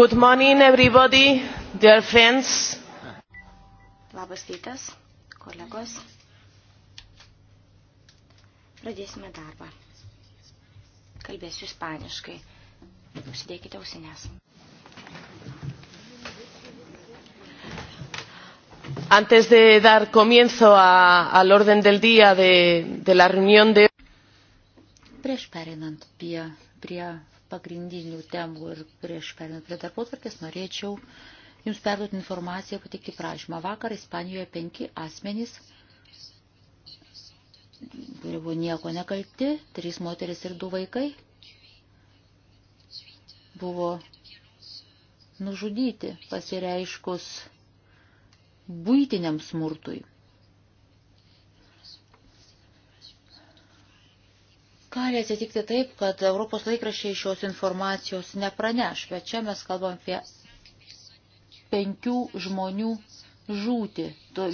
Good morning, everybody, dear friends. Labas rytas, kolegos. Pradėsime darbą. Kalbėsiu ispaniškai. Užsidėkite ausinės. Antes de dar comienzo a, al orden del día de, de la reunión de. Prieš perinant prie, prie pagrindinių temų ir prieš perinant prie darbotvarkės norėčiau Jums perduoti informaciją, patikti prašymą. Vakar Ispanijoje penki asmenys, kurie buvo nieko nekalti, trys moteris ir du vaikai, buvo nužudyti pasireiškus būtiniam smurtui. Gali atsitikti taip, kad Europos laikrašiai šios informacijos nepraneš, bet čia mes kalbam apie penkių žmonių žūti.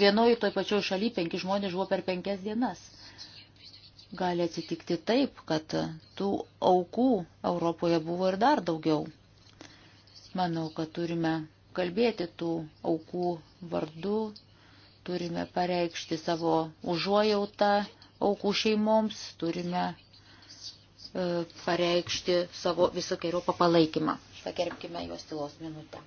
Vienoje toj pačioj šaly penki žmonės žuvo per penkias dienas. Gali atsitikti taip, kad tų aukų Europoje buvo ir dar daugiau. Manau, kad turime kalbėti tų aukų vardu, turime pareikšti savo užuojautą aukų šeimoms, turime E, pareikšti savo visokiojo palaikymą. Pagerbkime juos tylos minutę.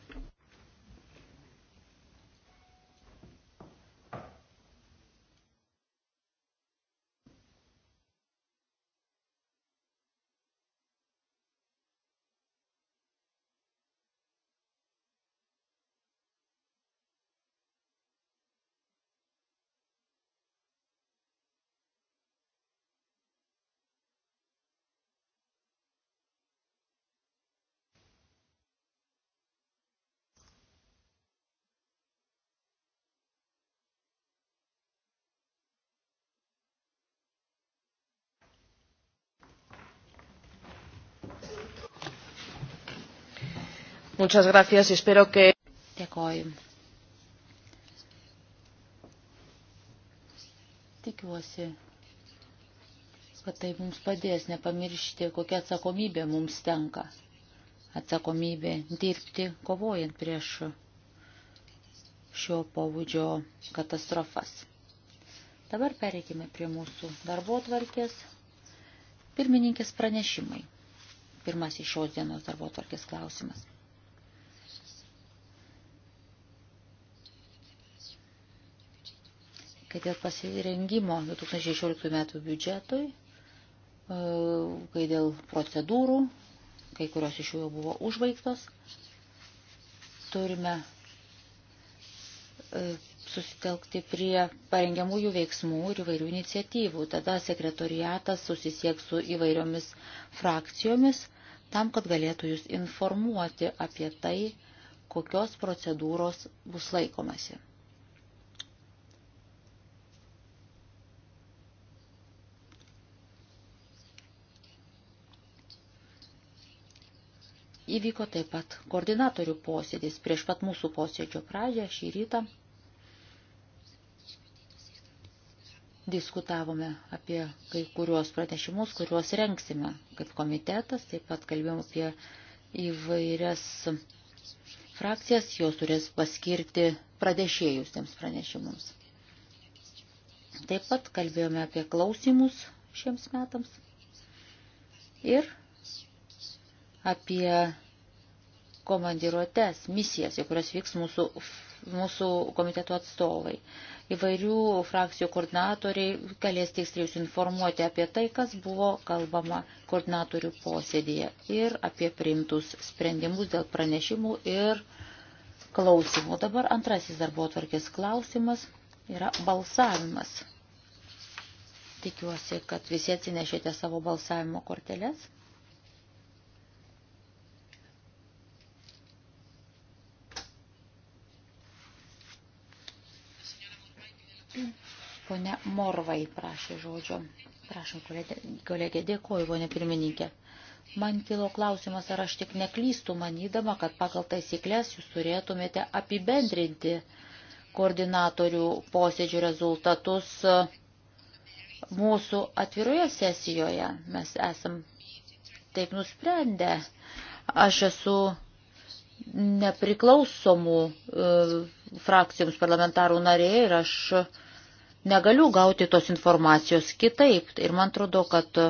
Muchas gracias y espero que. Dėkoju. Tikiuosi, kad tai mums padės nepamiršti, kokia atsakomybė mums tenka. Atsakomybė dirbti, kovojant prieš šio pobūdžio katastrofas. Dabar pereikime prie mūsų darbo tvarkės. Pirmininkės pranešimai. Pirmasis šios dienos darbo tvarkės klausimas. kad dėl pasirengimo 2016 metų biudžetui, e, kai dėl procedūrų, kai kurios iš jų jau buvo užbaigtos, turime e, susitelkti prie parengiamųjų veiksmų ir įvairių iniciatyvų. Tada sekretoriatas susisieks su įvairiomis frakcijomis tam, kad galėtų jūs informuoti apie tai, kokios procedūros bus laikomasi. Įvyko taip pat koordinatorių posėdis prieš pat mūsų posėdžio pradžią šį rytą. Diskutavome apie kai kuriuos pranešimus, kuriuos renksime kaip komitetas, taip pat kalbėjom apie įvairias frakcijas, jos turės paskirti pradėšėjus tiems pranešimams. Taip pat kalbėjome apie klausimus šiems metams ir apie komandiruotes, misijas, į kurias vyks mūsų, mūsų komiteto atstovai. Įvairių frakcijų koordinatoriai galės tiksliai jūs informuoti apie tai, kas buvo kalbama koordinatorių posėdėje ir apie priimtus sprendimus dėl pranešimų ir klausimų. Dabar antrasis darbo atvarkės klausimas yra balsavimas. Tikiuosi, kad visi atsinešėte savo balsavimo korteles. Pone Morvai prašė žodžio. Prašom, kolegė, kolegė dėkoju, ponė pirmininkė. Man kilo klausimas, ar aš tik neklystu, manydama, kad pagal taisyklės jūs turėtumėte apibendrinti koordinatorių posėdžių rezultatus e, mūsų atviroje sesijoje. Mes esam taip nusprendę. Aš esu nepriklausomų e, frakcijoms parlamentarų narė ir aš e, negaliu gauti tos informacijos kitaip. Ir man atrodo, kad e,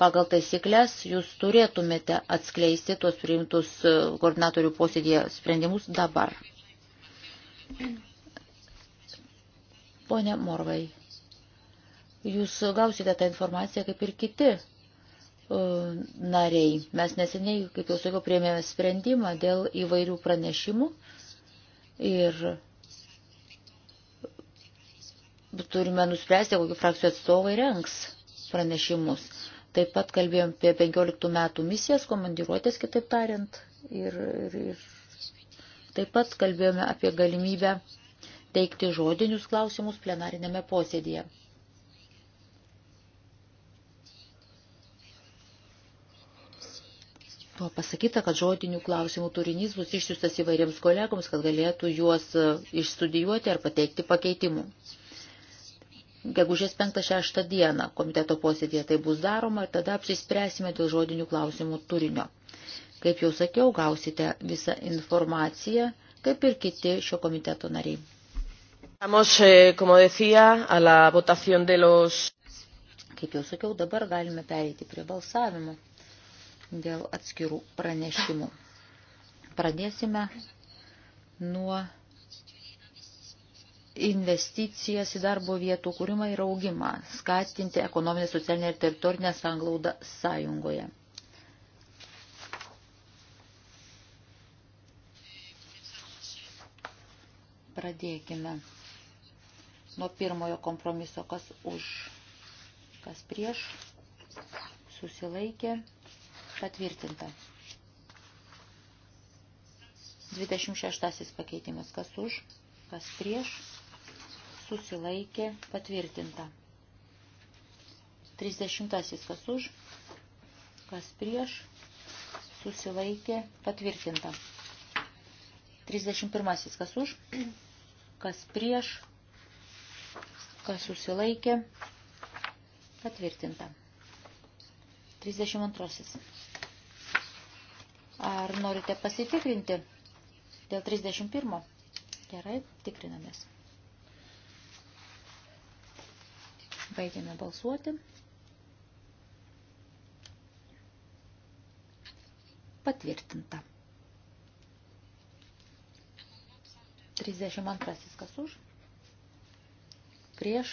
pagal taisyklės jūs turėtumėte atskleisti tuos priimtus e, koordinatorių posėdėje sprendimus dabar. Pone Morvai, jūs gausite tą informaciją kaip ir kiti e, nariai. Mes neseniai, kaip jau sakiau, priėmėme sprendimą dėl įvairių pranešimų ir turime nuspręsti, kokiu frakcijų atstovai renks pranešimus. Taip pat kalbėjom apie 15 metų misijas, komandiruotės, kitaip tariant. Ir, ir, ir taip pat kalbėjome apie galimybę teikti žodinius klausimus plenarinėme posėdėje. Buvo pasakyta, kad žodinių klausimų turinys bus išsiustas įvairiems kolegoms, kad galėtų juos išstudijuoti ar pateikti pakeitimų gegužės 5-6 dieną komiteto posėdėje tai bus daroma ir tada apsispręsime dėl žodinių klausimų turinio. Kaip jau sakiau, gausite visą informaciją, kaip ir kiti šio komiteto nariai. Vamos, eh, como decía, a la votación de los... Kaip jau sakiau, dabar galime pereiti prie balsavimo dėl atskirų pranešimų. Pradėsime nuo investicijas į darbo vietų kūrimą ir augimą, skatinti ekonominę, socialinę ir teritorinę sanglaudą sąjungoje. Pradėkime nuo pirmojo kompromiso, kas už, kas prieš, susilaikė, patvirtinta. 26 pakeitimas, kas už, kas prieš, susilaikė, patvirtinta. 30 kas už, kas prieš, susilaikė, patvirtinta. 31 kas už, kas prieš, kas susilaikė, patvirtinta. 32. Ar norite pasitikrinti dėl 31? Gerai, tikrinamės. Baigiame balsuoti. Patvirtinta. 32 kas už. Prieš.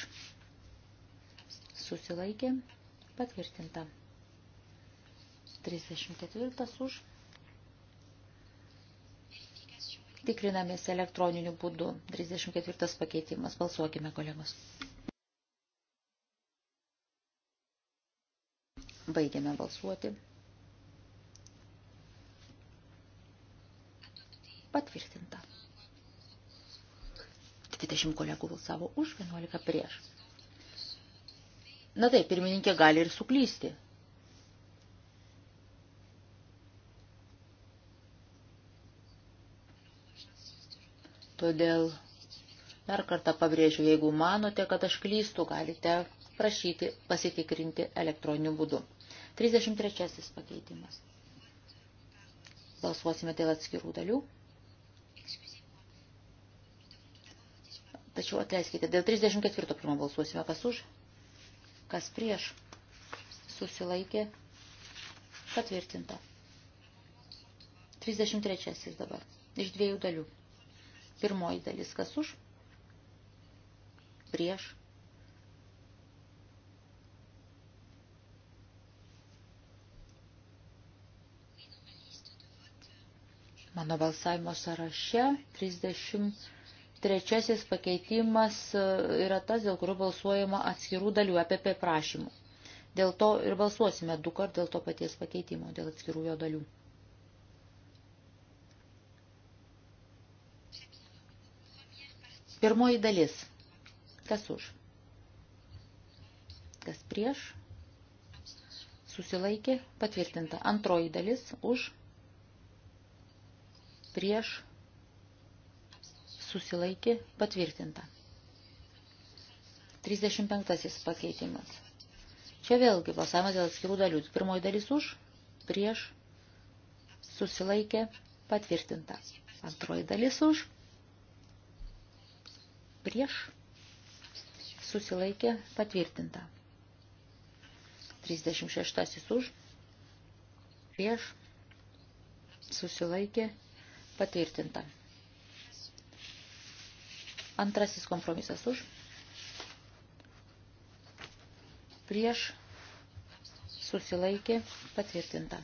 Susilaikė. Patvirtinta. 34 už. Tikrinamės elektroniniu būdu. 34 pakeitimas. Balsuokime, kolegos. Baigiame balsuoti. Patvirtinta. 20 kolegų balsavo už, 11 prieš. Na taip, pirmininkė gali ir suklysti. Todėl dar kartą pabrėžiu, jeigu manote, kad aš klystu, galite prašyti pasitikrinti elektroniniu būdu. 33 pakeitimas. Balsuosime dėl atskirų dalių. Tačiau atleiskite, dėl 34 pirmo balsuosime, kas už, kas prieš, susilaikė, patvirtinta. 33 dabar, iš dviejų dalių. Pirmoji dalis, kas už, prieš, mano balsavimo sąraše 33 pakeitimas e, yra tas, dėl kurio balsuojama atskirų dalių EPP prašymų. Dėl to ir balsuosime du kart dėl to paties pakeitimo, dėl atskirų jo dalių. Pirmoji dalis. Kas už? Kas prieš? Susilaikė, patvirtinta. Antroji dalis už prieš, susilaikė, patvirtinta. 35 pakeitimas. Čia vėlgi balsavimas dėl atskirų dalių. Pirmoji dalis už, prieš, susilaikė, patvirtinta. Antroji dalis už, prieš, susilaikė, patvirtinta. 36 už, prieš, susilaikė, Patvirtinta. Antrasis kompromisas už. Prieš susilaikė patvirtinta.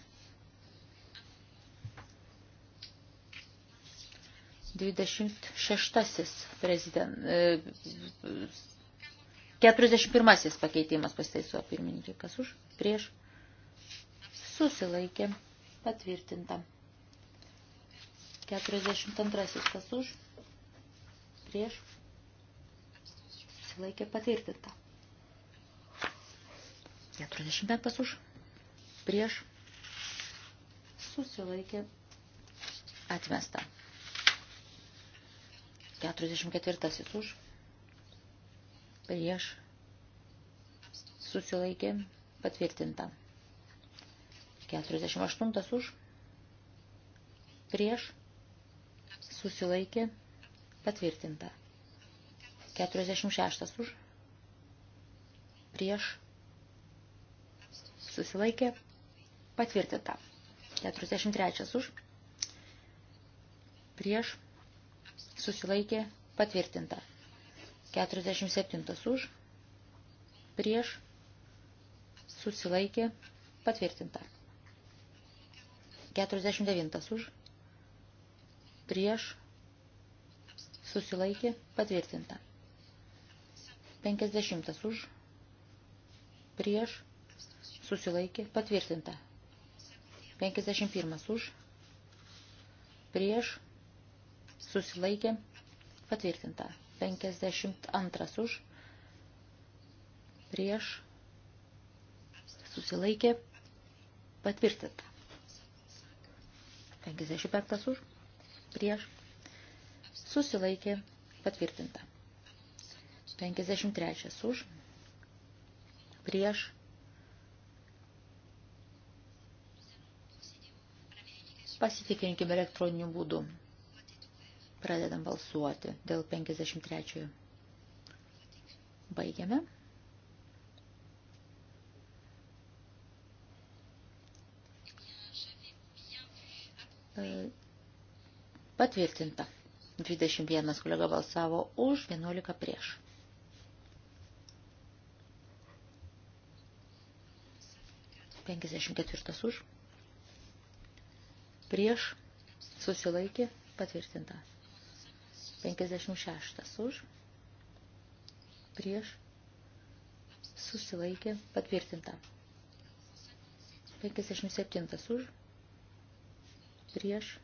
26 prezident, 41 pakeitimas pasitaiso pirmininkė, kas už, prieš, susilaikė, patvirtinta. 42 kas už, prieš, susilaikė patvirtinta. 45 už, prieš, susilaikė atmesta. 44 už, prieš, susilaikė patvirtinta. 48 už, prieš, susilaikė, patvirtinta. 46 už, prieš, susilaikė, patvirtinta. 43 už, prieš, susilaikė, patvirtinta. 47 už, prieš, susilaikė, patvirtinta. 49 už, prieš, susilaikė, patvirtinta. 50 už, prieš, susilaikė, patvirtinta. 51 už, prieš, susilaikė, patvirtinta. 52 už, prieš, susilaikė, patvirtinta. 55 už, prieš, susilaikė, patvirtinta. 53 už, prieš, pasitikinkime elektroniniu būdu. Pradedam balsuoti dėl 53. Baigiame. Patvirtinta. 21 kolega balsavo už, 11 prieš. Penkiasdešimt ketvirtas už. Prieš susilaikė patvirtinta. Penkiasdešimt šeštas už. Prieš susilaikė patvirtinta. 57 už, prieš,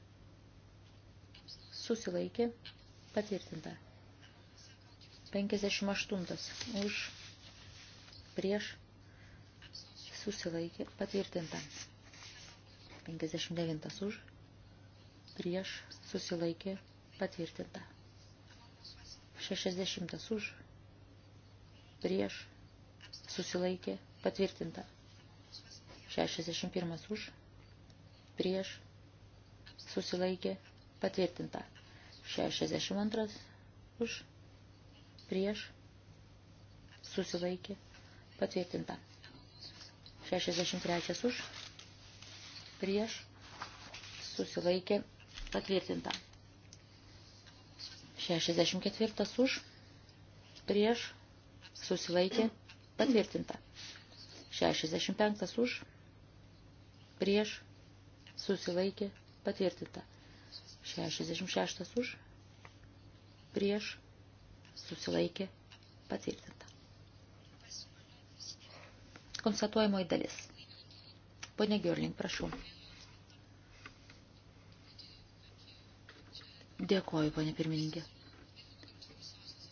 susilaikė, patvirtinta. 58 už, prieš, susilaikė, patvirtinta. 59 už, prieš, susilaikė, patvirtinta. 60 už, prieš, susilaikė, patvirtinta. 61 už, prieš, susilaikė, patvirtinta. 62 už, prieš, susilaikė, patvirtinta. 63 už, prieš, susilaikė, patvirtinta. 64 už, prieš, susilaikė, patvirtinta. 65 už, prieš, susilaikė, patvirtinta. 66 už, prieš, susilaikė, patvirtinta. Konstatuojamoji dalis. Pone Görling, prašau. Dėkoju, ponė pirmininkė.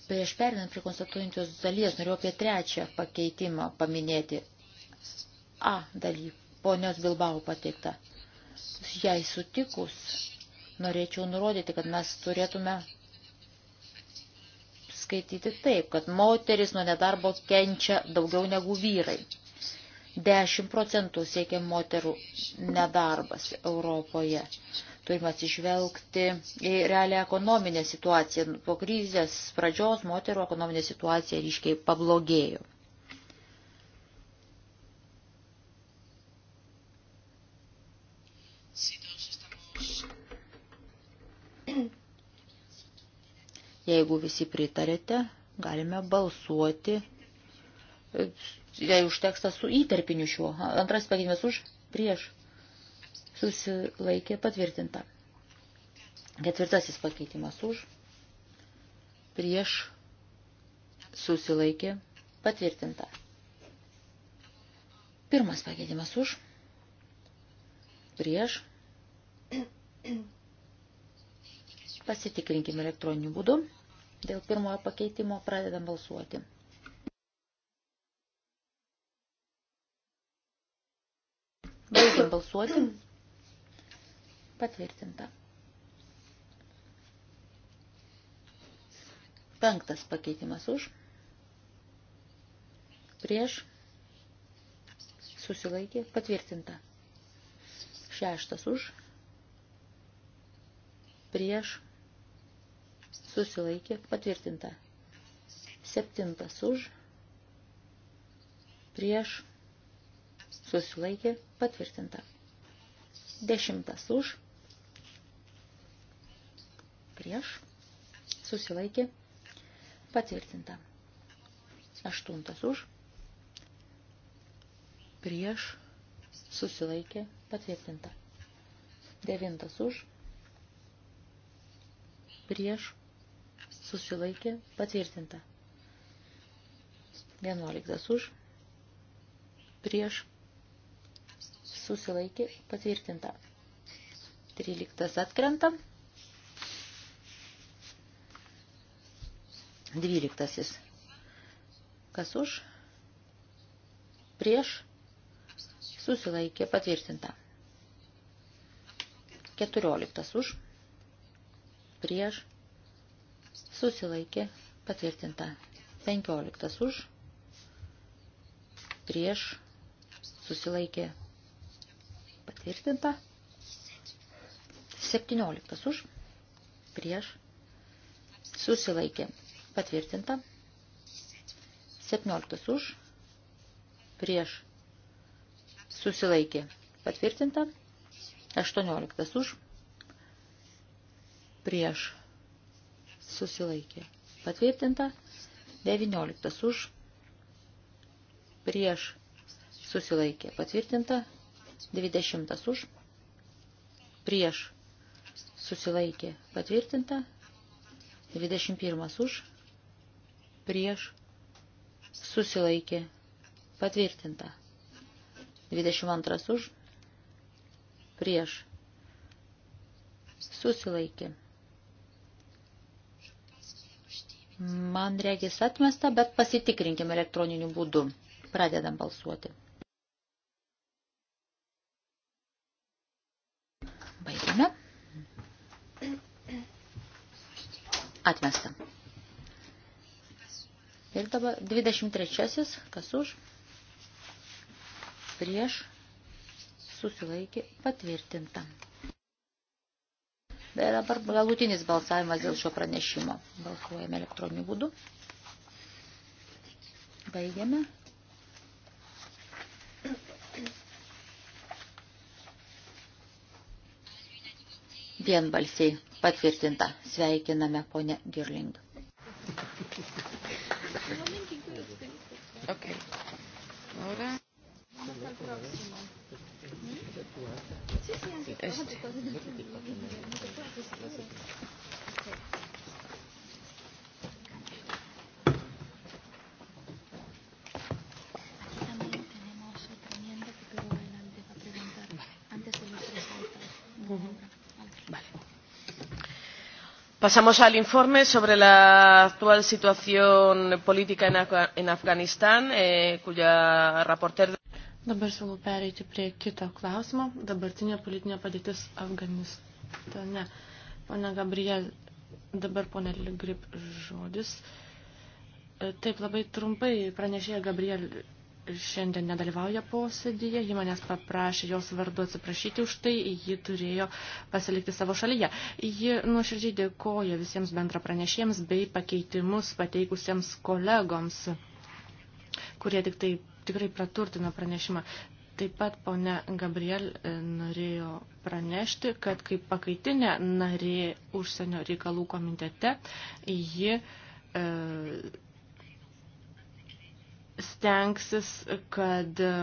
Prieš perinant prie konstatuojančios dalies, noriu apie trečią pakeitimą paminėti. A dalį, ponios Bilbao pateikta. Jei sutikus, norėčiau nurodyti, kad mes turėtume skaityti taip, kad moteris nuo nedarbo kenčia daugiau negu vyrai. 10 procentų siekia moterų nedarbas Europoje. Turime atsižvelgti į realią ekonominę situaciją. Po krizės pradžios moterų ekonominė situacija ryškiai pablogėjo. Jeigu visi pritarėte, galime balsuoti, e, jei už tekstą su įterpiniu šiuo. Antras pakeitimas už, prieš, susilaikė patvirtinta. Ketvirtasis pakeitimas už, prieš, susilaikė patvirtinta. Pirmas pakeitimas už, prieš, Pasitikrinkime elektroniniu būdu. Dėl pirmojo pakeitimo pradedam balsuoti. Baigiam balsuoti. Patvirtinta. Penktas pakeitimas už. Prieš. Susilaikė. Patvirtinta. Šeštas už. Prieš susilaikė, patvirtinta. Septintas už, prieš, susilaikė, patvirtinta. Dešimtas už, prieš, susilaikė, patvirtinta. Aštuntas už, prieš, susilaikė, patvirtinta. Devintas už, prieš, susilaikė, patvirtinta. 11 už, prieš, susilaikė, patvirtinta. 13 atkrenta. 12. Kas už, prieš, susilaikė, patvirtinta. 14 už, prieš, susilaikė patvirtinta. 15 už, prieš, susilaikė patvirtinta. 17 už, prieš, susilaikė patvirtinta. 17 už, prieš, susilaikė patvirtinta. 18 už, prieš, susilaikė. Patvirtinta 19 už, prieš susilaikė. Patvirtinta 20 už, prieš susilaikė. Patvirtinta 21 už, prieš susilaikė. Patvirtinta 22 už, prieš susilaikė. Man regis atmesta, bet pasitikrinkim elektroniniu būdu. Pradedam balsuoti. Baigime. Atmesta. Ir dabar 23. Kas už? Prieš susilaikė patvirtinta. Dabar galutinis balsavimas dėl šio pranešimo. Balsuojame elektroniniu būdu. Baigiame. Vienbalsiai patvirtinta. Sveikiname ponę Girling. Okay. Ahora. Hasta el próximo pasamos al informe sobre la actual situación política en afganistán eh, cuya ponente Dabar siūlau pereiti prie kito klausimo. Dabartinė politinė padėtis Afganistane. Pone Gabriel, dabar pone Ligrip žodis. E, taip labai trumpai pranešėja Gabriel šiandien nedalyvauja posėdyje, ji manęs paprašė jos vardu atsiprašyti už tai, ji turėjo pasilikti savo šalyje. Ji nuoširdžiai dėkoja visiems bendra pranešėjams bei pakeitimus pateikusiems kolegoms, kurie tik taip tikrai praturtina pranešimą. Taip pat ponia Gabriel e, norėjo pranešti, kad kaip pakaitinė narė užsienio reikalų komitete, ji e, stengsis, kad e,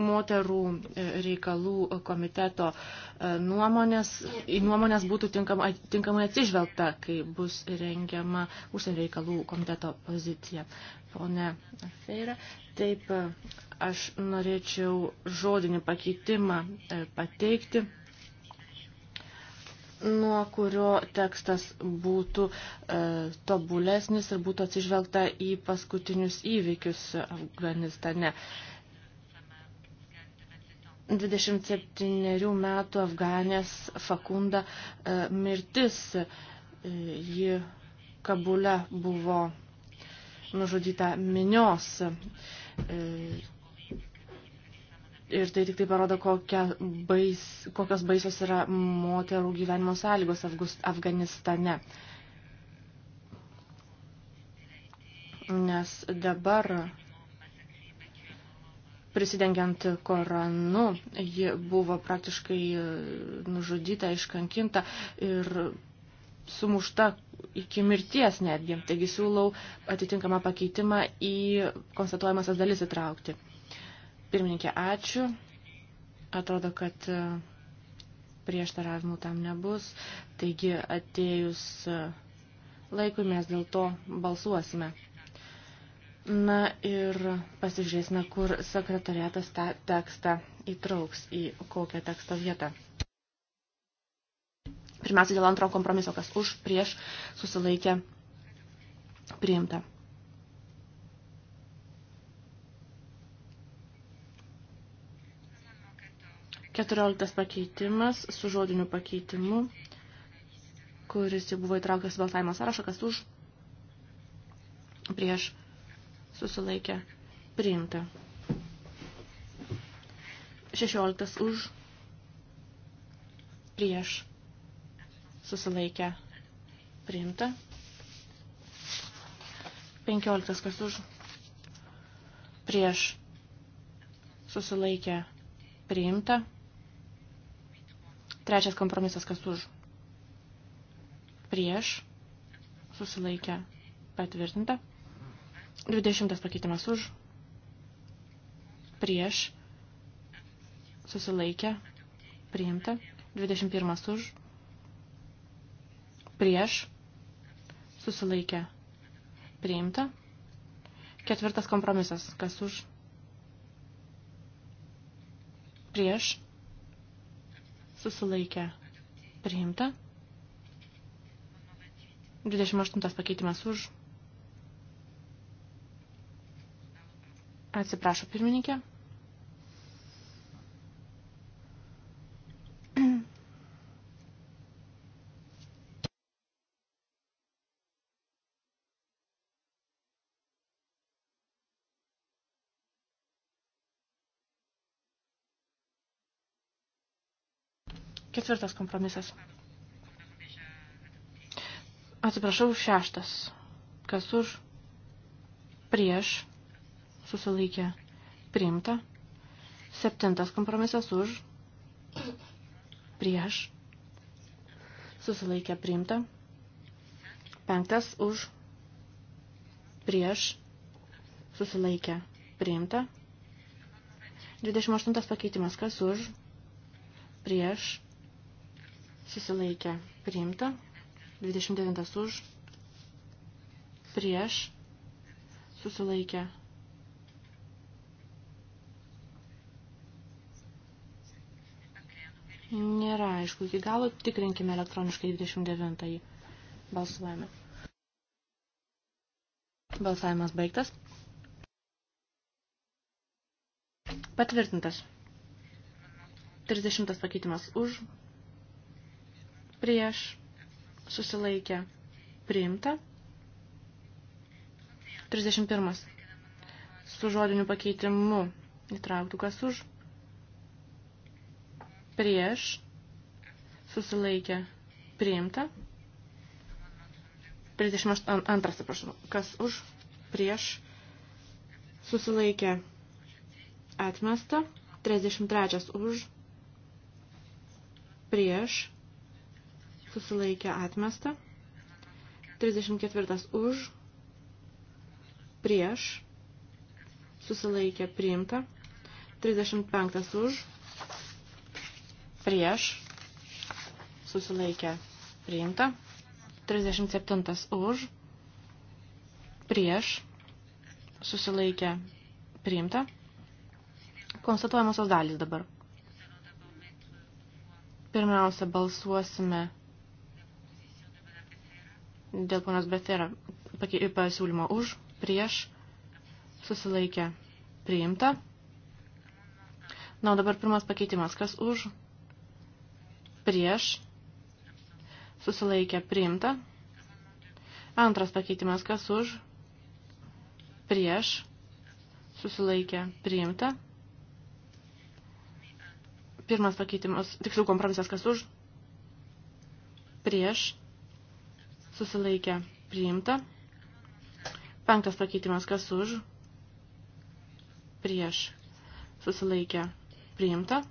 moterų e, reikalų e, komiteto e, nuomonės, į nuomonės būtų tinkamai, tinkamai atsižvelgta, kai bus rengiama užsienio reikalų komiteto pozicija. Pone Feira, taip aš norėčiau žodinį pakeitimą pateikti nuo kurio tekstas būtų e, tobulesnis ir būtų atsižvelgta į paskutinius įvykius Afganistane. E, 27 metų Afganės Fakunda e, mirtis. E, ji Kabule buvo nužudyta minios. E, ir tai tik tai parodo, kokia bais, kokios baisios yra moterų gyvenimo sąlygos Afganistane. Nes dabar prisidengiant Koranu, ji buvo praktiškai e, nužudyta, iškankinta ir sumušta iki mirties netgi. Taigi siūlau atitinkamą pakeitimą į konstatuojamasias dalis įtraukti. Pirmininkė, ačiū. Atrodo, kad e, prieštaravimų tam nebus. Taigi atėjus e, laikui mes dėl to balsuosime. Na ir pasižiūrėsime, kur sekretariatas tą tekstą įtrauks į kokią teksto vietą. Pirmiausia, dėl antro kompromiso, kas už, prieš, susilaikė, priimta. Keturioliktas pakeitimas su žodiniu pakeitimu, kuris jau buvo įtraukęs į balsavimo sąrašą, kas už, prieš, susilaikė priimta. 16 už prieš susilaikę priimta. 15 kas už prieš susilaikę priimta. Trečias kompromisas kas už prieš susilaikę patvirtinta. 20 pakeitimas už, prieš, susilaikę, priimta. 21 už, prieš, susilaikę, priimta. Ketvirtas kompromisas, kas už, prieš, susilaikę, priimta. 28 pakeitimas už, prieš Atsiprašau, pirmininkė. Ketvirtas kompromisas. Atsiprašau, šeštas. Kas už? Prieš susilaikė priimta. Septintas kompromisas už, prieš, susilaikė priimta. Penktas už, prieš, susilaikė priimta. 28 pakeitimas, kas už, prieš, susilaikė priimta. 29 už, prieš, susilaikė priimta Nėra aišku. Iki galo tikrinkime elektroniškai 29. Balsuojame. Balsavimas baigtas. Patvirtintas. 30 pakeitimas už, prieš, susilaikę, priimta. 31. Su žodiniu pakeitimu įtrauktų kas už, prieš, susilaikė, priimta. 32, atsiprašau, kas už, prieš, susilaikė, atmesta. 33 už, prieš, susilaikė, atmesta. 34 už, prieš, susilaikė, priimta. 35 už, prieš, susilaikė priimta, 37 už, prieš, susilaikė priimta, konstatuojamosios dalys dabar. Pirmiausia, balsuosime dėl ponios Befera pasiūlymo už, prieš, susilaikė priimta. Na, o dabar pirmas pakeitimas. Kas už, prieš, susilaikė priimta. Antras pakeitimas, kas už, prieš, susilaikė priimta. Pirmas pakeitimas, tiksliau kompromisas, kas už, prieš, susilaikė priimta. Penktas pakeitimas, kas už, prieš, susilaikė priimta.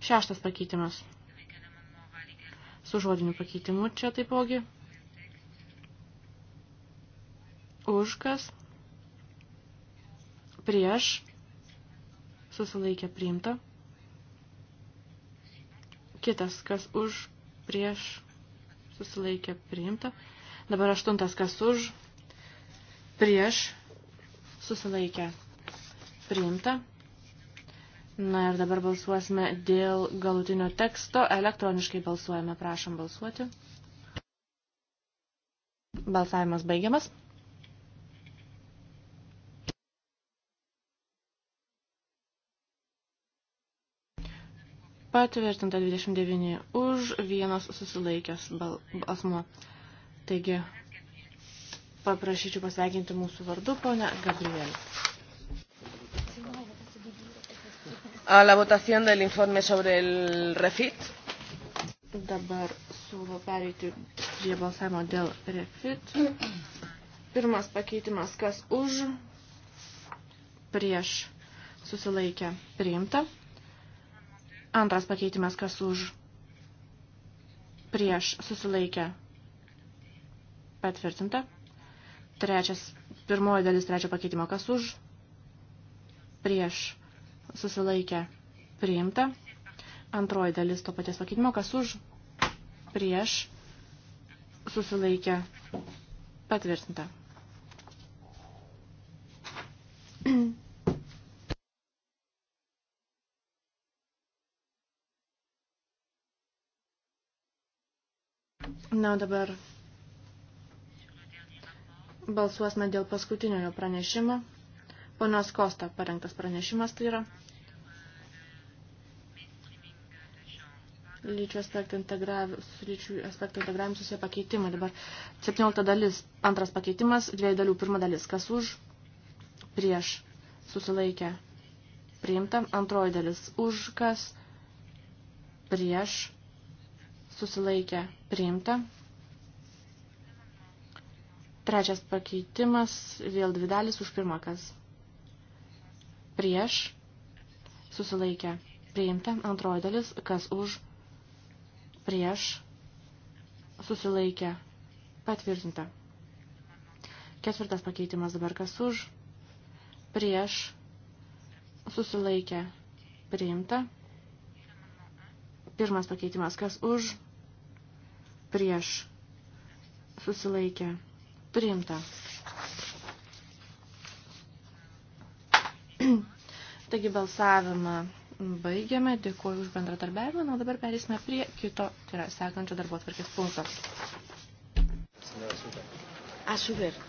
Šeštas pakeitimas. Su žodiniu pakeitimu čia taipogi. Užkas. Prieš. Susilaikė priimta. Kitas, kas už, prieš, susilaikė priimta. Dabar aštuntas, kas už, prieš, susilaikė priimta. Na ir dabar balsuosime dėl galutinio teksto. Elektroniškai balsuojame, prašom balsuoti. Balsavimas baigiamas. Patvirtinta 29 už vienas susilaikęs bal, asmuo. Taigi, paprašyčiau pasveikinti mūsų vardu, ponę Gabrielį. a la votación del informe sobre el refit. Dabar siūlau pereiti prie balsavimo dėl refit. Pirmas pakeitimas, kas už, prieš, susilaikę, priimta. Antras pakeitimas, kas už, prieš, susilaikę, patvirtinta. Trečias, pirmoji dalis trečio pakeitimo, kas už, prieš, susilaikė priimta. Antroji dalis to paties pakeitimo, kas už prieš susilaikė patvirtinta. Na, dabar balsuosime dėl paskutiniojo pranešimo. Ponios Kosta parengtas pranešimas tai yra. Lyčių aspektų su lyčių aspektų integravimu susiję pakeitimai. Dabar 17 dalis, antras pakeitimas, dviejų dalių, pirma dalis, kas už, prieš, susilaikę, priimta, antroji dalis, už, kas, prieš, susilaikę, priimta, Trečias pakeitimas, vėl dvi dalis už pirmą, kas prieš, susilaikę, priimta. Antroji dalis, kas už, prieš, susilaikę, patvirtinta. Ketvirtas pakeitimas dabar, kas už, prieš, susilaikę, priimta. Pirmas pakeitimas, kas už, prieš, susilaikę, priimta. Taigi balsavimą baigiame. Dėkuoju už bendradarbiavimą. Na, dabar perėsime prie kito, tai yra sekančio darbo tvarkės punkto. A su ver.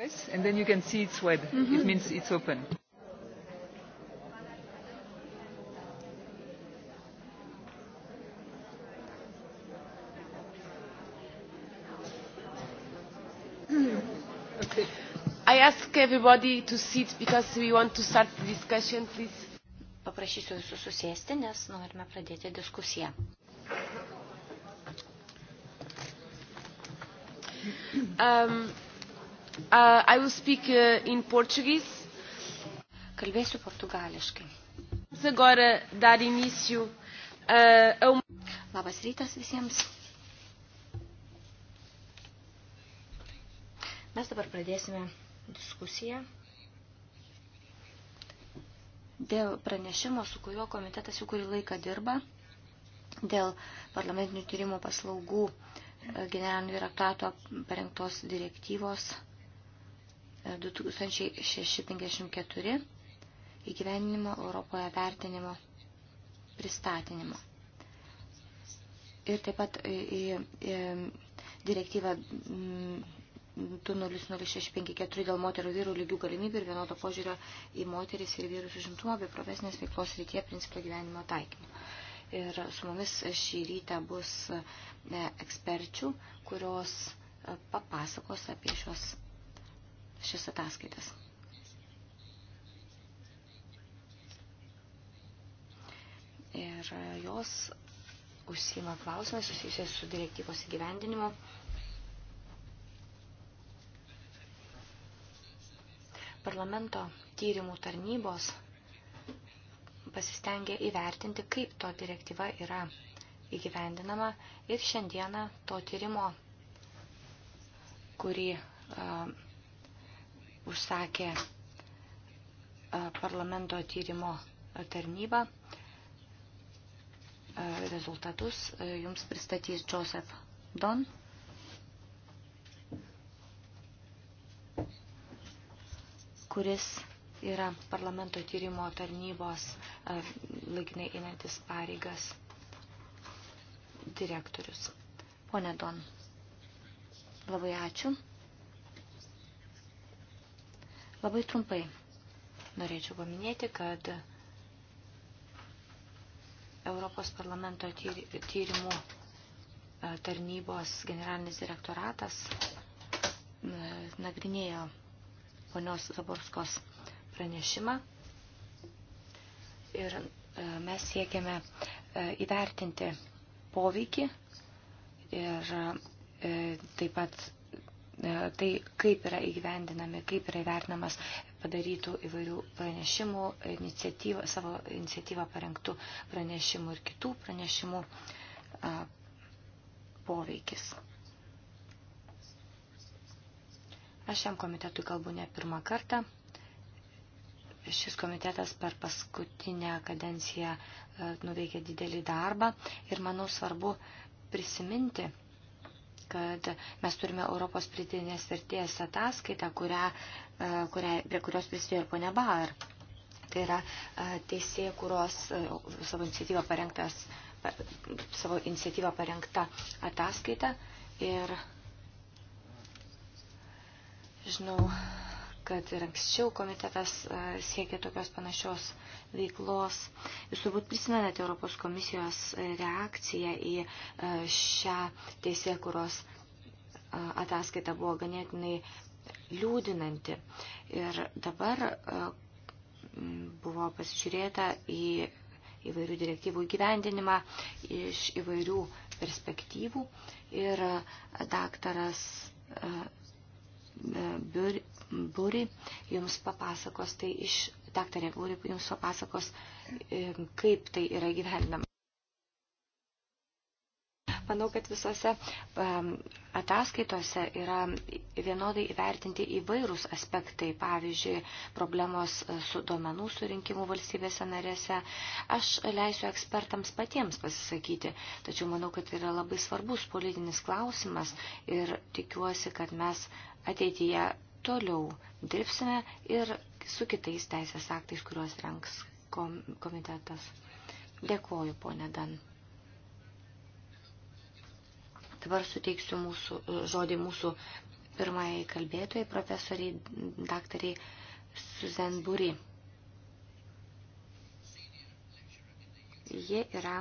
press and then you can see it's web. Mm -hmm. It mm-hmm. means it's open. Okay. I ask everybody to sit because we want to start the discussion, please. Paprašysiu jūsų susėsti, nes norime pradėti diskusiją. Um, Uh, I will speak uh, in Portuguese. Kalbėsiu portugališkai. Vamos agora dar início uh, a uma... Labas rytas visiems. Mes dabar pradėsime diskusiją dėl pranešimo, su kuriuo komitetas jau kurį laiką dirba, dėl parlamentinių tyrimų paslaugų uh, generalinio direktorato parengtos direktyvos 2008-2009 2654 įgyveninimo Europoje vertinimo pristatinimo. Ir taip pat į, į direktyvą 200654 mm, dėl moterų vyrų lygių galimybių ir vienodo požiūrio į moteris ir vyrus užimtumą bei profesinės veiklos rytie principą gyvenimo taikymą. Ir su mumis šį rytą bus e, eksperčių, kurios e, papasakos apie šios šis ataskaitas. Ir jos užsima klausimai susijusiais su direktyvos įgyvendinimu. Parlamento tyrimų tarnybos pasistengė įvertinti, kaip to direktyva yra įgyvendinama ir šiandieną to tyrimo, kurį uh, užsakė e, parlamento tyrimo tarnybą. E, rezultatus e, jums pristatys Joseph Don. kuris yra parlamento tyrimo tarnybos laikinai einantis pareigas direktorius. Pone Don, labai ačiū. Labai trumpai norėčiau paminėti, kad Europos parlamento tyrimų e, tarnybos generalinis direktoratas e, nagrinėjo ponios Zaborskos pranešimą ir e, mes siekiame įvertinti poveikį ir taip pat E, tai, kaip yra įgyvendinami, kaip yra įvertinamas padarytų įvairių pranešimų, iniciatyvą, savo iniciatyvą parengtų pranešimų ir kitų pranešimų poveikis. Aš šiam komitetui kalbu ne pirmą kartą. Šis komitetas per paskutinę kadenciją e, nuveikė didelį darbą ir manau svarbu prisiminti, kad mes turime Europos pridėtinės vertės ataskaitą, kurią, e, kurią, prie kurios prisidėjo ir ponia Baar. Tai yra e, teisėjų, kurios e, savo iniciatyvą, parengtas, savo iniciatyvą parengta ataskaita. Ir žinau, kad ir anksčiau komitetas e, siekė tokios panašios veiklos. Jūs turbūt prisimenate Europos komisijos e, reakciją į e, šią teisėkuros ataskaitą buvo ganėtinai liūdinanti. Ir dabar buvo pasižiūrėta į įvairių direktyvų įgyvendinimą iš įvairių perspektyvų ir daktaras Būri jums papasakos, tai iš, daktarė Būri jums papasakos, kaip tai yra gyvenama. Manau, kad visose ataskaitose yra vienodai įvertinti įvairūs aspektai, pavyzdžiui, problemos e, su duomenų surinkimu valstybėse narėse. Aš leisiu ekspertams patiems pasisakyti, tačiau manau, kad tai yra labai svarbus politinis klausimas ir tikiuosi, kad mes ateityje toliau dirbsime ir su kitais teisės aktais, kuriuos renks komitetas. Dėkuoju, ponė Dan. Dabar suteiksiu mūsų, žodį mūsų pirmai kalbėtojai, profesoriai, daktariai Suzen Buri. Ji yra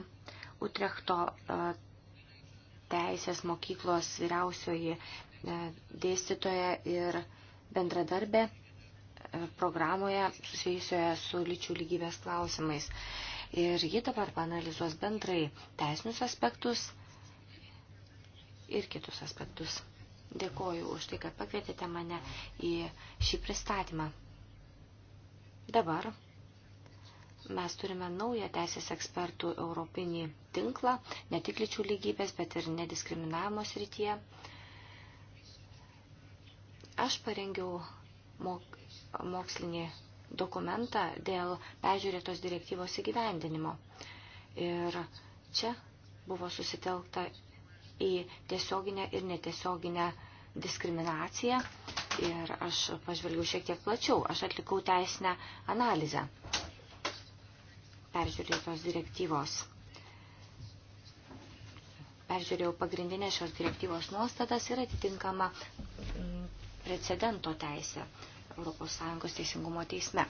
Utrechto e, teisės mokyklos vyriausioji e, dėstytoja ir dėstytoja bendradarbė e, programoje susijusioje su lyčių lygybės klausimais. Ir ji dabar panalizuos bendrai teisinius aspektus ir kitus aspektus. Dėkoju už tai, kad pakvietėte mane į šį pristatymą. Dabar mes turime naują teisės ekspertų europinį tinklą, ne tik lyčių lygybės, bet ir nediskriminavimo srityje. Aš parengiau mok mokslinį dokumentą dėl peržiūrėtos direktyvos įgyvendinimo. Ir čia buvo susitelkta į tiesioginę ir netiesioginę diskriminaciją. Ir aš pažvelgiau šiek tiek plačiau. Aš atlikau teisinę analizę peržiūrėtos direktyvos. Peržiūrėjau pagrindinę šios direktyvos nuostatas ir atitinkamą precedento teisę ES teisingumo teisme.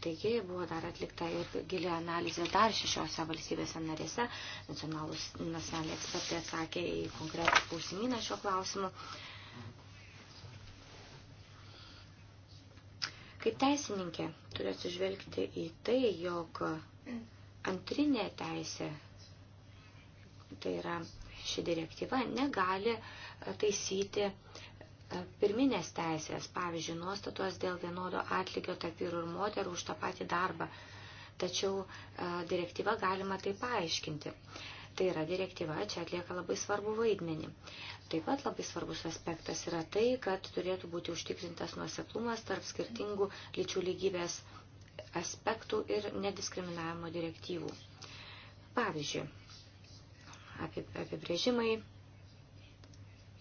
Taigi buvo dar atlikta ir gili analizė dar šešiose valstybėse narėse. Nacionalus, nacionaliniai ekspertai atsakė į konkretų klausimyną šiuo klausimu. Kaip teisininkė turiu atsižvelgti į tai, jog antrinė teisė, tai yra ši direktyva, negali uh, taisyti e, pirminės teisės, pavyzdžiui, nuostatos dėl vienodo atlygio tarp vyrų ir moterų už tą patį darbą. Tačiau e, direktyvą galima tai paaiškinti. Tai yra direktyva, čia atlieka labai svarbu vaidmenį. Taip pat labai svarbus aspektas yra tai, kad turėtų būti užtikrintas nuoseklumas tarp skirtingų lyčių lygybės aspektų ir nediskriminavimo direktyvų. Pavyzdžiui, apibrėžimai,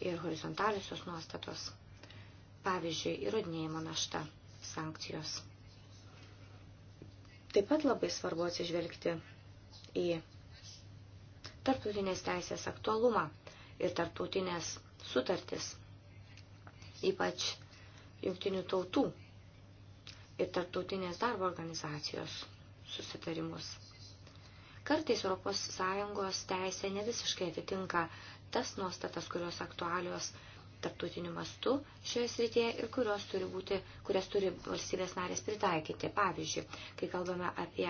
ir horizontaliusios nuostatos. Pavyzdžiui, įrodinėjimo našta, sankcijos. Taip pat labai svarbu atsižvelgti į tarptautinės teisės aktualumą ir tarptautinės sutartis, ypač jungtinių tautų ir tarptautinės darbo organizacijos susitarimus. Kartais ES teisė nevisiškai atitinka tas nuostatas, kurios aktualios tarptautiniu mastu šioje srityje ir kurios turi būti, kurias turi valstybės narės pritaikyti. Pavyzdžiui, kai kalbame apie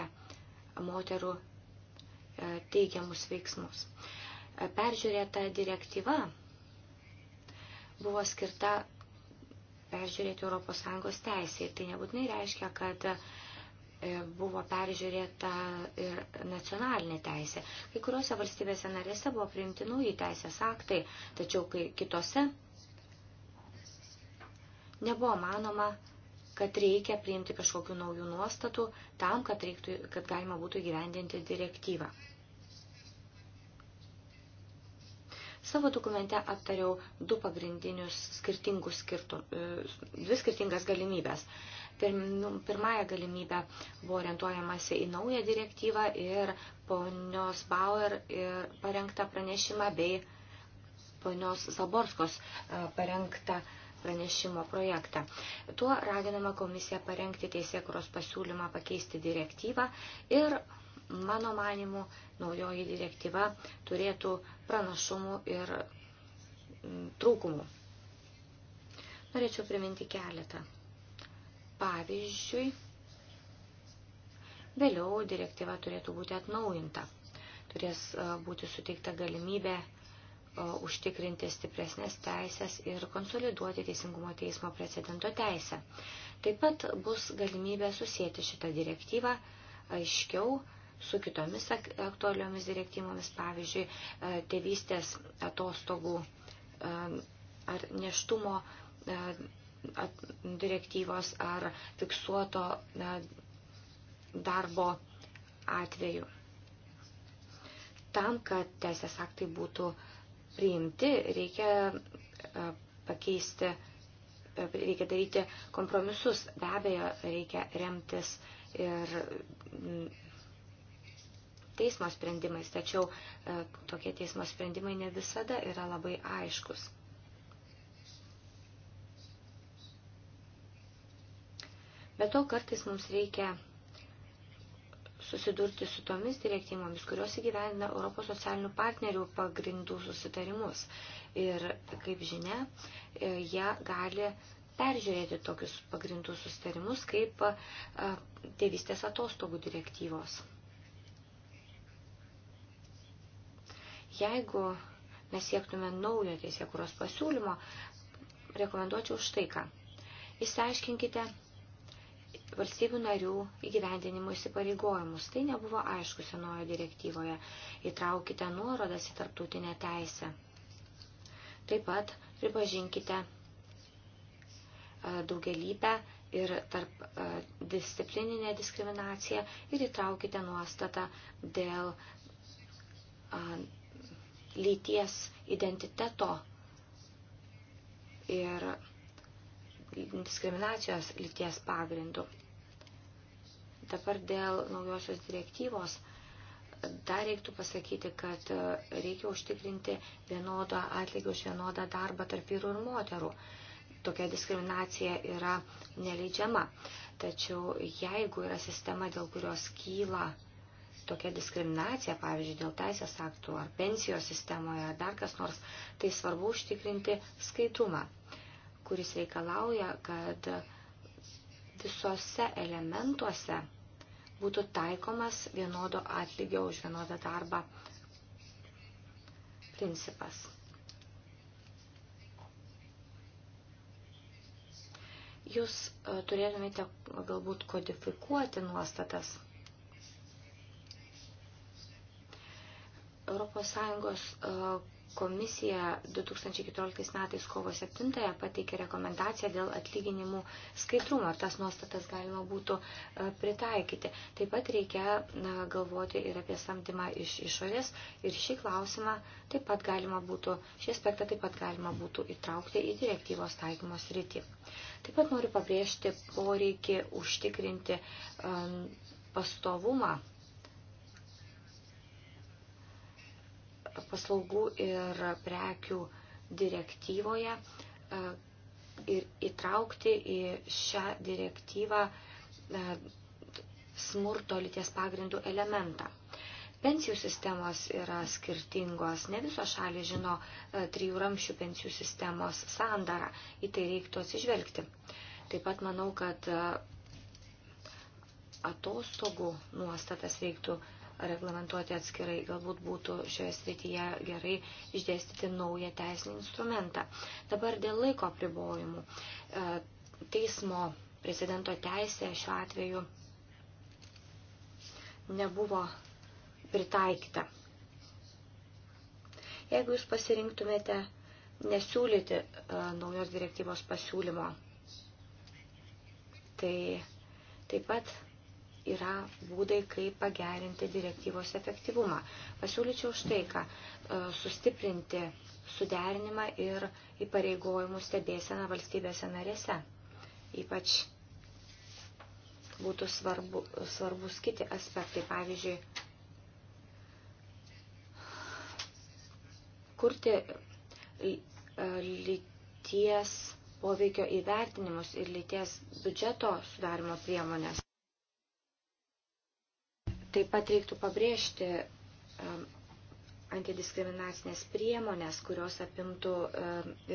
moterų e, teigiamus veiksmus. E, peržiūrėta direktyva buvo skirta peržiūrėti ES teisėje. Tai nebūtinai reiškia, kad E, buvo peržiūrėta ir nacionalinė teisė. Kai kuriuose valstybėse narėse buvo priimti nauji teisės aktai, tačiau kai kitose nebuvo manoma, kad reikia priimti kažkokių naujų nuostatų tam, kad, reiktų, kad galima būtų gyvendinti direktyvą. Savo dokumente aptariau du pagrindinius skirtingus skirtum, e, dvi skirtingas galimybės. Nu, pirmąją galimybę buvo orientuojamasi į naują direktyvą ir ponios Bauer ir parengtą pranešimą bei ponios Zaborskos e, parengtą pranešimo projektą. Tuo raginama komisija parengti teisėkuros pasiūlymą pakeisti direktyvą ir, mano manimu, naujoji direktyva turėtų pranašumų ir trūkumų. Norėčiau priminti keletą. Pavyzdžiui, vėliau direktyva turėtų būti atnaujinta. Turės e, būti suteikta galimybė e, užtikrinti stipresnės teisės ir konsoliduoti Teisingumo teismo precedento teisę. Taip pat bus galimybė susijęti šitą direktyvą aiškiau su kitomis aktualiomis direktyvomis, pavyzdžiui, e, tėvystės atostogų ar neštumo direktyvos ar fiksuoto darbo atveju. Tam, kad teisės aktai būtų priimti, reikia e, pakeisti, e, reikia daryti kompromisus. Be abejo, reikia remtis ir teismo sprendimais, tačiau e, tokie teismo sprendimai ne visada yra labai aiškus. Bet to kartais mums reikia susidurti su tomis direktyvomis, kurios įgyvendina Europos socialinių partnerių pagrindų susitarimus. Ir, kaip žinia, e, jie gali peržiūrėti tokius pagrindų susitarimus kaip e, tėvystės atostogų direktyvos. Jeigu mes siektume naujo teisėkuros pasiūlymo, rekomenduočiau štai ką. Įsiaiškinkite, valstybių narių įgyvendinimo įsipareigojimus. Tai nebuvo aišku senojo direktyvoje. Įtraukite nuorodas į tarptautinę teisę. Taip pat pripažinkite e, daugelybę ir tarp e, disciplininę diskriminaciją ir įtraukite nuostatą dėl e, lyties identiteto ir diskriminacijos lyties pagrindų. Dabar dėl naujosios direktyvos dar reiktų pasakyti, kad e, reikia užtikrinti vienodą atlygį už vienodą darbą tarp vyrų ir moterų. Tokia diskriminacija yra neleidžiama. Tačiau jeigu yra sistema, dėl kurios kyla tokia diskriminacija, pavyzdžiui, dėl teisės aktų ar pensijos sistemoje ar dar kas nors, tai svarbu užtikrinti skaidrumą, kuris reikalauja, kad visose elementuose būtų taikomas vienodo atlygio už vienodą darbą principas. Jūs e, turėtumėte galbūt kodifikuoti nuostatas. Europos Sąjungos e, Komisija 2014 metais kovo 7 pateikė rekomendaciją dėl atlyginimų skaidrumo, ar tas nuostatas galima būtų e, pritaikyti. Taip pat reikia galvoti ir apie samdymą iš išorės ir šį klausimą taip pat galima būtų, šį aspektą taip pat galima būtų įtraukti į direktyvos taikymos rytį. Taip pat noriu pabrėžti poreikį užtikrinti e, pastovumą paslaugų ir prekių direktyvoje e, ir įtraukti į šią direktyvą e, smurto lyties pagrindų elementą. Pensijų sistemos yra skirtingos, ne visos šalis žino e, trijų ramščių pensijų sistemos sandarą, į tai reiktų atsižvelgti. Taip pat manau, kad atostogų nuostatas reiktų reglamentuoti atskirai. Galbūt būtų šioje srityje gerai išdėstyti naują teisinį instrumentą. Dabar dėl laiko pribojimų. E, teismo prezidento teisė šiuo atveju nebuvo pritaikyta. Jeigu jūs pasirinktumėte nesiūlyti e, naujos direktyvos pasiūlymo, tai taip pat yra būdai, kaip pagerinti direktyvos efektyvumą. Pasiūlyčiau štai ką e, - sustiprinti suderinimą ir įpareigojimų stebėseną valstybėse narėse. Ypač būtų svarbu, svarbus kiti aspektai, pavyzdžiui, kurti e, lyties poveikio įvertinimus ir lyties biudžeto sudarimo priemonės. Taip pat reiktų pabrėžti antidiskriminacinės priemonės, kurios apimtų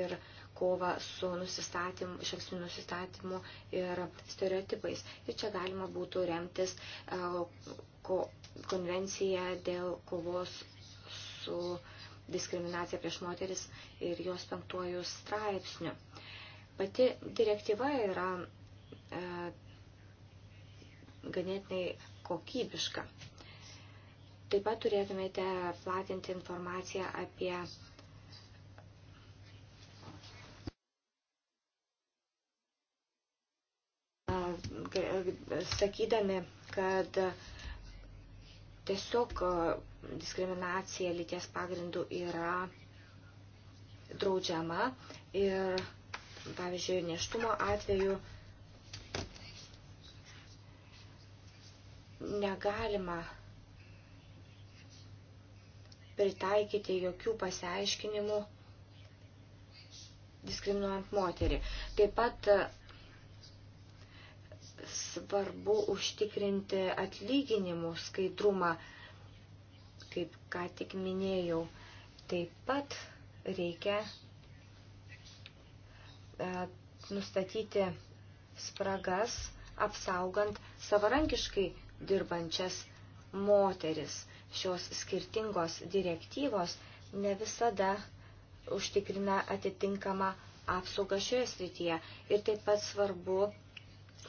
ir kovą su nusistatymu, išankstiniu nusistatymu ir stereotipais. Ir čia galima būtų remtis e, ko, konvenciją dėl kovos su diskriminacija prieš moteris ir jos penktuoju straipsniu. Pati direktyva yra e, ganėtinai kokybiška. Taip pat turėtumėte platinti informaciją apie sakydami, kad tiesiog diskriminacija lyties pagrindų yra draudžiama ir, pavyzdžiui, neštumo atveju negalima pritaikyti jokių pasiaiškinimų diskriminuojant moterį. Taip pat e, svarbu užtikrinti atlyginimų skaidrumą, kaip ką tik minėjau. Taip pat reikia e, nustatyti spragas, apsaugant savarankiškai dirbančias moteris. Šios skirtingos direktyvos ne visada užtikrina atitinkamą apsaugą šioje srityje. Ir taip pat svarbu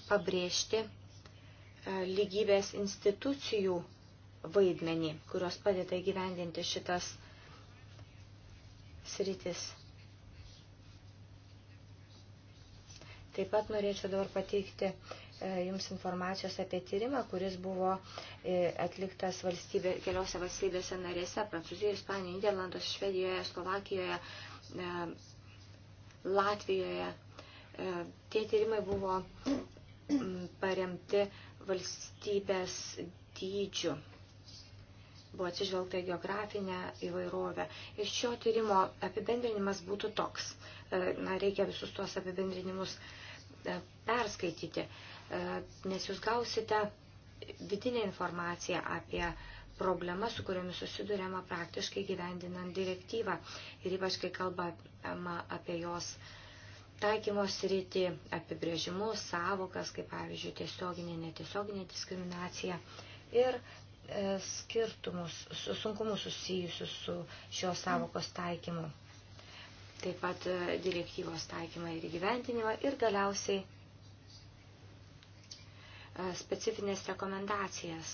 pabrėžti e, lygybės institucijų vaidmenį, kurios padeda įgyvendinti šitas sritis. Taip pat norėčiau dabar pateikti E, jums informacijos apie tyrimą, kuris buvo e, atliktas valstybė, keliose valstybėse narėse - Prancūzijoje, Ispanijoje, Niderlandos, Švedijoje, Slovakijoje, e, Latvijoje. Tie tyrimai buvo paremti valstybės dydžiu. Buvo atsižvelgta geografinė įvairovė. Ir šio tyrimo apibendrinimas būtų toks. Na, reikia visus tuos apibendrinimus perskaityti. E, nes jūs gausite vidinę informaciją apie problemas, su kuriomis susidurėma praktiškai gyvendinant direktyvą ir ypač kai kalbama apie jos taikymos rytį, apibrėžimus, savokas, kaip pavyzdžiui tiesioginė, netiesioginė diskriminacija ir e, skirtumus, sunkumus susijusius su šios savokos taikymu, taip pat e, direktyvos taikymą ir gyventinimą ir galiausiai E, specifines rekomendacijas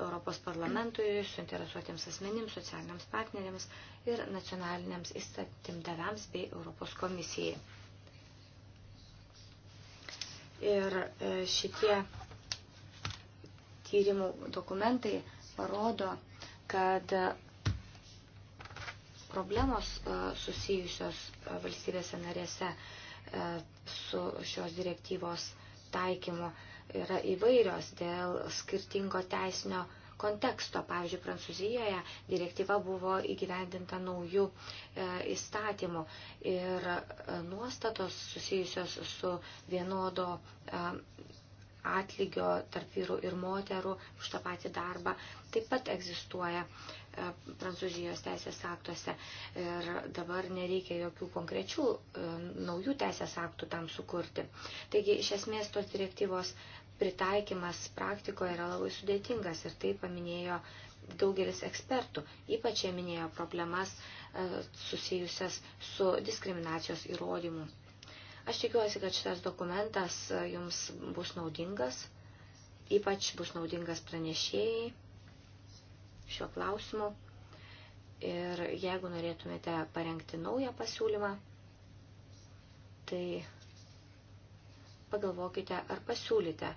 Europos parlamentui, suinteresuotiems asmenims, socialiniams partneriams ir nacionaliniams įstatymdaviams bei Europos komisijai. Ir e, šitie tyrimų dokumentai parodo, kad problemos e, susijusios valstybėse narėse su šios direktyvos taikymu yra įvairios dėl skirtingo teisinio konteksto. Pavyzdžiui, Prancūzijoje direktyva buvo įgyvendinta naujų e, įstatymų ir e, nuostatos susijusios su vienodo e, atlygio tarp vyrų ir moterų už tą patį darbą taip pat egzistuoja e, Prancūzijos teisės aktuose ir dabar nereikia jokių konkrečių e, naujų teisės aktų tam sukurti. Taigi, iš esmės, tos direktyvos pritaikymas praktikoje yra labai sudėtingas ir tai paminėjo daugelis ekspertų, ypač jie minėjo problemas e, susijusias su diskriminacijos įrodymu Aš tikiuosi, kad šitas dokumentas e, jums bus naudingas, ypač bus naudingas pranešėjai šiuo klausimu. Ir jeigu norėtumėte parengti naują pasiūlymą, tai pagalvokite ar pasiūlyte,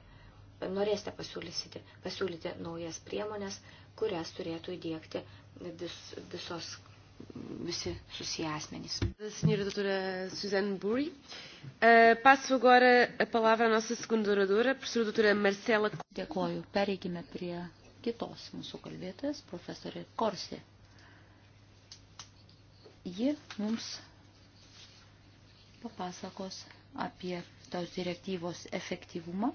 norėsite pasiūlyti, pasiūlyti naujas priemonės, kurias turėtų įdėkti vis, visos visi susiję asmenys. Senhora doutora Suzanne Burri, uh, eh, passo agora a palavra à nossa segunda oradora, professora doutora Marcela. Dėkoju. Pereikime prie kitos mūsų kalbėtojas, profesorė Korsė. Ji mums papasakos apie tos direktyvos efektyvumą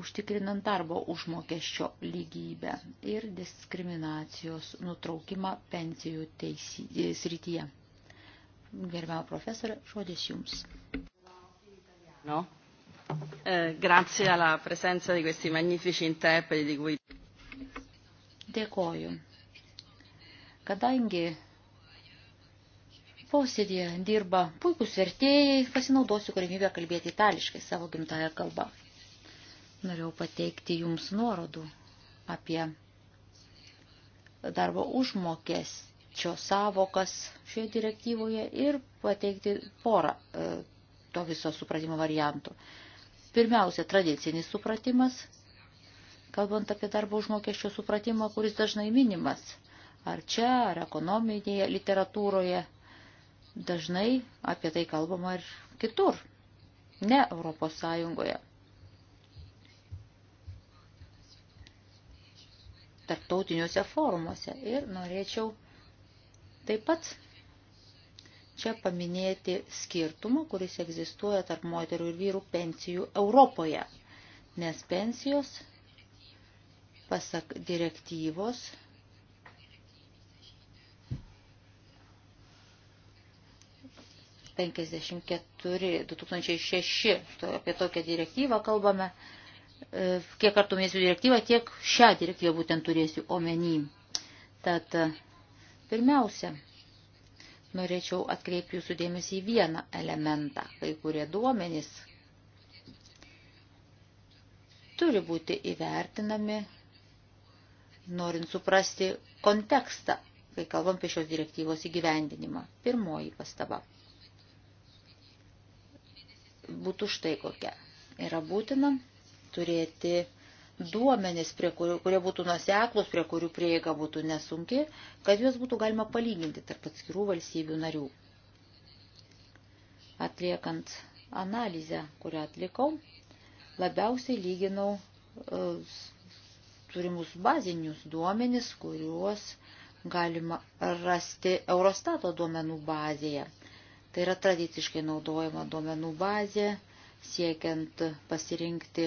užtikrinant darbo užmokesčio lygybę ir diskriminacijos nutraukimą pensijų teisy, e, srityje. Gerbiamą profesorę, žodis jums. No. Eh, grazie alla presenza di questi magnifici interpreti di cui. Dėkoju. Kadangi posėdėje dirba puikūs vertėjai, pasinaudosiu galimybę kalbėti itališkai savo gimtają kalbą norėjau pateikti jums nuorodų apie darbo užmokesčio savokas šioje direktyvoje ir pateikti porą e, to viso supratimo variantų. Pirmiausia, tradicinis supratimas, kalbant apie darbo užmokesčio supratimą, kuris dažnai minimas, ar čia, ar ekonominėje literatūroje, dažnai apie tai kalbama ir kitur, ne Europos Sąjungoje. tarptautiniuose forumuose. Ir norėčiau taip pat čia paminėti skirtumą, kuris egzistuoja tarp moterų ir vyrų pensijų Europoje, nes pensijos, pasak direktyvos, penkiasdešimt keturi du tūkstančiai šeši apie tokią direktyvą kalbame E, kiek kartų mėsiu direktyvą, tiek šią direktyvą būtent turėsiu omeny. Tad pirmiausia, norėčiau atkreipti jūsų dėmesį į vieną elementą. Kai kurie duomenys turi būti įvertinami, norint suprasti kontekstą, kai kalbam apie šios direktyvos įgyvendinimą. Pirmoji pastaba būtų štai kokia. Yra būtina turėti duomenis, prie kurių, kurie būtų nuseklus, prie kurių prieiga būtų nesunki, kad juos būtų galima palyginti tarp atskirų valstybių narių. Atliekant analizę, kurią atlikau, labiausiai lyginau uh, turimus bazinius duomenis, kuriuos galima rasti Eurostato duomenų bazėje. Tai yra tradiciškai naudojama duomenų bazė, siekiant pasirinkti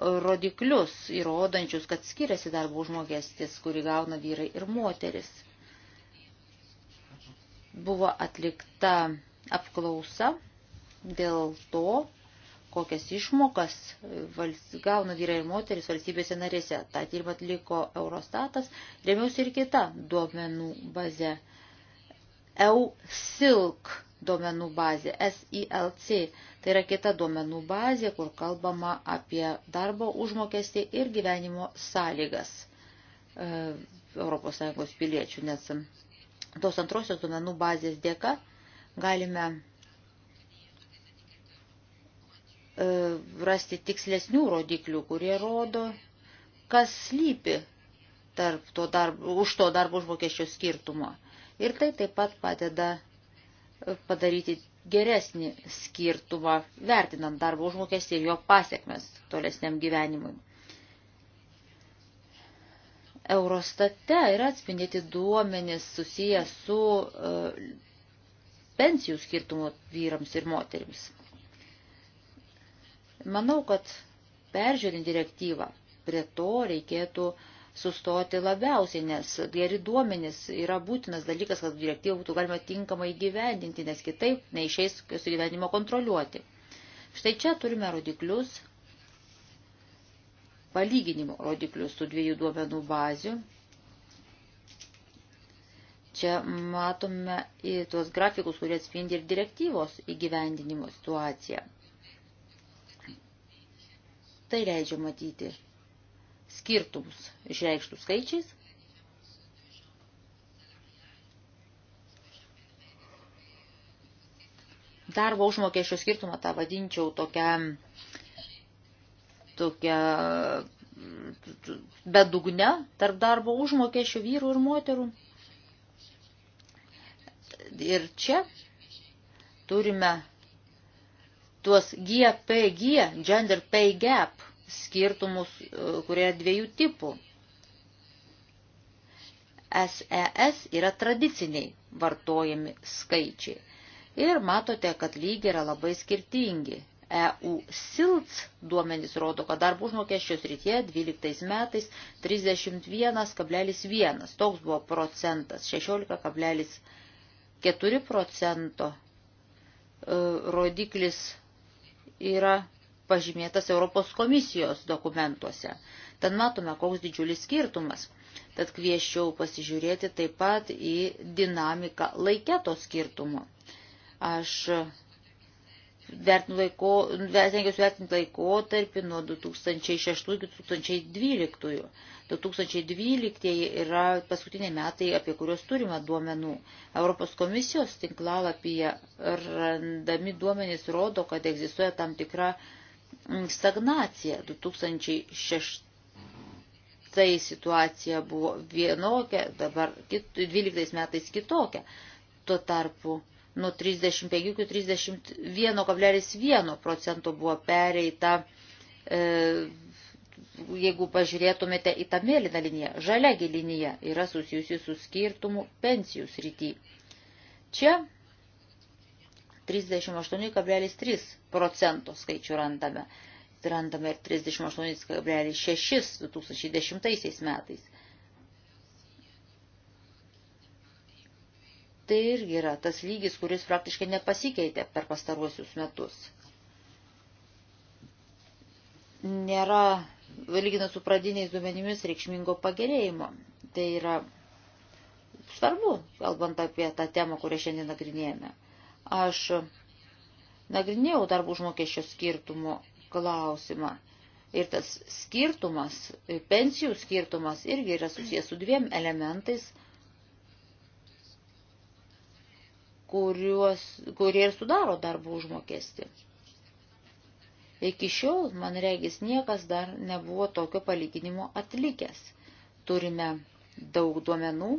rodiklius įrodančius, kad skiriasi darbo užmokestis, kurį gauna vyrai ir moteris. Buvo atlikta apklausa dėl to, kokias išmokas gauna vyrai ir moteris valstybėse narėse. Ta tyrimą atliko Eurostatas, remiausi ir kita duomenų baze. EUSILK duomenų bazė, SILC. Tai yra kita duomenų bazė, kur kalbama apie darbo užmokestį ir gyvenimo sąlygas e, ES piliečių, nes tos antrosios duomenų bazės dėka galime e, rasti tikslesnių rodiklių, kurie rodo, kas slypi tarp to darbo, už to darbo užmokesčio skirtumo. Ir tai taip pat padeda padaryti geresnį skirtumą, vertinant darbo užmokestį ir jo pasiekmes tolesniam gyvenimui. Eurostate yra atspindėti duomenys susiję su uh, pensijų skirtumu vyrams ir moterims. Manau, kad peržiūrint direktyvą, prie to reikėtų uh, sustoti labiausiai, nes geri duomenys yra būtinas dalykas, kad direktyvą būtų galima tinkamai gyvendinti, nes kitaip neišeis jos gyvenimo kontroliuoti. Štai čia turime rodiklius, palyginimo rodiklius tų dviejų duomenų bazių. Čia matome į tuos grafikus, kurie atspindi ir direktyvos įgyvendinimo situaciją. Tai leidžia matyti skirtumus išreikštų skaičiais. Darbo užmokesčio skirtumą tą vadinčiau tokią, tokią bedugne tarp darbo užmokesčių vyrų ir moterų. Ir čia turime tuos GPG, Gender Pay Gap skirtumus, e, kurie dviejų tipų. SES e yra tradiciniai vartojami skaičiai. Ir matote, kad lygiai yra labai skirtingi. EU silts duomenys rodo, kad darbo užmokesčios rytie 12 metais 31,1. Toks buvo procentas, 16,4 procento e, rodiklis yra pažymėtas Europos komisijos dokumentuose. Tad matome, koks didžiulis skirtumas. Tad kvieščiau pasižiūrėti taip pat į dinamiką laiketo skirtumo. Aš vertinu laiko, stengiuosi vertinti laikotarpį nuo 2006 iki 2012. 2012 yra paskutiniai metai, apie kuriuos turime duomenų. Europos komisijos tinklalapyje randami duomenys rodo, kad egzistuoja tam tikra uh, stagnacija. 2006 tai situacija buvo vienokia, dabar 12 metais kitokia. Tuo tarpu nuo 35 iki 31,1 procento buvo pereita, e, jeigu pažiūrėtumėte į tą mėlyną liniją, žalia gilinija yra susijusi su skirtumu pensijų srity. Čia 38,3 procento skaičių randame. Randame ir 38,6 2010 metais. Tai irgi yra tas lygis, kuris praktiškai nepasikeitė per pastaruosius metus. Nėra, lyginant su pradiniais duomenimis, reikšmingo pagerėjimo. Tai yra svarbu, kalbant apie tą temą, kurią šiandien nagrinėjame. Aš nagrinėjau darbų užmokesčio skirtumo klausimą. Ir tas skirtumas, pensijų skirtumas irgi yra susijęs su dviem elementais, kuriuos, kurie ir sudaro darbų užmokesti. Iki šiol, man regis, niekas dar nebuvo tokio palyginimo atlikęs. Turime daug duomenų,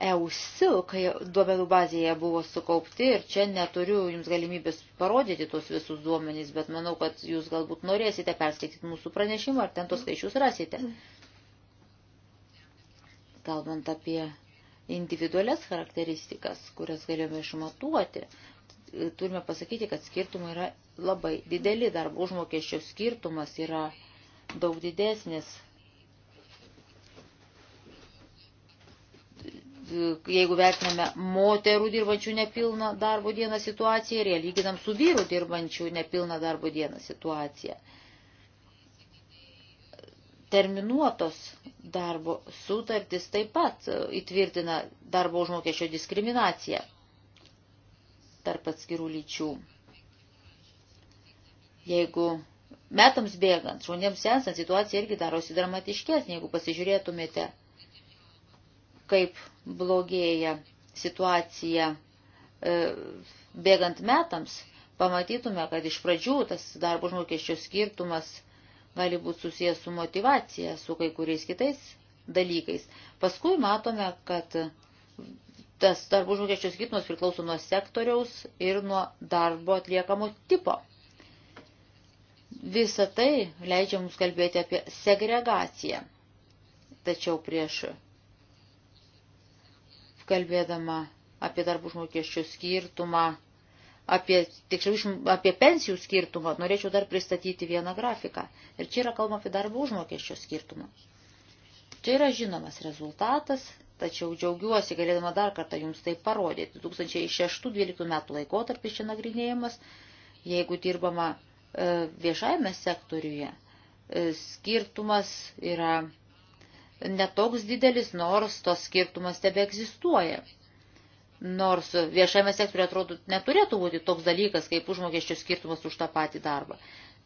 EUSIL, kai duomenų bazėje buvo sukaupti ir čia neturiu jums galimybės parodyti tuos visus duomenys, bet manau, kad jūs galbūt norėsite perskaityti mūsų pranešimą ar ten tos skaičius rasite. Kalbant apie individualias charakteristikas, kurias galėjome išmatuoti, turime pasakyti, kad skirtumai yra labai dideli, darbo užmokesčio skirtumas yra daug didesnis jeigu vertiname moterų dirbančių nepilną darbo dieną situaciją ir ją lyginam su vyrų dirbančių nepilną darbo dieną situaciją. Terminuotos darbo sutartys taip pat įtvirtina darbo užmokesčio diskriminaciją tarp atskirų lyčių. Jeigu metams bėgant, žmonėms sensant, situacija irgi darosi dramatiškesnė, jeigu pasižiūrėtumėte, kaip blogėja situacija e, bėgant metams, pamatytume, kad iš pradžių tas darbo užmokesčio skirtumas gali būti susijęs su motivacija, su kai kuriais kitais dalykais. Paskui matome, kad tas darbo užmokesčio skirtumas priklauso nuo sektoriaus ir nuo darbo atliekamo tipo. Visa tai leidžia mums kalbėti apie segregaciją. Tačiau prieš kalbėdama apie darbų užmokesčio skirtumą, apie, tiksliau, apie pensijų skirtumą, norėčiau dar pristatyti vieną grafiką. Ir čia yra kalbama apie darbų užmokesčio skirtumą. Čia yra žinomas rezultatas, tačiau džiaugiuosi galėdama dar kartą jums tai parodyti. 2006-2012 metų laikotarpis čia nagrinėjimas, jeigu dirbama e, viešajame sektoriuje, e, skirtumas yra netoks didelis, nors tos skirtumas tebe egzistuoja. Nors viešame sektoriuje atrodo neturėtų būti toks dalykas, kaip užmokesčio skirtumas už tą patį darbą.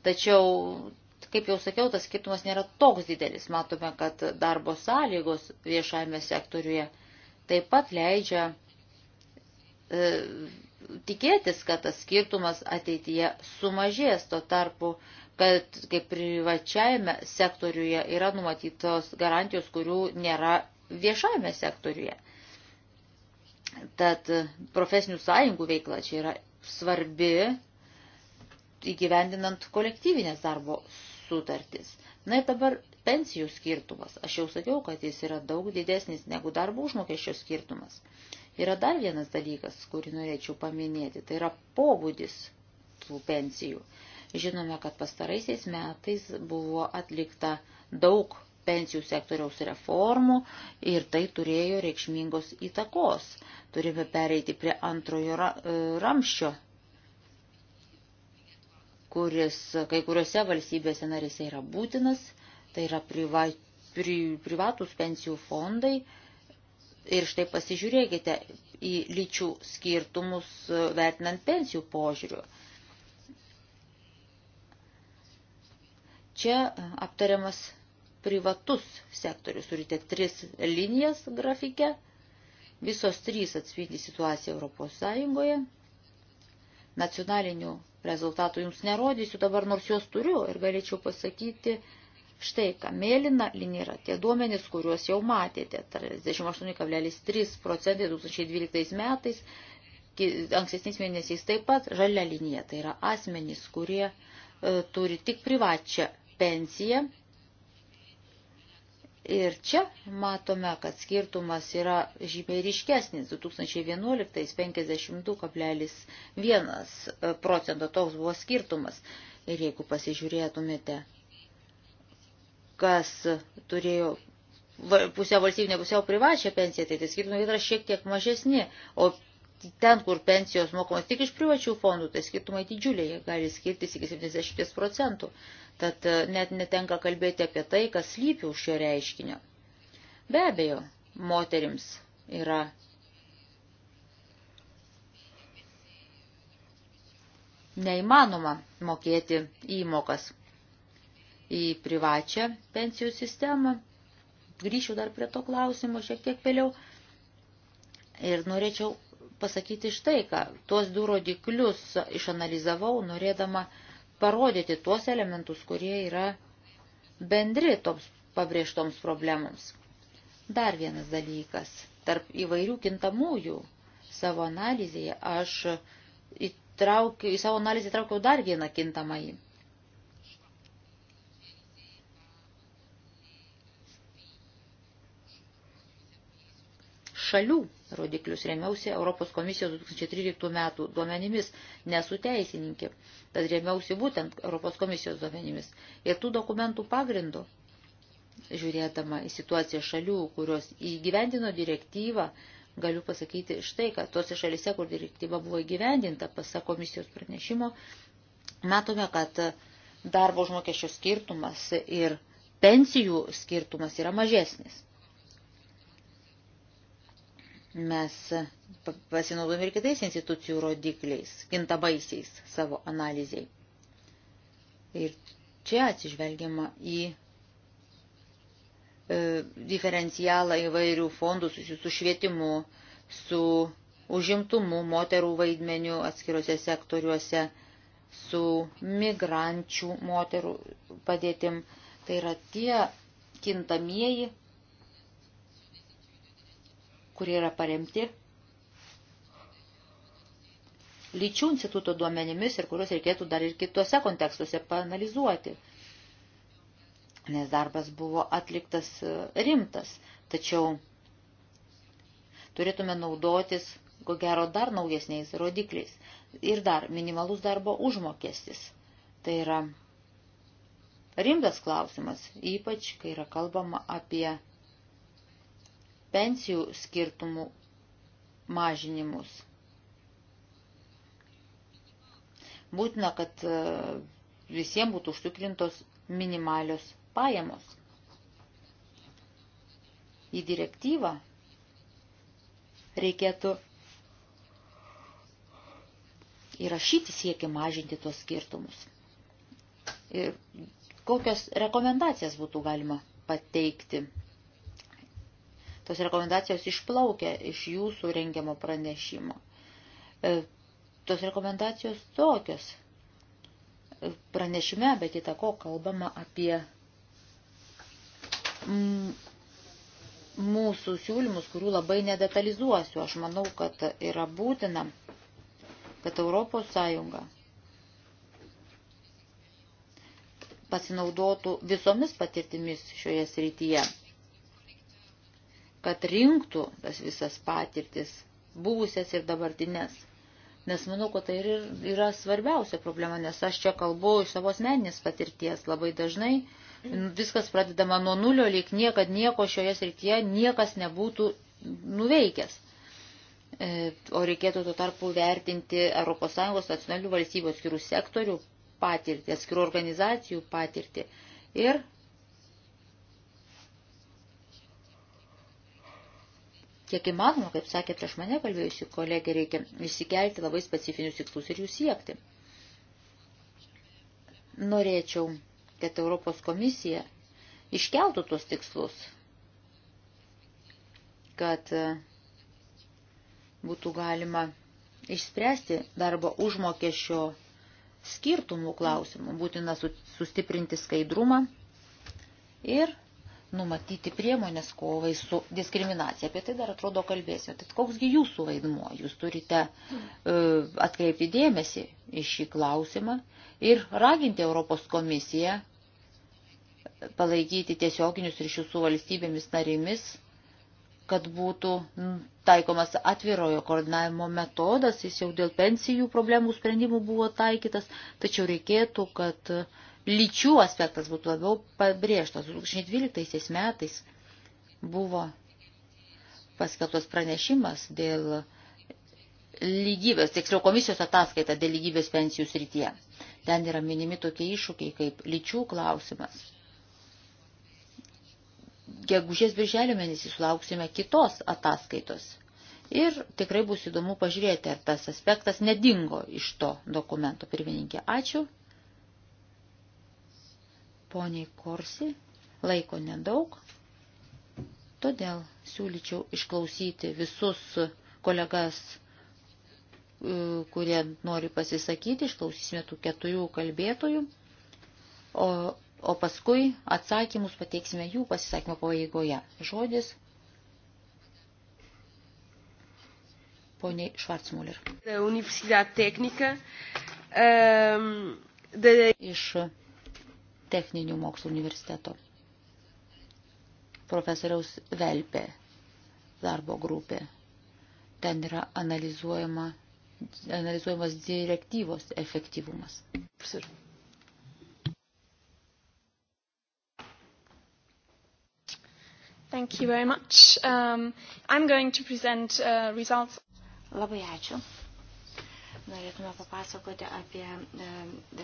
Tačiau, kaip jau sakiau, tas skirtumas nėra toks didelis. Matome, kad darbo sąlygos viešame sektoriuje taip pat leidžia e, tikėtis, kad tas skirtumas ateityje sumažės. Tuo tarpu e, kad kaip privačiajame sektoriuje yra numatytos garantijos, kurių nėra viešajame sektoriuje. Tad profesinių sąjungų veikla čia yra svarbi įgyvendinant kolektyvinės darbo sutartis. Na ir dabar pensijų skirtumas. Aš jau sakiau, kad jis yra daug didesnis negu darbo užmokesčio skirtumas. Yra dar vienas dalykas, kurį norėčiau paminėti, tai yra pobūdis tų pensijų. Uh, Žinome, kad pastaraisiais metais buvo atlikta daug pensijų sektoriaus reformų ir tai turėjo reikšmingos įtakos. Turime pereiti prie antrojo ra e, ramščio, kuris kai kuriuose valstybėse narėse yra būtinas, tai yra priva, pri, privatus pensijų fondai. Ir štai pasižiūrėkite į lyčių skirtumus e, vertinant pensijų požiūrių. Čia aptariamas privatus sektorius. Turite tris linijas grafike. Visos trys atspindi situaciją Europos Sąjungoje. Nacionalinių rezultatų jums nerodysiu, dabar nors juos turiu ir galėčiau pasakyti, Štai, ką mėlyna linija yra tie duomenys, kuriuos jau matėte. 38,3 procentai 2012 metais, ankstesniais mėnesiais taip pat, žalia linija, tai yra asmenys, kurie e, turi tik privačią pensiją. Ir čia matome, kad skirtumas yra žymiai ryškesnis. 2011 52,1 procento toks buvo skirtumas. Ir jeigu pasižiūrėtumėte, kas turėjo pusiau valstybinę, pusiau privačią pensiją, tai tai skirtumai yra šiek tiek mažesni. O ten, kur pensijos mokamos tik iš privačių fondų, tai skirtumai didžiuliai, jie gali skirtis iki 70 procentų tad e, net netenka kalbėti apie tai, kas lypi už šio reiškinio. Be abejo, moterims yra neįmanoma mokėti įmokas į privačią pensijų sistemą. Grįšiu dar prie to klausimo šiek tiek vėliau. Ir norėčiau pasakyti štai ką. Tuos du rodiklius išanalizavau, norėdama uh, parodyti tuos elementus, kurie yra bendri toms pabrėžtoms problemams. Dar vienas dalykas. Tarp įvairių kintamųjų savo analizėje aš įtraukiu, į savo analizę įtraukiau dar vieną kintamąjį. Šalių rodiklius remiausi Europos komisijos 2013 metų duomenimis, nesu teisininkė, tad remiausi būtent Europos komisijos duomenimis. Ir tų dokumentų pagrindų, žiūrėdama į situaciją šalių, kurios įgyvendino direktyvą, galiu pasakyti štai, kad tose šalise, kur direktyva buvo įgyvendinta, pasak komisijos pranešimo, matome, kad darbo užmokesčio skirtumas ir pensijų skirtumas yra mažesnis. Mes pasinaudojame ir kitais institucijų rodikliais, kintabaisiais savo analizai. Ir čia atsižvelgiama į e, diferencialą įvairių fondų susijusių su švietimu, su užimtumu, moterų vaidmeniu atskiruose sektoriuose, su migrančių moterų padėtim. Tai yra tie kintamieji kurie yra paremti lyčių instituto duomenimis ir kuriuos reikėtų dar ir kitose kontekstuose panalizuoti. Nes darbas buvo atliktas e, rimtas, tačiau turėtume naudotis, ko gero, dar naujesniais rodikliais. Ir dar minimalus darbo užmokestis. Tai yra rimtas klausimas, ypač kai yra kalbama apie pensijų skirtumų mažinimus. Būtina, kad e, visiems būtų užtikrintos minimalios pajamos. Į direktyvą reikėtų įrašyti siekį mažinti tuos skirtumus. Ir kokias rekomendacijas būtų galima pateikti Tos rekomendacijos išplaukia iš jūsų rengiamo pranešimo. E, tos rekomendacijos tokios. E, pranešime, bet įtako, kalbama apie mūsų siūlymus, kurių labai nedetalizuosiu. Aš manau, kad yra būtina, kad Europos Sąjunga pasinaudotų visomis patirtimis šioje srityje kad rinktų tas visas patirtis, buvusias ir dabartinės. Nes manau, kad tai ir yra svarbiausia problema, nes aš čia kalbu iš savo asmeninės patirties labai dažnai. Viskas pradedama nuo nulio, lyg niekad nieko šioje srityje niekas nebūtų nuveikęs. E, o reikėtų tuo tarpu vertinti ES nacionalių valstybių atskirų sektorių patirtį, atskirų organizacijų patirtį ir Kiek įmanoma, kaip sakė prieš mane kalbėjusi kolegė, reikia įsikelti labai specifinius tikslus ir jų siekti. Norėčiau, kad Europos komisija iškeltų tuos tikslus, kad e, būtų galima išspręsti darbo užmokesčio skirtumų klausimų. Būtina sustiprinti skaidrumą ir numatyti priemonės kovai su diskriminacija. Apie tai dar atrodo kalbėsime. Tad koksgi jūsų vaidmuo? Jūs turite uh, atkreipti dėmesį į šį klausimą ir raginti Europos komisiją palaikyti tiesioginius ryšius su valstybėmis narimis, kad būtų taikomas atvirojo koordinavimo metodas, jis jau dėl pensijų problemų sprendimų buvo taikytas, tačiau reikėtų, kad uh, lyčių aspektas būtų labiau pabrėžtas. 2012 metais buvo paskelbtas pranešimas dėl lygybės, tiksliau komisijos ataskaita dėl lygybės pensijų srityje. Ten yra minimi tokie iššūkiai kaip lyčių klausimas. Gegužės birželio mėnesį sulauksime kitos ataskaitos. Ir tikrai bus įdomu pažiūrėti, ar tas aspektas nedingo iš to dokumento pirmininkė. Ačiū poniai Korsi laiko nedaug, todėl siūlyčiau išklausyti visus kolegas, e, kurie nori pasisakyti, išklausysime tų keturių kalbėtojų, o, o paskui atsakymus pateiksime jų pasisakymo pabaigoje. Žodis poniai Švarcmuller. Universidad technika. Um, ehm, de... Iš techninių mokslų universiteto profesoriaus Velpė darbo grupė. Ten yra analizuojama, analizuojamas direktyvos efektyvumas. Thank you very much. Um, I'm going to present uh, results. Labai ačiū norėtume papasakoti apie e,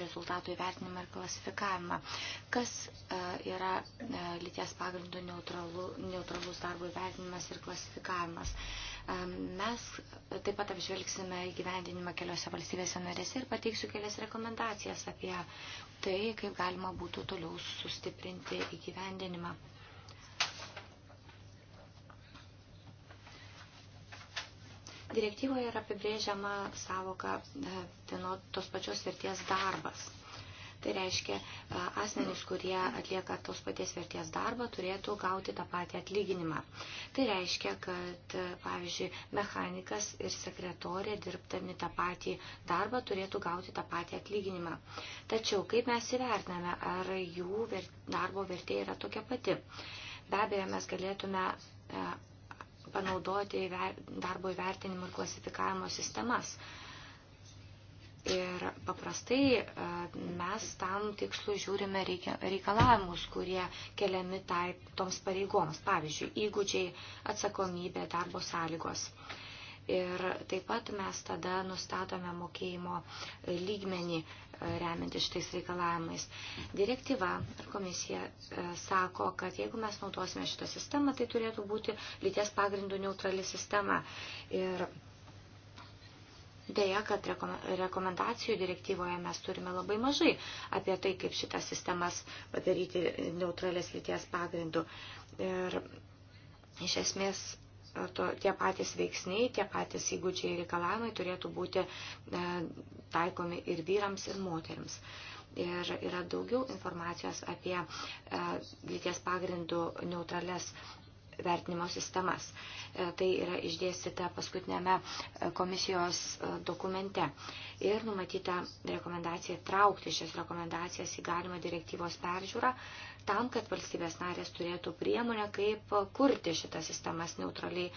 rezultatų įvertinimą ir klasifikavimą. Kas e, yra e, lyties pagrindų neutralu, neutralus darbo įvertinimas ir klasifikavimas? Mes taip pat apžvelgsime įgyvendinimą keliose valstybėse narėse ir pateiksiu kelias rekomendacijas apie tai, kaip galima būtų toliau sustiprinti įgyvendinimą. Direktyvoje yra apibrėžiama savoka e, tos pačios verties darbas. Tai reiškia, e, asmenys, kurie atlieka tos paties verties darbą, turėtų gauti tą patį atlyginimą. Tai reiškia, kad, e, pavyzdžiui, mechanikas ir sekretorė dirbtami tą patį darbą turėtų gauti tą patį atlyginimą. Tačiau, kaip mes įvertiname, ar jų darbo vertė yra tokia pati? Be abejo, mes galėtume panaudoti darbo įvertinimo ir klasifikavimo sistemas. Ir paprastai e, mes tam tikslu žiūrime reikalavimus, kurie keliami tai, toms pareigoms, pavyzdžiui, įgūdžiai, atsakomybė, darbo sąlygos. Ir taip pat mes tada nustatome mokėjimo lygmenį e, remiantis šitais reikalavimais. Direktyva ir komisija e, sako, kad jeigu mes naudosime šitą sistemą, tai turėtų būti lyties pagrindų neutrali sistema. Ir Deja, kad rekomendacijų direktyvoje mes turime labai mažai apie tai, kaip šitas sistemas padaryti neutralės lyties pagrindu. Ir iš esmės E, to, tie patys veiksniai, tie patys įgūdžiai reikalavimai turėtų būti e, taikomi ir vyrams, ir moteriams. Ir yra daugiau informacijos apie e, lyties pagrindų neutrales vertinimo sistemas. E, tai yra išdėstyta paskutinėme e, komisijos e, dokumente. Ir numatyta rekomendacija traukti šias rekomendacijas į galimą direktyvos peržiūrą tam, kad valstybės narės turėtų priemonę, kaip kurti šitas sistemas neutraliai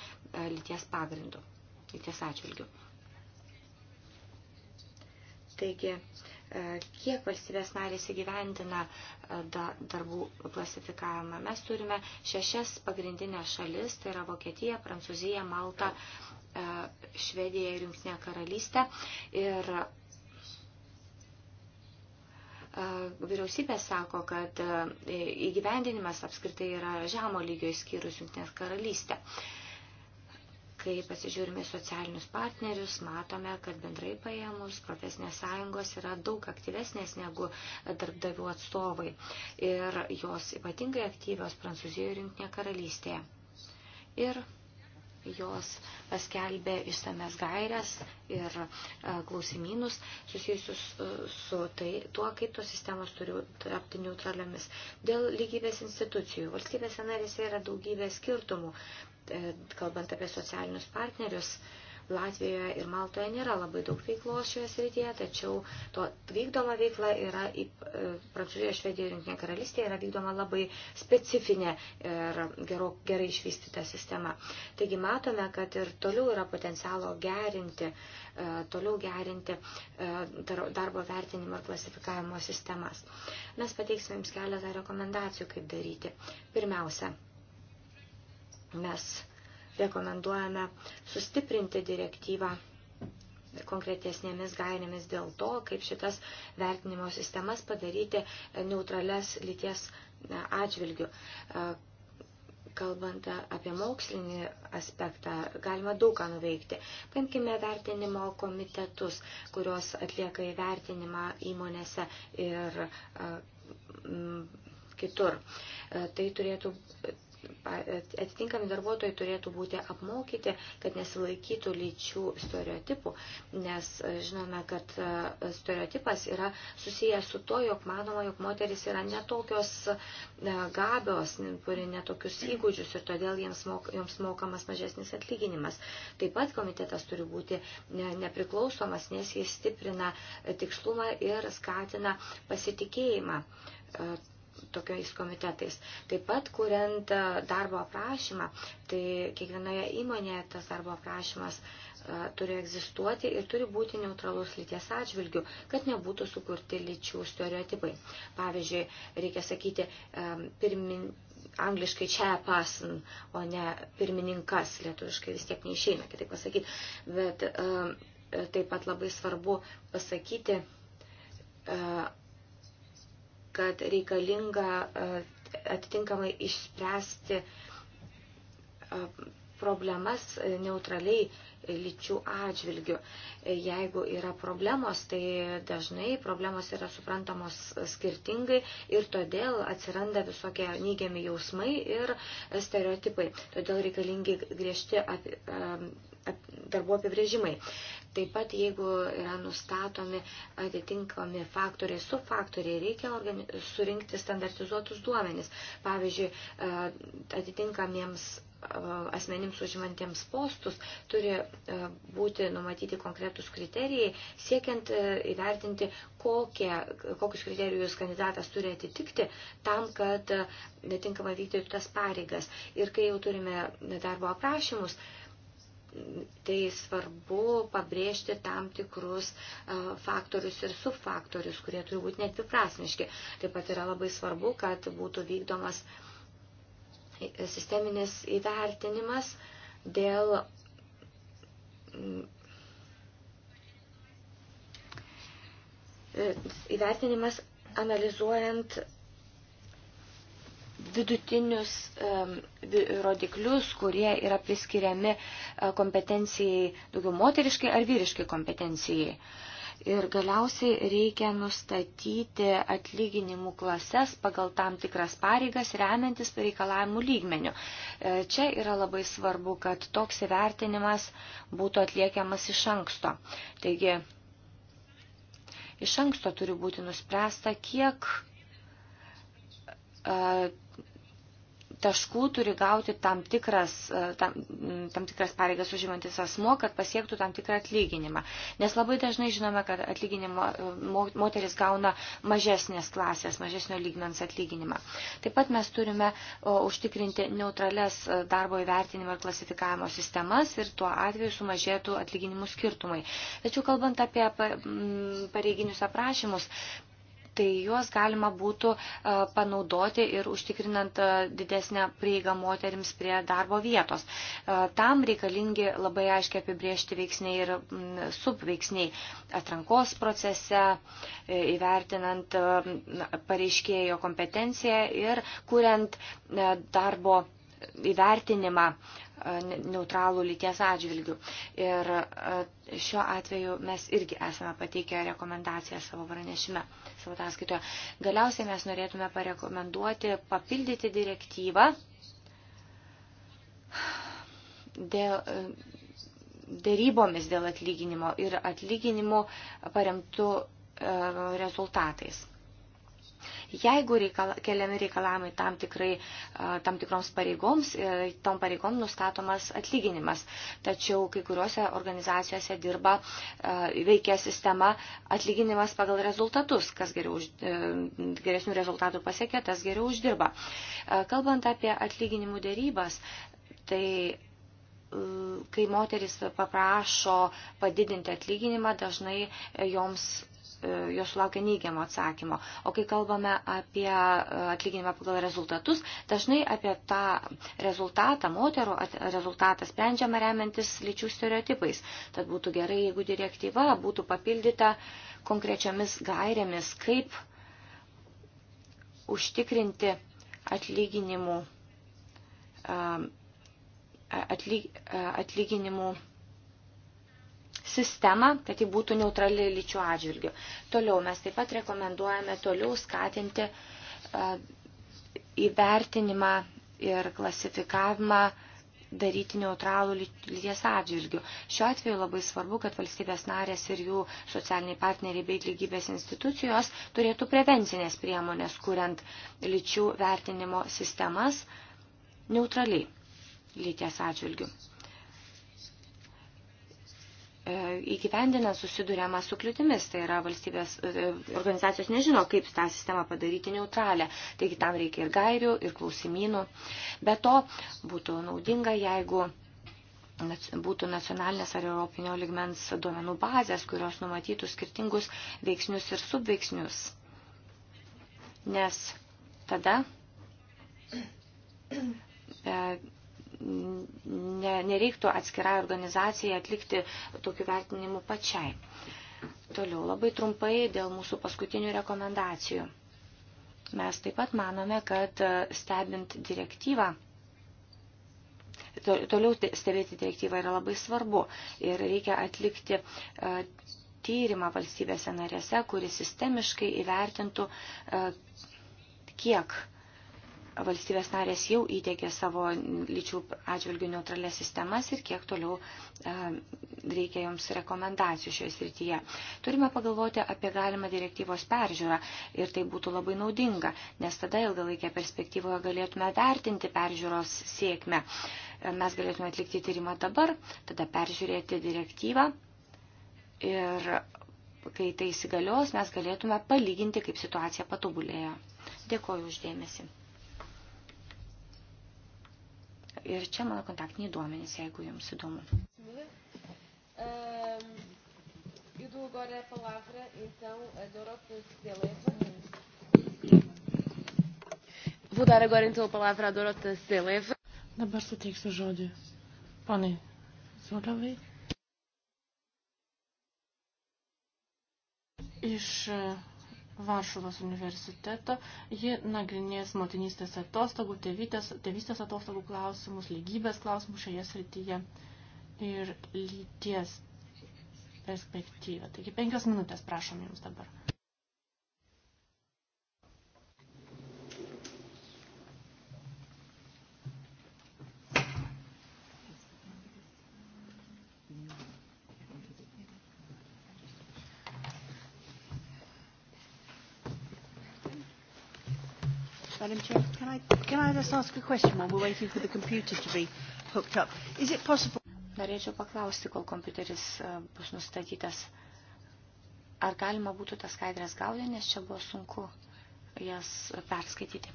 lyties pagrindu, lyties atžvilgiu. Taigi, kiek valstybės narės įgyvendina e, darbų klasifikavimą. Mes turime šešias pagrindinės šalis, tai yra Vokietija, Prancūzija, Malta, e, Švedija ir Junktinė karalystė. Ir e, vyriausybė sako, kad įgyvendinimas apskritai yra žemo lygio įskyrus Junktinės karalystę. karalystę. Kai pasižiūrime socialinius partnerius, matome, kad bendrai paėmus profesinės sąjungos yra daug aktyvesnės negu darbdavių atstovai ir jos ypatingai aktyvios Prancūzijoje ir Junktinė karalystėje. Ir jos paskelbė išsames gairias ir e, klausimynus susijusius e, su tai, tuo, kaip tos sistemos turi tapti neutraliomis. Dėl lygybės institucijų. Valstybėse narėse yra daugybė skirtumų. E, kalbant apie socialinius partnerius, Latvijoje ir Maltoje nėra labai daug veiklos šioje srityje, tačiau to vykdoma veikla yra į e, Prancūziją, Švediją ir Junktinė karalystė yra vykdoma labai specifinė ir gero, gerai išvystyta sistema. Taigi matome, kad ir toliau yra potencialo gerinti, e, toliau gerinti darbo vertinimo ir klasifikavimo sistemas. Mes pateiksime jums keletą rekomendacijų, kaip daryti. Pirmiausia, Mes rekomenduojame sustiprinti direktyvą konkretesnėmis gairėmis dėl to, kaip šitas vertinimo sistemas padaryti neutrales lyties atžvilgių. Kalbant apie mokslinį aspektą, galima daug ką nuveikti. Paimkime vertinimo komitetus, kurios atlieka įvertinimą įmonėse ir mm, kitur. Tai turėtų atitinkami darbuotojai turėtų būti apmokyti, kad nesilaikytų lyčių stereotipų, nes e, žinome, kad e, stereotipas yra susijęs su to, jog manoma, jog moteris yra netokios e, gabios, turi netokius įgūdžius ir todėl jiems, mok, jiems mokamas mažesnis atlyginimas. Taip pat komitetas turi būti nepriklausomas, nes jis stiprina tikslumą ir skatina pasitikėjimą tokiais komitetais. Taip pat, kuriant e, darbo aprašymą, tai kiekvienoje įmonėje tas darbo aprašymas e, turi egzistuoti ir turi būti neutralus lyties atžvilgių, kad nebūtų sukurti lyčių stereotipai. Pavyzdžiui, reikia sakyti e, pirmin, angliškai čia pasin, o ne pirmininkas, lietuviškai vis tiek neišeina, kitaip pasakyti. Bet taip pat labai svarbu pasakyti kad reikalinga e, atitinkamai išspręsti e, problemas neutraliai lyčių atžvilgių. Jeigu yra problemos, tai dažnai problemos yra suprantamos skirtingai ir todėl atsiranda visokie neigiami jausmai ir stereotipai. Todėl reikalingi griežti e, darbų apibrėžimai. Taip pat, jeigu yra nustatomi atitinkami faktoriai, su faktoriai, reikia organi... surinkti standartizuotus duomenis. Pavyzdžiui, e, atitinkamiems e, asmenims užimantiems postus turi e, būti numatyti konkretus kriterijai, siekiant įvertinti, kokie, kokius kriterijus kandidatas turi atitikti tam, kad netinkamai vykdytų tas pareigas. Ir kai jau turime darbo aprašymus, tai svarbu pabrėžti tam tikrus e, faktorius ir subfaktorius, kurie turi būti netviprasmiški. Taip pat yra labai svarbu, kad būtų vykdomas sisteminis įvertinimas dėl mm, e, įvertinimas analizuojant vidutinius rodiklius, kurie yra priskiriami e, kompetencijai daugiau moteriškai ar vyriškai kompetencijai. Ir galiausiai reikia nustatyti atlyginimų klases pagal tam tikras pareigas remiantis reikalavimų lygmenių. E, čia yra labai svarbu, kad toks įvertinimas būtų atliekiamas iš anksto. Taigi, iš anksto turi būti nuspręsta, kiek taškų turi gauti tam tikras, tam, tam tikras pareigas užimantis asmo, kad pasiektų tam tikrą atlyginimą. Nes labai dažnai žinome, kad atlyginimo moteris gauna mažesnės klasės, mažesnio lygmens atlyginimą. Taip pat mes turime o, užtikrinti neutrales darbo įvertinimo ir klasifikavimo sistemas ir tuo atveju sumažėtų atlyginimų skirtumai. Tačiau kalbant apie pareiginius aprašymus, tai juos galima būtų e, panaudoti ir užtikrinant e, didesnę prieigą moterims prie darbo vietos. E, tam reikalingi labai aiškiai apibriežti veiksniai ir subveiksniai atrankos procese, įvertinant pareiškėjo kompetenciją ir kuriant darbo įvertinimą neutralų lyties atžvilgių. Ir e, šiuo atveju mes irgi esame pateikę rekomendaciją savo pranešime, savo ataskaitoje. Galiausiai mes norėtume parekomenduoti papildyti direktyvą dėl e, dėrybomis dėl atlyginimo ir atlyginimų paremtų e, rezultatais. Jeigu reikala, keliami reikalavimai tam, tikrai, tam tikroms pareigoms, e, tom pareigom nustatomas atlyginimas. Tačiau kai kuriuose organizacijose dirba veikia sistema atlyginimas pagal rezultatus. Kas geriau, e, geresnių rezultatų pasiekia, tas geriau uždirba. Kalbant apie atlyginimų dėrybas, tai kai moteris paprašo padidinti atlyginimą, dažnai e, joms E, jos sulaukia neigiamo atsakymo. O kai kalbame apie e, atlyginimą pagal rezultatus, dažnai apie tą rezultatą, moterų rezultatą sprendžiama remiantis lyčių stereotipais. Tad būtų gerai, jeigu direktyva būtų papildyta konkrečiamis gairėmis, kaip užtikrinti atlyginimų e, atlyginimų sistemą, kad ji būtų neutrali lyčių atžvilgių. Toliau mes taip pat rekomenduojame toliau skatinti įvertinimą ir klasifikavimą daryti neutralų lyties atžvilgių. Šiuo atveju labai svarbu, kad valstybės narės ir jų socialiniai partneriai bei lygybės institucijos turėtų prevencinės priemonės, kuriant lyčių vertinimo sistemas neutraliai lyties atžvilgių. E, įgyvendina susidurėma su kliūtimis, tai yra valstybės e, e, organizacijos nežino, kaip tą sistemą padaryti neutralę, taigi tam reikia ir gairių, ir klausimynų. Be to, būtų naudinga, jeigu būtų nacionalinės ar europinio ligmens duomenų bazės, kurios numatytų skirtingus veiksnius ir subveiksnius. Nes tada ne, nereiktų atskirai organizacijai atlikti tokių vertinimų pačiai. Toliau labai trumpai dėl mūsų paskutinių rekomendacijų. Mes taip pat manome, kad e, stebint direktyvą, toliau stebėti direktyvą yra labai svarbu ir reikia atlikti e, tyrimą valstybėse narėse, kuris sistemiškai įvertintų, e, kiek valstybės narės jau įdėgė savo lyčių atžvilgių neutralias sistemas ir kiek toliau e, reikia joms rekomendacijų šioje srityje. Turime pagalvoti apie galimą direktyvos peržiūrą ir tai būtų labai naudinga, nes tada ilgalaikė perspektyvoje galėtume vertinti peržiūros sėkmę. E, mes galėtume atlikti tyrimą dabar, tada peržiūrėti direktyvą ir kai tai įsigalios, mes galėtume palyginti, kaip situacija patobulėjo. Dėkoju uždėmesi. Ir čia mano kontaktiniai duomenys, jeigu jums įdomu. Ehm, eu dou agora a palavra, então, a Dora Zeleva. Vou dar agora, então, a palavra à Dorota Zeleva. Dabar suteiksiu žodį. Ponai, Zolavai. Iš uh, Varšuvos universiteto. Ji nagrinės motinystės atostogų, tėvytės, tėvystės atostogų klausimus, lygybės klausimus šioje srityje ir lyties perspektyvą. Taigi penkios minutės prašom jums dabar. Madam Chair. Can I, can I just ask a question while we're waiting for the computer to be hooked up? Is it possible... Norėčiau paklausti, kol kompiuteris e, bus nustatytas. Ar galima būtų tas skaidrės gauti, nes čia buvo sunku jas perskaityti.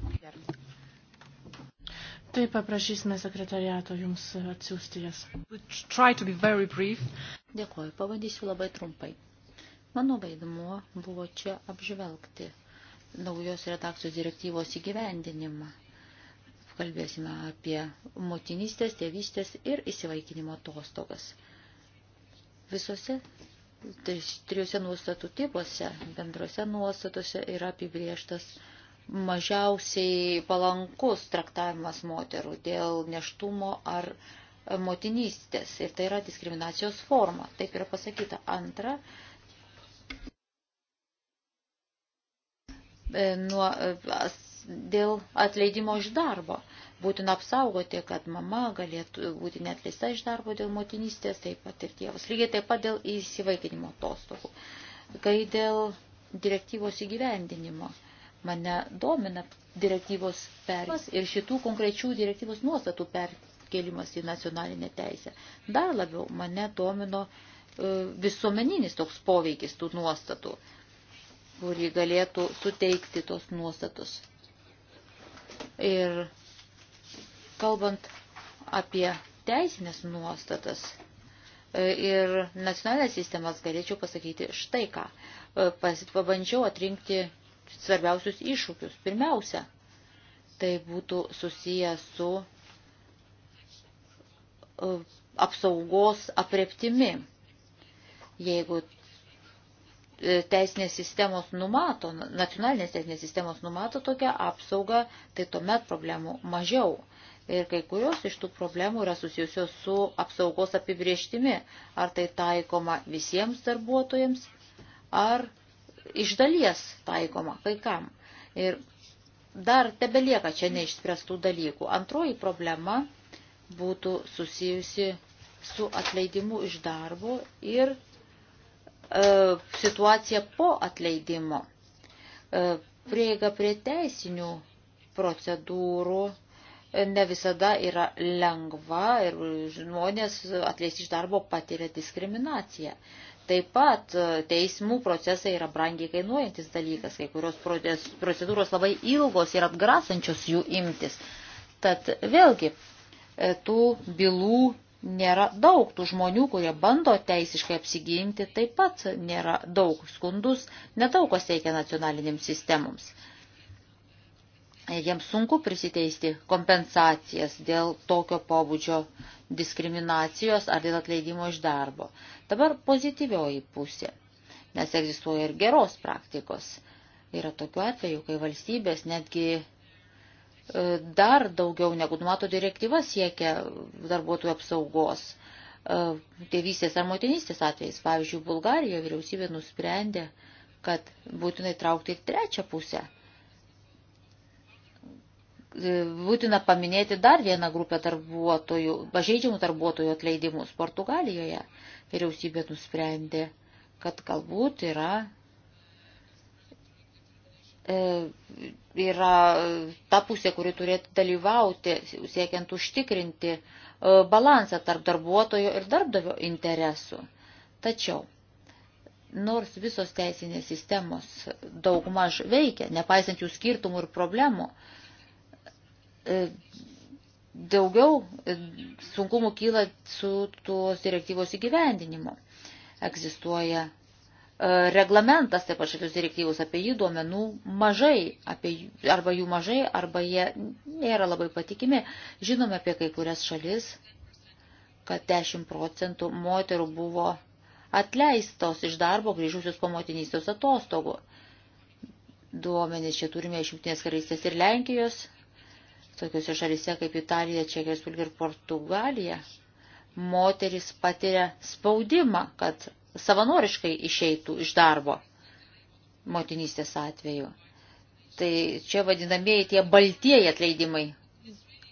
Taip, paprašysime sekretariato jums atsiųsti jas. Dėkuoju, pabandysiu labai trumpai. Mano vaidmuo buvo čia apžvelgti naujos redakcijos direktyvos įgyvendinimą. Kalbėsime apie motinystės, tėvystės ir įsivaikinimo atostogas. Visose trijose nuostatų tipuose, bendrose nuostatose yra apibrieštas mažiausiai palankus traktavimas moterų dėl neštumo ar motinystės. Ir tai yra diskriminacijos forma. Taip yra pasakyta. Antra, E, nuo, e, dėl atleidimo iš darbo. Būtina apsaugoti, kad mama galėtų būti netleista iš darbo dėl motinystės, taip pat ir tėvas. Lygiai taip pat dėl įsivaikinimo atostogų. Kai dėl direktyvos įgyvendinimo mane domina direktyvos perkelimas ir šitų konkrečių direktyvos nuostatų perkelimas į nacionalinę teisę. Dar labiau mane domino e, visuomeninis toks poveikis tų nuostatų kurį galėtų suteikti tos nuostatos. Ir kalbant apie teisinės nuostatas e, ir nacionalinės sistemas, galėčiau pasakyti štai ką. E, pabandžiau atrinkti svarbiausius iššūkius. Pirmiausia, tai būtų susiję su e, apsaugos apreptimi. Jeigu teisinės sistemos numato, nacionalinės teisinės sistemos numato tokią apsaugą, tai tuomet problemų mažiau. Ir kai kurios iš tų problemų yra susijusios su apsaugos apibrieštimi, ar tai taikoma visiems darbuotojams, ar iš dalies taikoma kai kam. Ir dar tebelieka čia neišspręstų dalykų. Antroji problema būtų susijusi su atleidimu iš darbo ir E, situaciją po atleidimo. E, prieiga prie teisinių procedūrų e, ne visada yra lengva ir žmonės atleisti iš darbo patiria diskriminaciją. Taip pat teismų procesai yra brangiai kainuojantis dalykas, kai kurios procedūros labai ilgos ir atgrasančios jų imtis. Tad vėlgi tų bylų nėra daug. Tų žmonių, kurie bando teisiškai apsiginti, taip pat nėra daug. Skundus nedaug kas teikia nacionalinėms sistemoms. Jiems sunku prisiteisti kompensacijas dėl tokio pobūdžio diskriminacijos ar dėl atleidimo iš darbo. Dabar pozityvioji pusė, nes egzistuoja ir geros praktikos. Yra tokiu atveju, kai valstybės netgi E, dar daugiau negu numato direktyva siekia darbuotojų apsaugos e, tėvystės ar motinystės atvejais. Pavyzdžiui, Bulgarijoje vyriausybė nusprendė, kad būtinai traukti ir trečią pusę. E, būtina paminėti dar vieną grupę darbuotojų, pažeidžiamų darbuotojų atleidimus. Portugalijoje vyriausybė nusprendė, kad galbūt yra E, yra ta pusė, kuri turėtų dalyvauti, siekiant užtikrinti e, balansą tarp darbuotojo ir darbdavio interesų. Tačiau, nors visos teisinės sistemos daugmaž veikia, nepaisant jų skirtumų ir problemų, e, daugiau sunkumų kyla su tuos direktyvos įgyvendinimu. Egzistuoja reglamentas, taip pat šitus direktyvus, apie jį duomenų mažai, apie, arba jų mažai, arba jie nėra labai patikimi. Žinome apie kai kurias šalis, kad 10 procentų moterų buvo atleistos iš darbo grįžusios po motinystės atostogų. Duomenys čia turime iš Jungtinės karalystės ir Lenkijos, tokiuose šalyse kaip Italija, Čekija, Respublika ir Portugalija. Moteris patiria spaudimą, kad savanoriškai išeitų iš darbo motinystės atveju. Tai čia vadinamieji tie baltieji atleidimai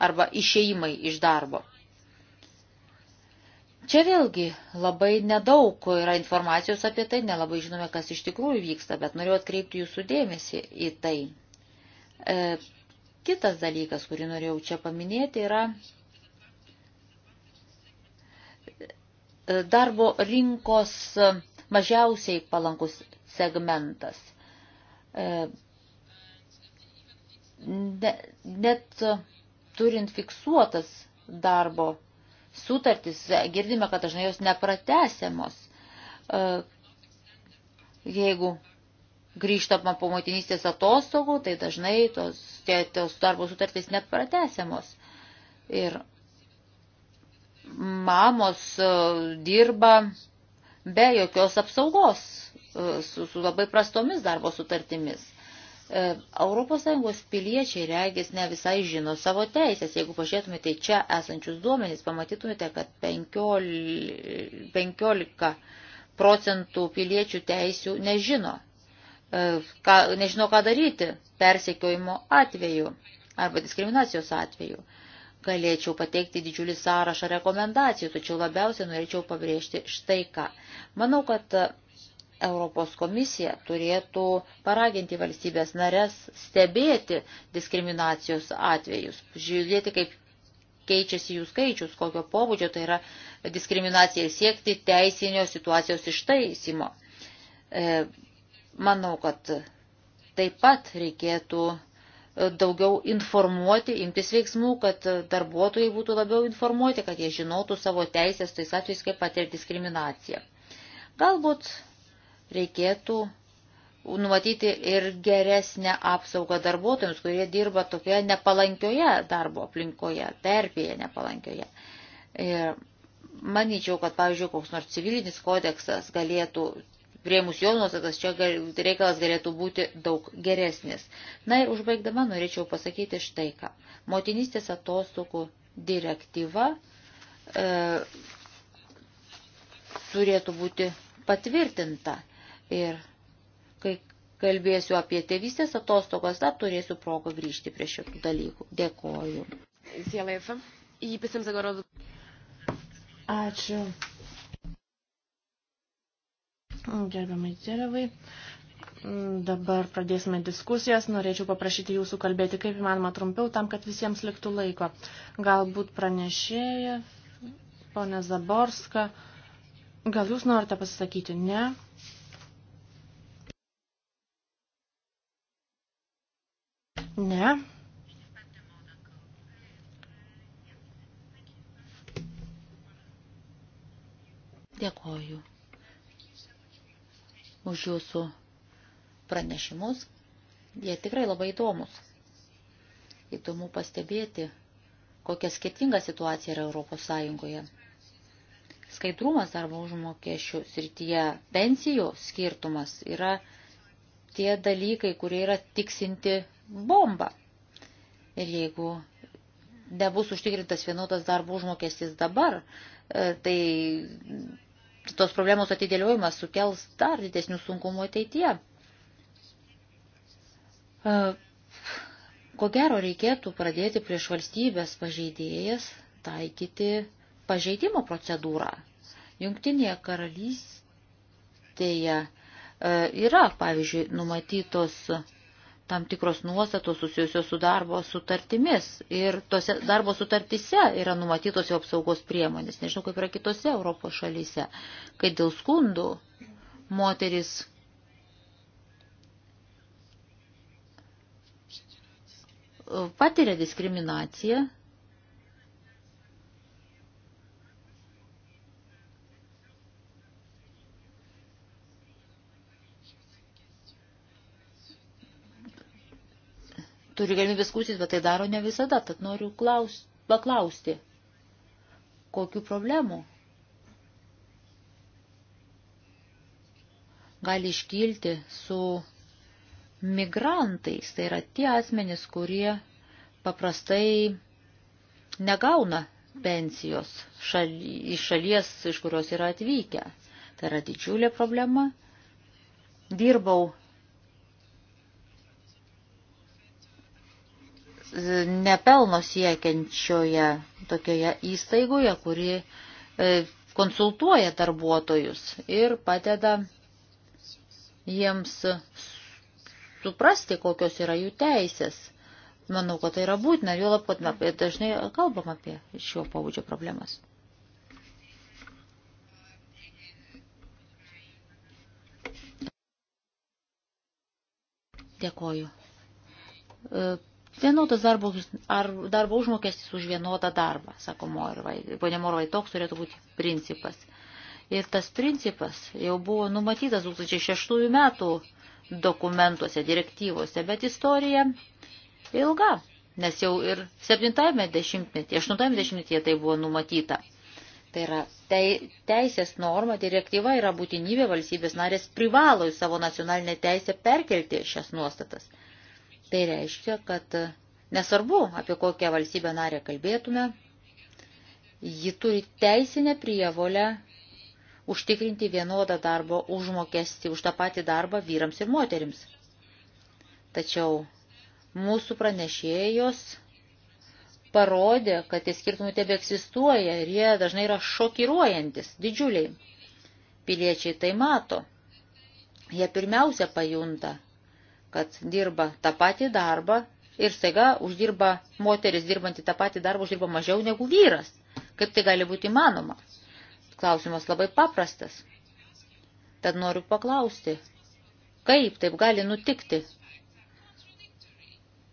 arba išeimai iš darbo. Čia vėlgi labai nedaug yra informacijos apie tai, nelabai žinome, kas iš tikrųjų vyksta, bet noriu atkreipti jūsų dėmesį į tai. E, kitas dalykas, kurį norėjau čia paminėti, yra darbo rinkos mažiausiai palankus segmentas. E, net turint fiksuotas darbo sutartis, girdime, kad dažnai jos nepratesiamos. E, jeigu grįžtama po motinystės atostogų, tai dažnai tos, tie, tos darbo sutartys nepratesiamos. Ir mamos e, dirba be jokios apsaugos, e, su, su labai prastomis darbo sutartimis. ES piliečiai regis ne visai žino savo teisės. Jeigu pažiūrėtumėte čia esančius duomenys, pamatytumėte, kad 15, 15 procentų piliečių teisių nežino. E, ką, nežino, ką daryti persekiojimo atveju arba diskriminacijos atveju. Galėčiau pateikti didžiulį sąrašą rekomendacijų, tačiau labiausiai norėčiau pabrėžti štai ką. Manau, kad Europos komisija turėtų paraginti valstybės narės stebėti diskriminacijos atvejus, žiūrėti, kaip keičiasi jų skaičius, kokio pobūdžio tai yra diskriminacija ir siekti teisinio situacijos ištaisimo. E, manau, kad taip pat reikėtų daugiau informuoti, imtis veiksmų, kad darbuotojai būtų labiau informuoti, kad jie žinotų savo teisės tais atvejais, kaip patiria diskriminaciją. Galbūt reikėtų numatyti ir geresnę apsaugą darbuotojams, kurie dirba tokioje nepalankioje darbo aplinkoje, terpėje nepalankioje. Ir manyčiau, kad, pavyzdžiui, koks nors civilinis kodeksas galėtų prieimus jo nuostatas, čia reikalas galėtų būti daug geresnis. Na ir užbaigdama norėčiau pasakyti štai ką. Motinystės atostogų direktyva e, turėtų būti patvirtinta. Ir kai kalbėsiu apie tėvystės atostogas, dar turėsiu progą grįžti prie šitų dalykų. Dėkoju. Sielaifa. Jį pisim zagorodu. Ačiū. Gerbiamai Dėravai, dabar pradėsime diskusijas. Norėčiau paprašyti jūsų kalbėti kaip įmanoma trumpiau, tam, kad visiems liktų laiko. Galbūt pranešėja, ponė Zaborska, gal jūs norite pasisakyti? Ne. Ne. Dėkoju už jūsų pranešimus. Jie tikrai labai įdomus. Įdomu pastebėti, kokia skirtinga situacija yra Europos Sąjungoje. Skaidrumas darbo užmokesčių srityje, pensijų skirtumas yra tie dalykai, kurie yra tiksinti bomba. Ir jeigu nebus užtikrintas vienodas darbo užmokestis dabar, e, tai tos problemos atidėliojimas sukels dar didesnių sunkumų ateityje. E, ko gero reikėtų pradėti prieš valstybės pažeidėjas taikyti pažeidimo procedūrą. Jungtinėje karalystėje e, yra, pavyzdžiui, numatytos tam tikros nuostatos susijusios su darbo sutartimis. Ir tose darbo sutartise yra numatytos jau apsaugos priemonės. Nežinau, kaip yra kitose Europos šalyse, kai dėl skundų moteris. patiria diskriminaciją turi galimybę skųstis, bet tai daro ne visada. Tad noriu klaus, paklausti, kokiu problemu gali iškilti su migrantais. Tai yra tie asmenys, kurie paprastai negauna pensijos šal, iš šalies, iš kurios yra atvykę. Tai yra didžiulė problema. Dirbau nepelno siekiančioje tokioje įstaigoje, kuri e, konsultuoja darbuotojus ir padeda jiems suprasti, kokios yra jų teisės. Manau, kad tai yra būtina, jo lab, kad apie, dažnai kalbam apie šio pabudžio problemas. Dėkoju. E, Vienodas darbo, ar darbo užmokestis už vienodą darbą, sako Morvai. Pone Morvai, toks turėtų būti principas. Ir tas principas jau buvo numatytas 2006 metų dokumentuose, direktyvose, bet istorija ilga, nes jau ir 70-ame dešimtmetyje, 80-ame dešimtmetyje tai buvo numatyta. Tai yra tei, teisės norma, direktyva yra būtinybė valstybės narės privalo į savo nacionalinę teisę perkelti šias nuostatas. Tai reiškia, kad nesvarbu, apie kokią valstybę narę kalbėtume, ji turi teisinę prievolę užtikrinti vienodą darbo užmokestį už tą patį darbą vyrams ir moterims. Tačiau mūsų pranešėjos parodė, kad tie skirtumai tebe egzistuoja ir jie dažnai yra šokiruojantis, didžiuliai. Piliečiai tai mato. Jie pirmiausia pajunta, kad dirba tą patį darbą ir staiga uždirba moteris dirbanti tą patį darbą, uždirba mažiau negu vyras. Kaip tai gali būti įmanoma? Klausimas labai paprastas. Tad noriu paklausti, kaip taip gali nutikti?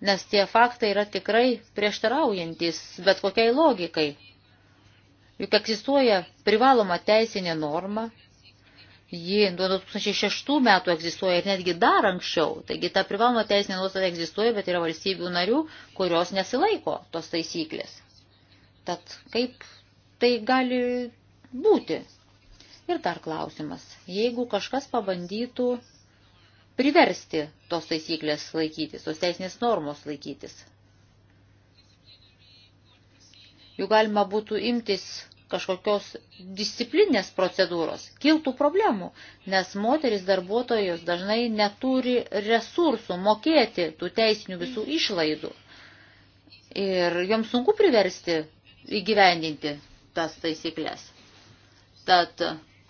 Nes tie faktai yra tikrai prieštaraujantis bet kokiai logikai. Juk egzistuoja privaloma teisinė norma, Ji nuo 2006 metų egzistuoja ir netgi dar anksčiau. Taigi ta privaloma teisinė nuostata egzistuoja, bet yra valstybių narių, kurios nesilaiko tos taisyklės. Tad kaip tai gali būti? Ir dar klausimas. Jeigu kažkas pabandytų priversti tos taisyklės laikytis, tos teisinės normos laikytis, jų galima būtų imtis kažkokios disciplinės procedūros, kiltų problemų, nes moteris darbuotojos dažnai neturi resursų mokėti tų teisinių visų išlaidų. Ir joms sunku priversti įgyvendinti tas taisyklės. Tad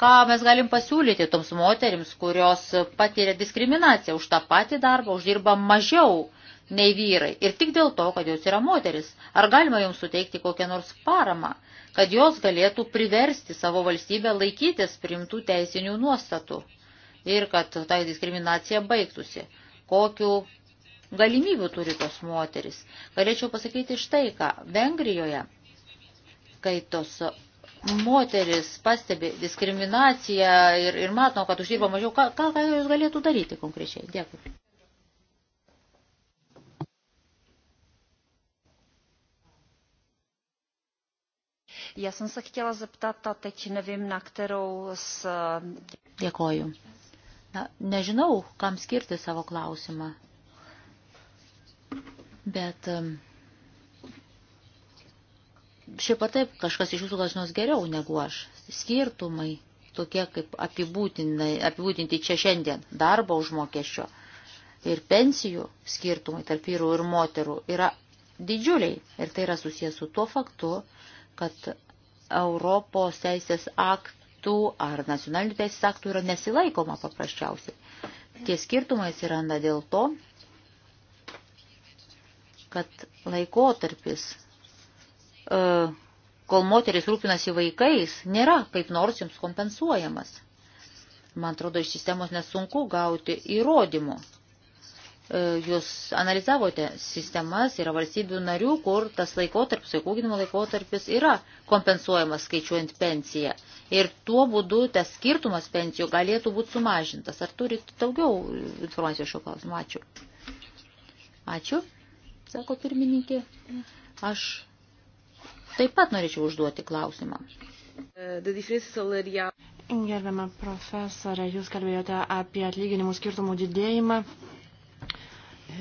ką mes galim pasiūlyti toms moterims, kurios patiria diskriminaciją už tą patį darbą, uždirba mažiau nei vyrai. Ir tik dėl to, kad jos yra moteris. Ar galima joms suteikti kokią nors paramą, kad jos galėtų priversti savo valstybę laikytis primtų teisinių nuostatų ir kad ta diskriminacija baigtųsi? Kokiu galimybių turi tos moteris? Galėčiau pasakyti štai ką. Vengrijoje, kai tos moteris pastebi diskriminaciją ir, ir mato, kad uždirba mažiau, ką, ką, ką jūs galėtų daryti konkrečiai? Dėkui. Já jsem se chtěla zeptat, a teď nevím, na kterou s... Dėkoju. Na, nežinau, kam skirti savo klausimą. Bet šiaip ar taip kažkas iš jūsų kas nors geriau negu aš. Skirtumai tokie kaip apibūdinti čia šiandien darbo užmokesčio ir pensijų skirtumai tarp vyrų ir moterų yra didžiuliai. Ir tai yra susijęs su tuo faktu, kad Europos teisės aktų ar nacionalinių teisės aktų yra nesilaikoma paprasčiausiai. Tie skirtumai atsiranda dėl to, kad laikotarpis, e, kol moteris rūpinasi vaikais, nėra kaip nors jums kompensuojamas. Man atrodo, iš sistemos nesunku gauti įrodymų E, jūs analizavote sistemas, yra valstybių narių, kur tas laikotarpis, vaikų gydymo laikotarpis yra kompensuojamas skaičiuojant pensiją. Ir tuo būdu tas skirtumas pensijų galėtų būti sumažintas. Ar turit daugiau informacijos šio klausimu? Ačiū. Ačiū, sako pirmininkė. Aš taip pat norėčiau užduoti klausimą. Gerbiama profesorė, jūs kalbėjote apie atlyginimų skirtumų didėjimą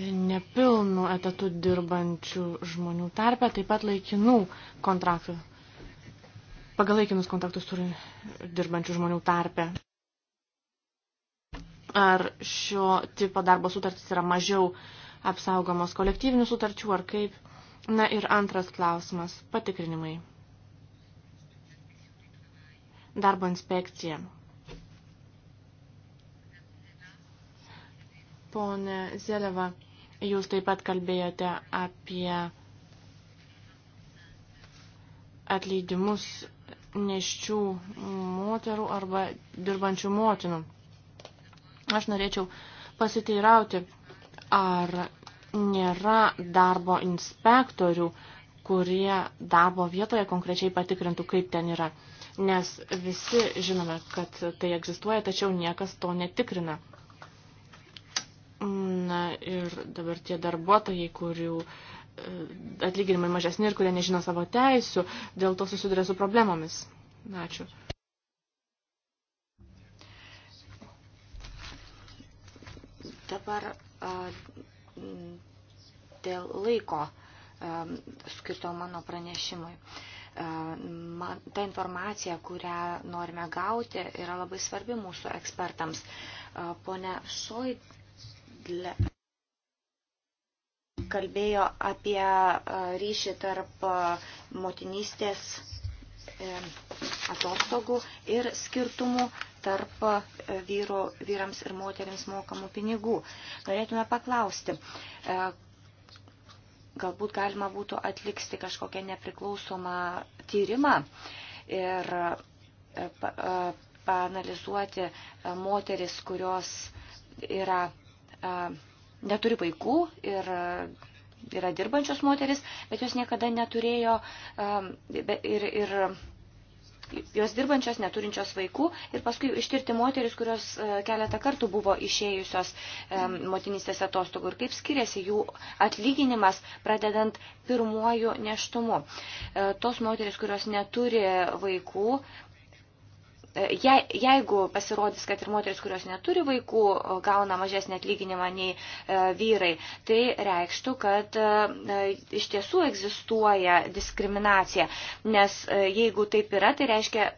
nepilnų etatų dirbančių žmonių tarpe, taip pat laikinų kontraktų, pagal laikinus kontraktus turi dirbančių žmonių tarpe. Ar šio tipo darbo sutartys yra mažiau apsaugomos kolektyvinių sutarčių ar kaip? Na ir antras klausimas – patikrinimai. Darbo inspekcija. Pone Zeleva, jūs taip pat kalbėjote apie atleidimus neščių moterų arba dirbančių motinų. Aš norėčiau pasiteirauti, ar nėra darbo inspektorių, kurie darbo vietoje konkrečiai patikrintų, kaip ten yra. Nes visi žinome, kad tai egzistuoja, tačiau niekas to netikrina. Na ir dabar tie darbuotojai, kurių e, atlyginimai mažesni ir kurie nežino savo teisų, dėl to susiduria su problemomis. Ačiū. Dabar dėl laiko skirto mano pranešimui. Ta informacija, kurią norime gauti, yra labai svarbi mūsų ekspertams. Pone Šoid kalbėjo apie ryšį tarp motinystės e, atostogų ir skirtumų tarp vyro, vyrams ir moteriams mokamų pinigų. Norėtume paklausti, e, galbūt galima būtų atlikti kažkokią nepriklausomą tyrimą ir e, paanalizuoti moteris, kurios yra neturi vaikų ir yra dirbančios moteris, bet jos niekada neturėjo ir, ir jos dirbančios, neturinčios vaikų ir paskui ištirti moteris, kurios keletą kartų buvo išėjusios motinystės atostogų ir kaip skiriasi jų atlyginimas, pradedant pirmuoju neštumu. Tos moteris, kurios neturi vaikų, E, je, jeigu pasirodys, kad ir moteris, kurios neturi vaikų, e, gauna mažesnį atlyginimą nei e, vyrai, tai reikštų, kad iš tiesų egzistuoja diskriminacija. Nes jeigu taip yra, tai reiškia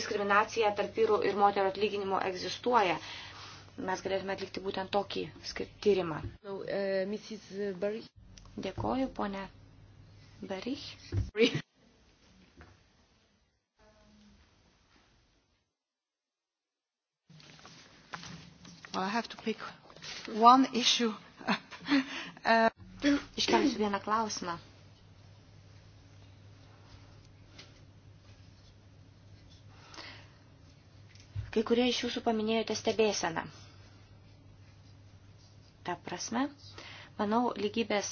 diskriminacija tarp vyrų ir moterų atlyginimo egzistuoja. Mes galėtume atlikti būtent tokį tyrimą. No, uh, Dėkoju, ponė Barich. Well, I have to pick one issue up. uh, Iškelsiu vieną klausimą. Kai kurie iš jūsų paminėjote stebėseną. Ta prasme, manau, lygybės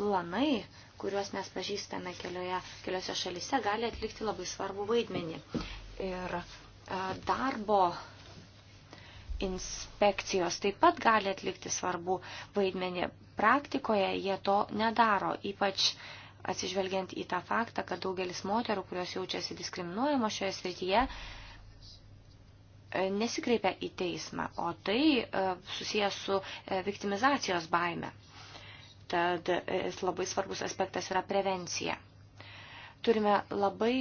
planai, kuriuos mes pažįstame kelioje, keliose šalyse, gali atlikti labai svarbų vaidmenį. Ir uh, darbo inspekcijos taip pat gali atlikti svarbu vaidmenį. Praktikoje jie to nedaro, ypač atsižvelgiant į tą faktą, kad daugelis moterų, kurios jaučiasi diskriminuojamo šioje srityje, e, nesikreipia į teismą, o tai e, susijęs su e, viktimizacijos baime. Tad labai svarbus aspektas yra prevencija turime labai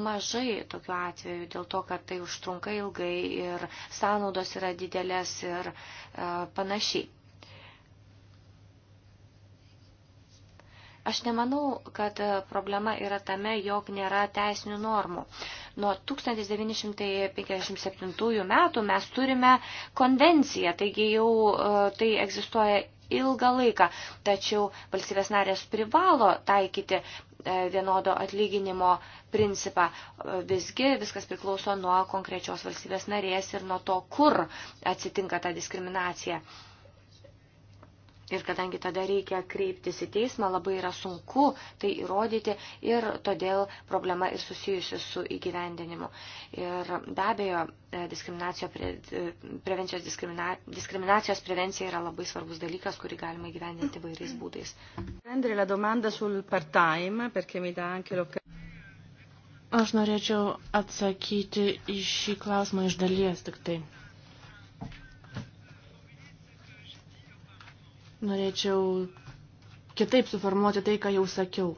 mažai tokių atvejų dėl to, kad tai užtrunka ilgai ir sąnaudos yra didelės ir e, panašiai. Aš nemanau, kad e, problema yra tame, jog nėra teisinių normų. Nuo 1957 metų mes turime konvenciją, taigi jau e, tai egzistuoja ilgą laiką, tačiau valstybės narės privalo taikyti E, vienodo atlyginimo principą. E, visgi viskas priklauso nuo konkrečios valstybės narės ir nuo to, kur atsitinka ta diskriminacija. Ir kadangi tada reikia kreiptis į teismą, labai yra sunku tai įrodyti ir todėl problema ir susijusi su įgyvendinimu. Ir be abejo, e, diskriminacijos, e, prevencijos, diskrimina, diskriminacijos prevencija yra labai svarbus dalykas, kurį galima įgyvendinti vairiais būdais. Aš norėčiau atsakyti į šį klausimą iš dalies tik tai. Norėčiau kitaip suformuoti tai, ką jau sakiau.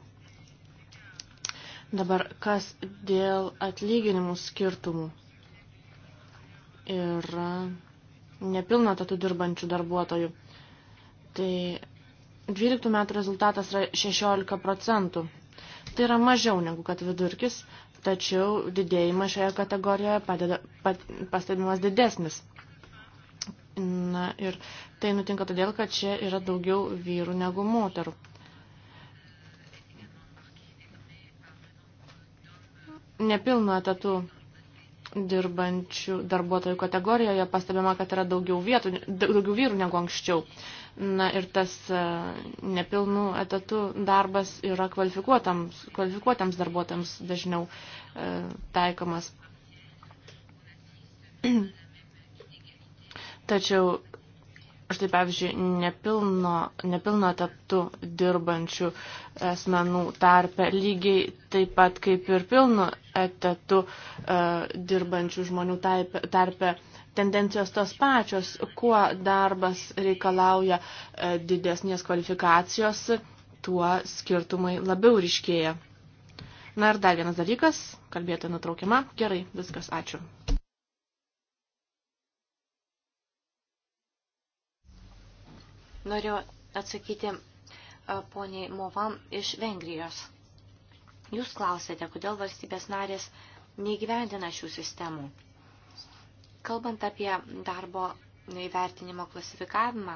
Dabar kas dėl atlyginimų skirtumų ir nepilno tatų dirbančių darbuotojų. Tai 12 metų rezultatas yra 16 procentų. Tai yra mažiau negu kad vidurkis, tačiau didėjimas šioje kategorijoje padeda, pat, pastebimas didesnis. Na ir tai nutinka todėl, kad čia yra daugiau vyrų negu moterų. Nepilnu etatu dirbančių darbuotojų kategorijoje pastebima, kad yra daugiau, vietų, daugiau vyrų negu anksčiau. Na ir tas e, nepilnų etatų darbas yra kvalifikuotams, kvalifikuotams darbuotojams dažniau e, taikomas. Tačiau štai pavyzdžiui, nepilno, nepilno taptų dirbančių asmenų tarpe, lygiai taip pat kaip ir pilno etatų e, dirbančių žmonių tarpe, tarpe, tendencijos tos pačios, kuo darbas reikalauja e, didesnės kvalifikacijos, tuo skirtumai labiau ryškėja. Na ir dar vienas dalykas, kalbėtoja nutraukiama, gerai, viskas, ačiū. Noriu atsakyti e, poniai Movam iš Vengrijos. Jūs klausėte, kodėl valstybės narės neįgyvendina šių sistemų. Kalbant apie darbo įvertinimo klasifikavimą,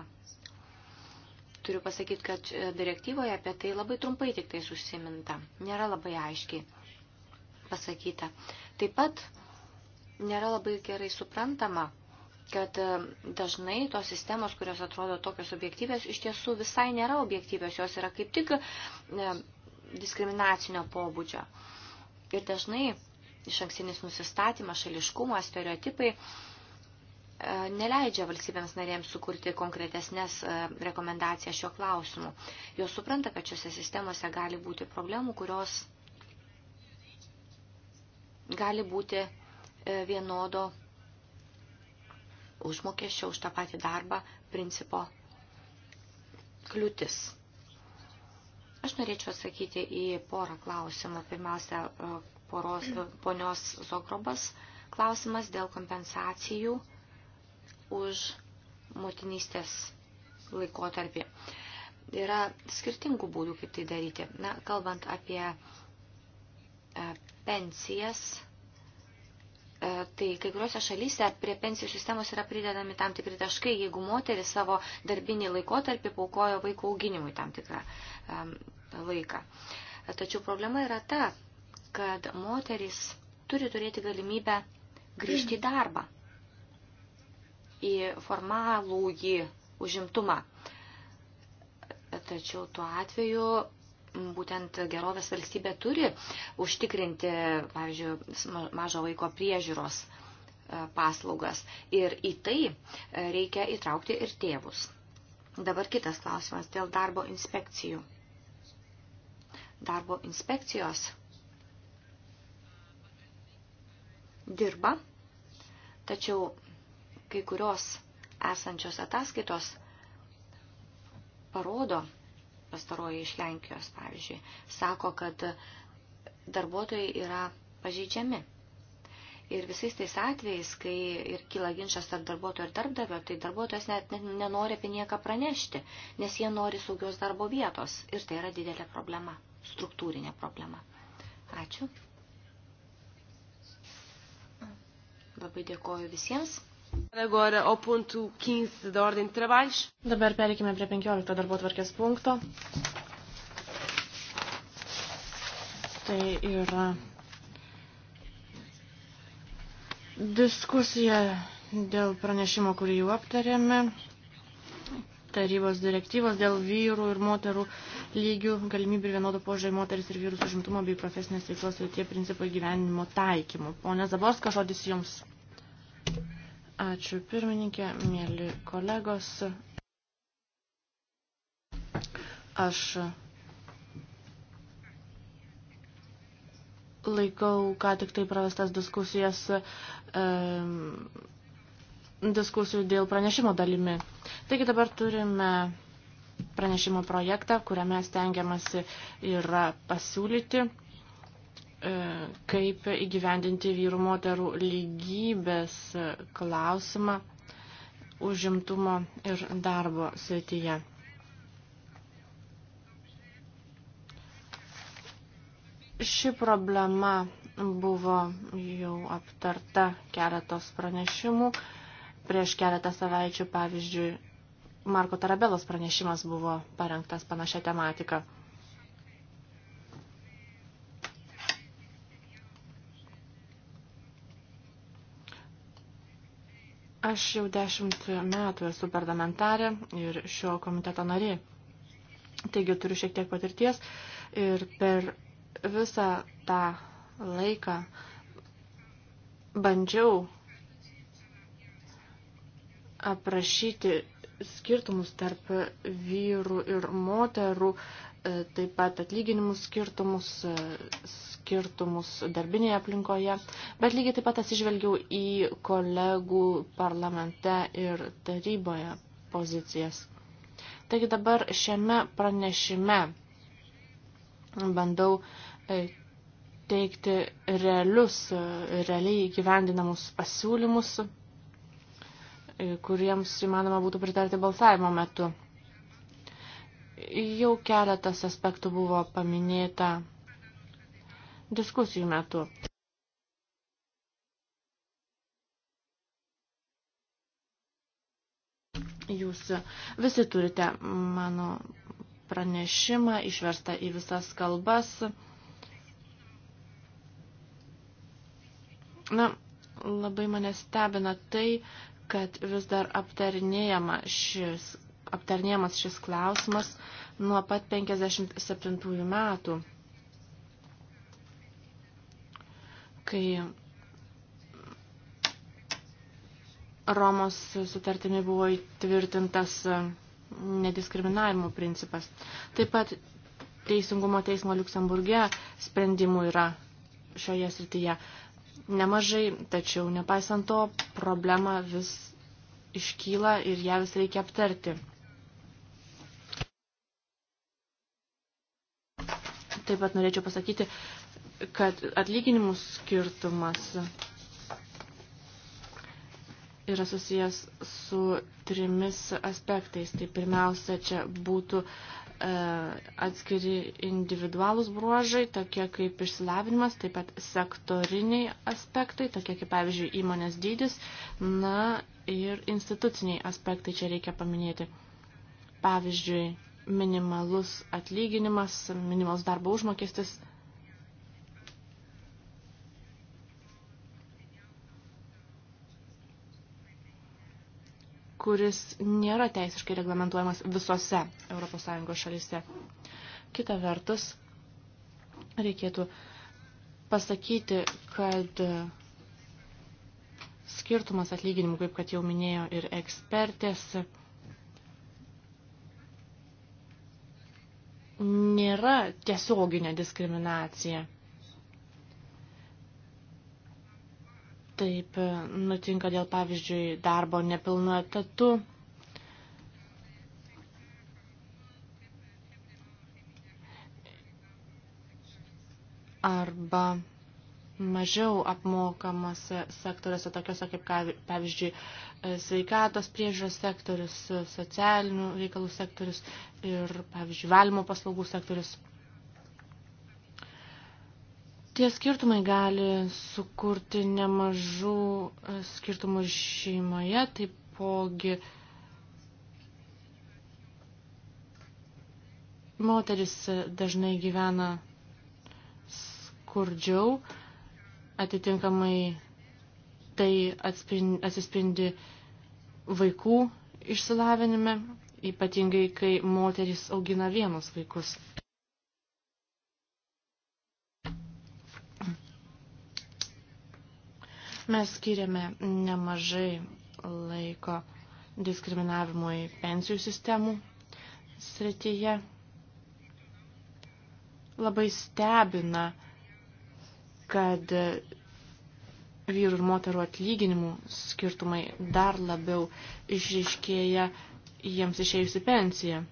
turiu pasakyti, kad e, direktyvoje apie tai labai trumpai tik tai susiminta. Nėra labai aiškiai pasakyta. Taip pat nėra labai gerai suprantama, kad e, dažnai tos sistemos, kurios atrodo tokios objektyvės, iš tiesų visai nėra objektyvės, jos yra kaip tik e, diskriminacinio pobūdžio. Ir dažnai iš anksinis nusistatymas, šališkumas, stereotipai e, neleidžia valstybėms narėms sukurti konkretesnės rekomendacijas šiuo klausimu. Jos supranta, kad šiuose sistemose gali būti problemų, kurios gali būti vienodo užmokesčio už tą patį darbą principo kliūtis. Aš norėčiau atsakyti į porą klausimų. Pirmiausia, e, poros, e, ponios Zogrobas klausimas dėl kompensacijų už motinystės laikotarpį. Yra skirtingų būdų, kaip tai daryti. Na, kalbant apie e, pensijas, E, tai kai kuriuose šalyse prie pensijų sistemos yra pridedami tam tikri taškai, jeigu moteris savo darbinį laikotarpį paukojo vaiko auginimui tam tikrą um, laiką. Tačiau problema yra ta, kad moteris turi turėti galimybę grįžti į darbą, į formalų jį užimtumą. Tačiau tuo atveju būtent gerovės valstybė turi užtikrinti, pavyzdžiui, mažo vaiko priežiūros e, paslaugas. Ir į tai e, reikia įtraukti ir tėvus. Dabar kitas klausimas dėl darbo inspekcijų. Darbo inspekcijos dirba, tačiau kai kurios esančios ataskaitos parodo, pastaroji iš Lenkijos, pavyzdžiui, sako, kad darbuotojai yra pažeidžiami. Ir visais tais atvejais, kai ir kyla ginčas tarp darbuotojo ir darbdavio, tai darbuotojas net nenori apie nieką pranešti, nes jie nori saugios darbo vietos. Ir tai yra didelė problema, struktūrinė problema. Ačiū. Labai dėkoju visiems. Agora ao ponto 15 da ordem de trabalhos. Dabar pereikime prie 15 darbo tvarkės punkto. Tai yra diskusija dėl pranešimo, kurį jau aptarėme. Tarybos direktyvos dėl vyrų ir moterų lygių galimybių ir vienodo požiūrį moteris ir vyrus užimtumo bei profesinės veiklos ir tie principai gyvenimo taikymu. Pone Zaborska, žodis jums. Ačiū pirmininkė, mėly kolegos. Aš laikau ką tik tai pravestas diskusijas e, diskusijų dėl pranešimo dalimi. Taigi dabar turime pranešimo projektą, kuriame stengiamasi yra pasiūlyti E, kaip įgyvendinti vyrų moterų lygybės klausimą užimtumo ir darbo srityje. Ši problema buvo jau aptarta keletos pranešimų. Prieš keletą savaičių, pavyzdžiui, Marko Tarabelos pranešimas buvo parengtas panašia tematika. Aš jau dešimt metų esu parlamentarė ir šio komiteto narė. Taigi turiu šiek tiek patirties ir per visą tą laiką bandžiau aprašyti skirtumus tarp vyrų ir moterų E, taip pat atlyginimų skirtumus, e, skirtumus darbinėje aplinkoje, bet lygiai taip pat atsižvelgiau į kolegų parlamente ir taryboje pozicijas. Taigi dabar šiame pranešime bandau e, teikti realius, realiai gyvendinamus pasiūlymus, kuriems įmanoma būtų pritarti balsavimo metu. Jau keletas aspektų buvo paminėta diskusijų metu. Jūs visi turite mano pranešimą išverstą į visas kalbas. Na, labai mane stebina tai, kad vis dar aptarinėjama šis aptarnėjamas šis klausimas nuo pat 57 metų, kai Romos sutartimi buvo įtvirtintas nediskriminavimo principas. Taip pat Teisingumo teismo Luksemburge sprendimų yra šioje srityje nemažai, tačiau nepaisant to problema vis iškyla ir ją vis reikia aptarti. Taip pat norėčiau pasakyti, kad atlyginimų skirtumas yra susijęs su trimis aspektais. Tai pirmiausia, čia būtų e, atskiri individualūs bruožai, tokie kaip išsilavinimas, taip pat sektoriniai aspektai, tokie kaip, pavyzdžiui, įmonės dydis, na ir instituciniai aspektai čia reikia paminėti. Pavyzdžiui, minimalus atlyginimas, minimalus darbo užmokestis. kuris nėra teisiškai reglamentuojamas visose ES šalyse. Kita vertus, reikėtų pasakyti, kad skirtumas atlyginimų, kaip kad jau minėjo ir ekspertės, nėra tiesioginė diskriminacija. Taip e, nutinka dėl, pavyzdžiui, darbo nepilnu etatu. Arba mažiau apmokamose sektoriuose, tokiuose kaip, pavyzdžiui, e, sveikatos priežiūros sektorius, e, socialinių reikalų sektorius ir, pavyzdžiui, valymo paslaugų sektorius. Tie skirtumai gali sukurti nemažų e, skirtumų šeimoje, taipogi moteris dažnai gyvena skurdžiau, Atitinkamai tai atsispindi vaikų išsilavinime, ypatingai kai moterys augina vienus vaikus. Mes skiriame nemažai laiko diskriminavimui pensijų sistemų srityje. Labai stebina, kad vyrų ir moterų atlyginimų skirtumai dar labiau išriškėja jiems išėjusi pensija.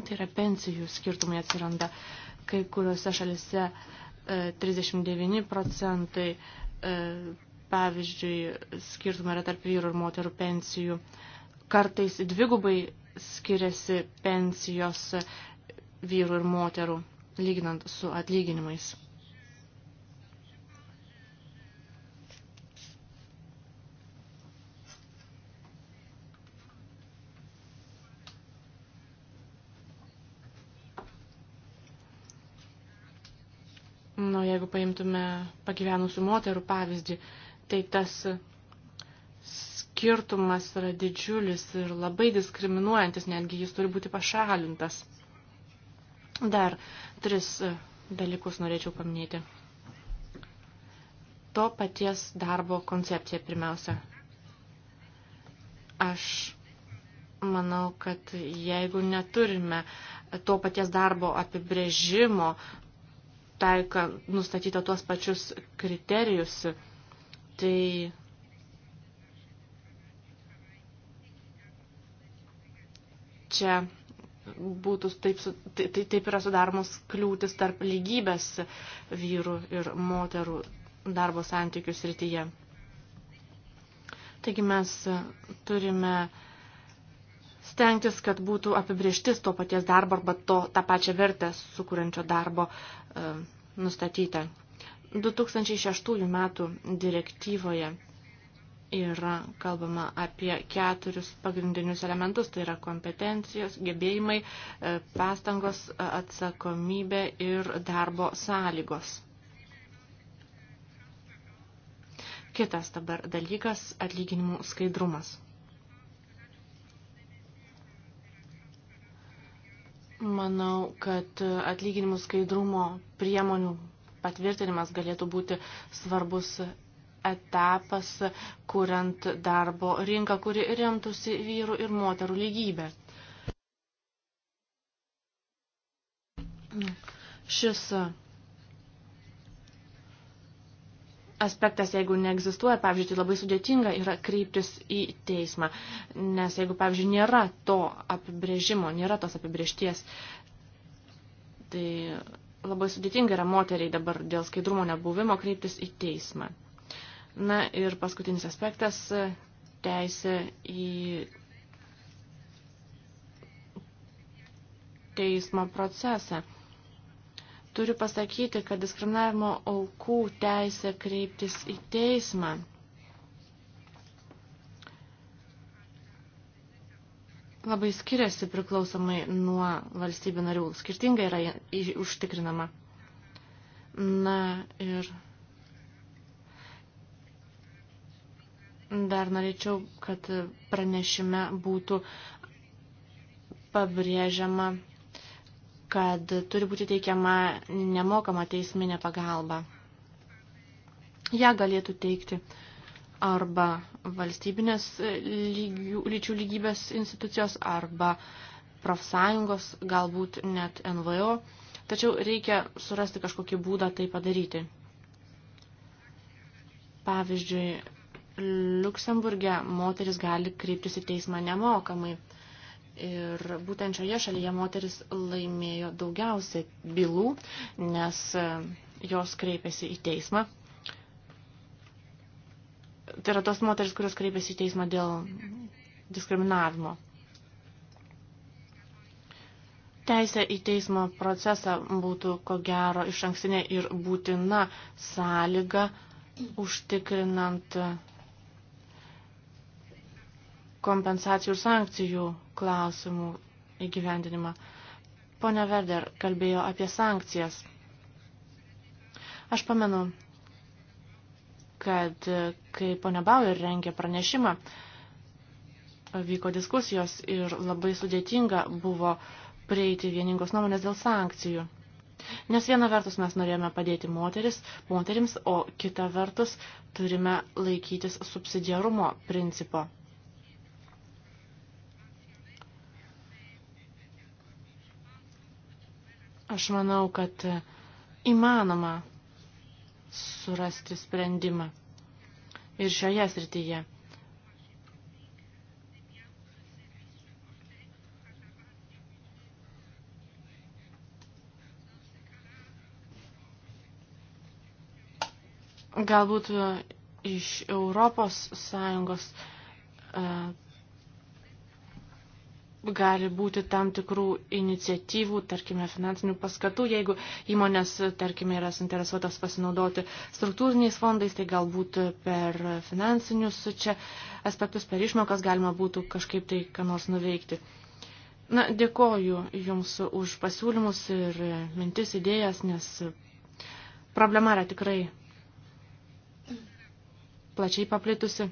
Tai yra pensijų skirtumai atsiranda kai kuriuose šalise 39 e, procentai, e, pavyzdžiui, skirtumai yra tarp vyrų ir moterų pensijų. Kartais dvigubai skiriasi pensijos vyrų ir moterų, lyginant su atlyginimais. Na, nu, jeigu paimtume pagyvenusių moterų pavyzdį, tai tas skirtumas yra didžiulis ir labai diskriminuojantis, netgi jis turi būti pašalintas. Dar tris dalykus norėčiau paminėti. To paties darbo koncepcija pirmiausia. Aš manau, kad jeigu neturime to paties darbo apibrėžimo, taika nustatyta tuos pačius kriterijus, tai čia būtų taip, taip, tai, taip yra sudaromos kliūtis tarp lygybės vyrų ir moterų darbo santykių srityje. Taigi mes turime stengtis, kad būtų apibrieštis to paties darbo arba to, tą pačią vertę sukūrenčio darbo E, nustatyta. 2006 metų direktyvoje yra kalbama apie keturius pagrindinius elementus, tai yra kompetencijos, gebėjimai, e, pastangos, e, atsakomybė ir darbo sąlygos. Kitas dabar dalykas - atlyginimų skaidrumas. Manau, kad atlyginimų skaidrumo priemonių patvirtinimas galėtų būti svarbus etapas, kuriant darbo rinką, kuri remtųsi vyrų ir moterų lygybę. Šis aspektas, jeigu neegzistuoja, pavyzdžiui, tai labai sudėtinga yra kreiptis į teismą, nes jeigu, pavyzdžiui, nėra to apibrėžimo, nėra tos apibrėžties, tai labai sudėtinga yra moteriai dabar dėl skaidrumo nebuvimo kreiptis į teismą. Na ir paskutinis aspektas - teisė į teismo procesą. Turiu pasakyti, kad diskriminavimo aukų teisė kreiptis į teismą. Labai skiriasi priklausomai nuo valstybių narių. Skirtingai yra užtikrinama. Na ir dar norėčiau, kad pranešime būtų pabrėžiama kad turi būti teikiama nemokama teisminė pagalba. Ja galėtų teikti arba valstybinės lygių, lyčių lygybės institucijos, arba profsąjungos, galbūt net NVO. Tačiau reikia surasti kažkokį būdą tai padaryti. Pavyzdžiui, Luksemburge moteris gali kreiptis į teismą nemokamai. Ir būtent šioje šalyje moteris laimėjo daugiausia bylų, nes e, jos kreipėsi į teismą. Tai yra tos moteris, kurios kreipėsi į teismą dėl diskriminavimo. Teisė į teismo procesą būtų, ko gero, iš ankstinė ir būtina sąlyga užtikrinant kompensacijų ir sankcijų klausimų įgyvendinimą. Pone Verder kalbėjo apie sankcijas. Aš pamenu, kad kai ponia Bauer rengė pranešimą, vyko diskusijos ir labai sudėtinga buvo prieiti vieningos nuomonės dėl sankcijų. Nes viena vertus mes norėjome padėti moteris, moterims, o kita vertus turime laikytis subsidiarumo principo. Aš manau, kad įmanoma surasti sprendimą ir šioje srityje. Galbūt iš Europos Sąjungos e, gali būti tam tikrų iniciatyvų, tarkime, finansinių paskatų, jeigu įmonės, tarkime, yra suinteresuotas pasinaudoti struktūriniais fondais, tai galbūt per finansinius čia aspektus, per išmokas galima būtų kažkaip tai ką nors nuveikti. Na, dėkoju Jums už pasiūlymus ir mintis, idėjas, nes problema yra tikrai plačiai paplitusi.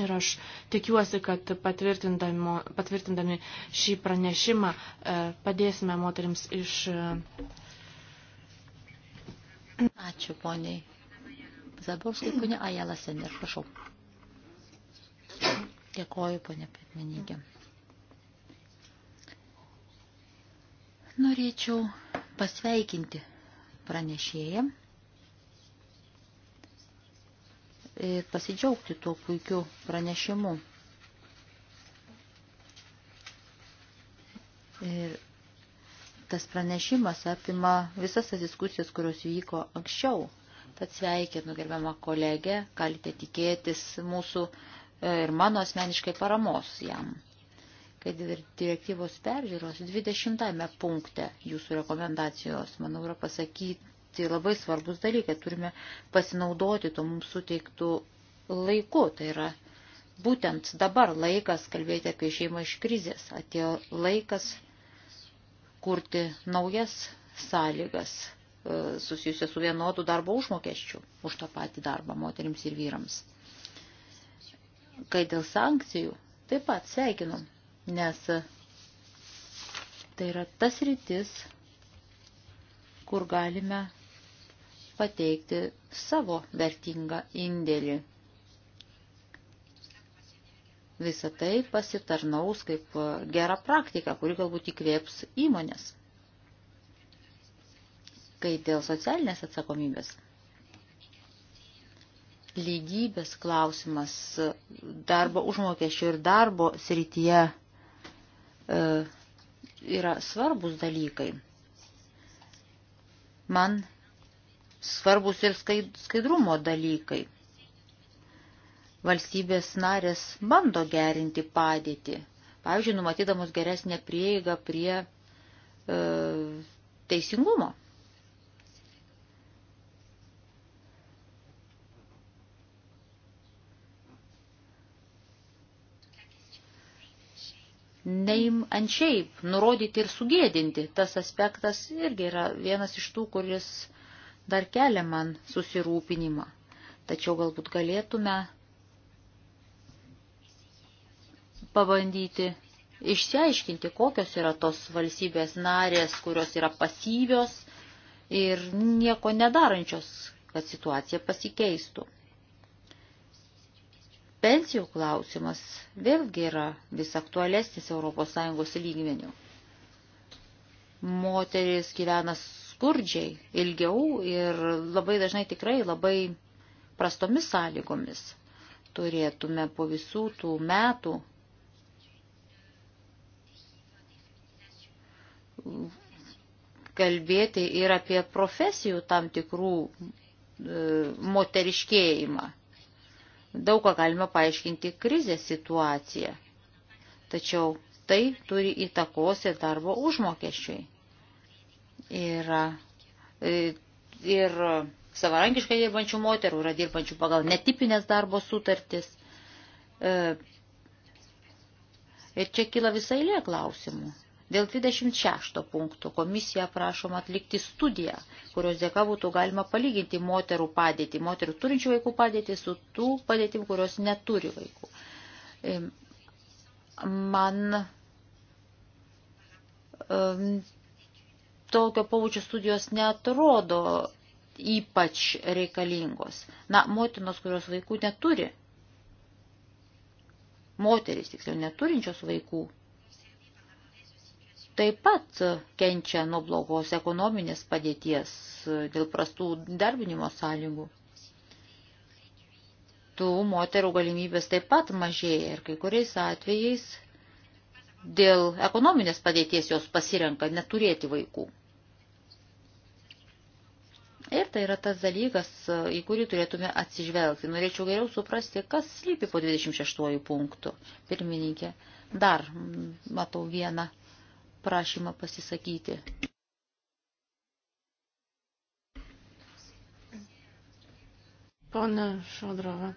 Ir aš tikiuosi, kad patvirtindami šį pranešimą e, padėsime moteriams iš. E, Ačiū, poniai. Zaborskai, ponia Ajala Sender, prašau. Dėkoju, ponia Petmenygė. Norėčiau pasveikinti pranešėjam pasidžiaugti tuo puikiu pranešimu. Ir tas pranešimas apima visas tas diskusijas, kurios vyko anksčiau. Tad sveikinu gerbiamą kolegę, galite tikėtis mūsų e, ir mano asmeniškai paramos jam. Kai direktyvos peržiūros 20 punkte jūsų rekomendacijos, manau, yra pasakyta kiti labai svarbus dalykai. Turime pasinaudoti to mums suteiktų laiku. Tai yra būtent dabar laikas kalbėti apie šeimą iš krizės. Atėjo laikas kurti naujas sąlygas e, susijusia su vienodu darbo užmokesčiu už tą patį darbą moterims ir vyrams. Kai dėl sankcijų, taip pat sveikinu, nes tai yra tas rytis, kur galime pateikti savo vertingą indėlį. Visą tai pasitarnaus kaip gera praktika, kuri galbūt įkvėps įmonės. Kai dėl socialinės atsakomybės lygybės klausimas darbo užmokesčio ir darbo srityje e, yra svarbus dalykai. Man svarbus ir skaidrumo dalykai. Valstybės narės bando gerinti padėtį, pavyzdžiui, numatydamos geresnę prieigą prie e, teisingumo. name and shape, nurodyti ir sugėdinti. Tas aspektas irgi yra vienas iš tų, kuris dar kelia man susirūpinimą. Tačiau galbūt galėtume pabandyti išsiaiškinti, kokios yra tos valstybės narės, kurios yra pasyvios ir nieko nedarančios, kad situacija pasikeistų. Pensijų klausimas vėlgi yra vis aktualesnis ES lygmenių. Moteris gyvena skurdžiai ilgiau ir labai dažnai tikrai labai prastomis sąlygomis. Turėtume po visų tų metų kalbėti ir apie profesijų tam tikrų e, moteriškėjimą. Daug ką galima paaiškinti krizės situaciją, tačiau tai turi įtakos ir darbo užmokesčiui. Yra e, ir savarankiškai dirbančių moterų, yra dirbančių pagal netipinės darbo sutartis. E, ir čia kyla visai lė klausimų. Dėl 26 punktų komisija prašoma atlikti studiją, kurios dėka būtų galima palyginti moterų padėtį, moterų turinčių vaikų padėtį su tų padėtim, kurios neturi vaikų. E, man tokio paučio studijos netrodo ypač reikalingos. Na, motinos, kurios vaikų neturi, moteris, tiksliau, neturinčios vaikų, taip pat kenčia nuo blogos ekonominės padėties dėl prastų darbinimo sąlygų. Tų moterų galimybės taip pat mažėja ir kai kuriais atvejais dėl ekonominės padėties jos pasirenka neturėti vaikų. Ir tai yra tas dalykas, e, į kurį turėtume atsižvelgti. Norėčiau geriau suprasti, kas slypi po 26 punktų. Pirmininkė, dar matau vieną prašymą pasisakyti. Pone Šodrova,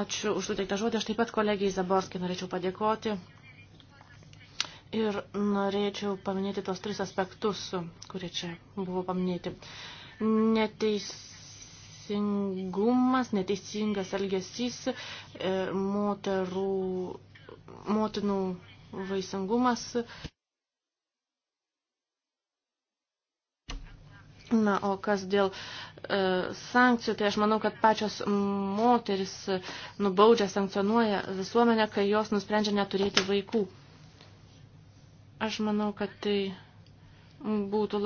ačiū už suteiktą žodį. Aš taip pat kolegijai Zaborskiai norėčiau padėkoti. Ir norėčiau paminėti tos tris aspektus, kurie čia buvo paminėti neteisingumas, neteisingas elgesys, e, moterų, motinų vaisingumas. Na, o kas dėl e, sankcijų, tai aš manau, kad pačios moteris nubaudžia, sankcionuoja visuomenę, kai jos nusprendžia neturėti vaikų. Aš manau, kad tai būtų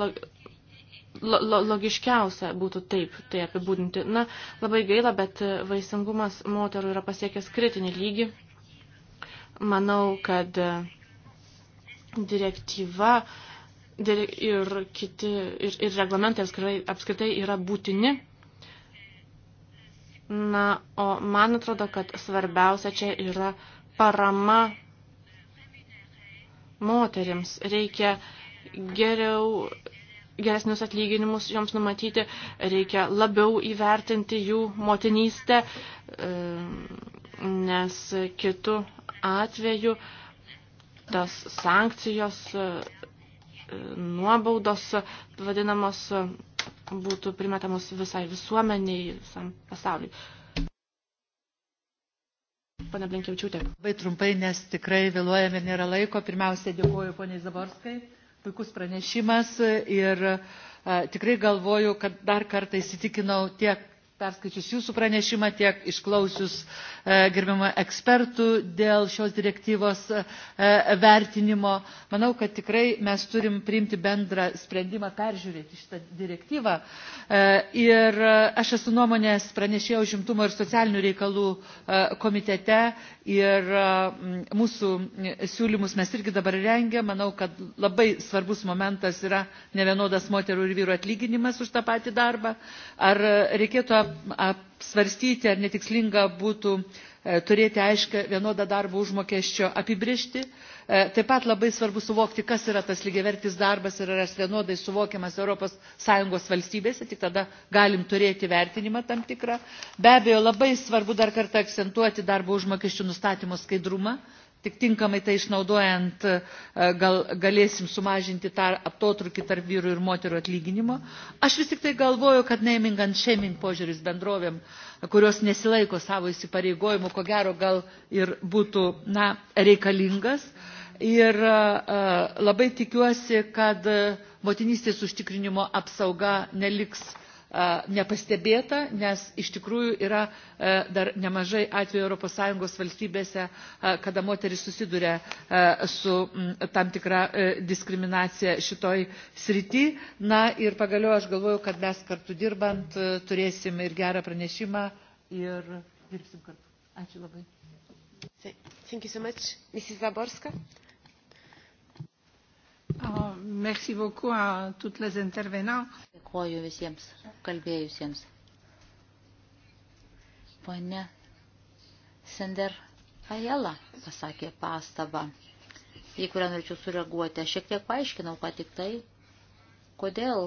lo, logiškiausia būtų taip tai apibūdinti. Na, labai gaila, bet vaisingumas moterų yra pasiekęs kritinį lygį. Manau, kad direktyva direk, ir kiti ir, ir reglamentai apskritai yra būtini. Na, o man atrodo, kad svarbiausia čia yra parama moterims. Reikia geriau geresnius atlyginimus joms numatyti, reikia labiau įvertinti jų motinystę, e, nes kitų atveju tas sankcijos e, e, nuobaudos vadinamos būtų primetamos visai visuomeniai, visam pasauliui. Pane Blinkiaučiūtė. Labai trumpai, nes tikrai vėluojame ir nėra laiko. Pirmiausia, dėkuoju poniai Zaborskai puikus pranešimas ir e, tikrai galvoju kad dar kartą įsitikinau tiek perskaičius jūsų pranešimą, tiek išklausius e, gerbiamą ekspertų dėl šios direktyvos e, vertinimo. Manau, kad tikrai mes turim priimti bendrą sprendimą peržiūrėti šitą direktyvą. E, ir aš esu nuomonės pranešėjo žimtumo ir socialinių reikalų komitete ir mūsų siūlymus mes irgi dabar rengia. Manau, kad labai svarbus momentas yra nevienodas moterų ir vyrų atlyginimas už tą patį darbą. Ar reikėtų apsvarstyti ar netikslinga būtų e, turėti aiškę vienodą darbo užmokesčio apibrėžtį. E, taip pat labai svarbu suvokti, kas yra tas lygiavertis darbas ir ar jis vienodai suvokiamas ES valstybėse, tik tada galim turėti vertinimą tam tikrą. Be abejo, labai svarbu dar kartą akcentuoti darbo užmokesčių nustatymo skaidrumą, tik tinkamai tai išnaudojant e, gal, galėsim sumažinti tą atotrukį tarp vyrų ir moterų atlyginimo. Aš vis tik tai galvoju, kad naming and shaming požiūris bendrovėm, kurios nesilaiko savo įsipareigojimų, ko gero gal ir būtų na, reikalingas. Ir a, e, e, labai tikiuosi, kad motinystės užtikrinimo apsauga neliks nepastebėta, nes iš tikrųjų yra dar nemažai atvejų ES valstybėse, kada moteris susiduria su tam tikra diskriminacija šitoj srity. Na ir pagaliau aš galvoju, kad mes kartu dirbant turėsim ir gerą pranešimą ir dirbsim kartu. Ačiū labai. Thank you so much. Mrs. Zaborska. Oh, merci beaucoup à toutes les intervenants. Dėkuoju visiems kalbėjusiems. Pone Sender Ajela pasakė pastabą, į kurią norėčiau sureaguoti. Aš šiek tiek paaiškinau, ką tik tai, kodėl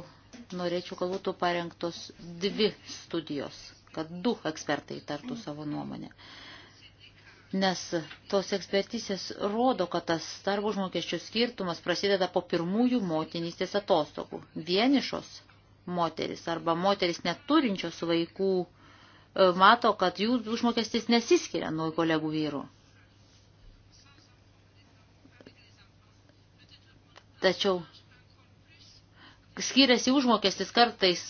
norėčiau, kad būtų parengtos dvi studijos, kad du ekspertai tartų savo nuomonę. Uh, nes tos ekspertizės rodo, kad tas darbo užmokesčio skirtumas prasideda po pirmųjų motinystės atostogų. Vienišos moteris arba moteris neturinčios vaikų e, mato, kad jų užmokestis nesiskiria nuo kolegų vyrų. Tačiau skiriasi užmokestis kartais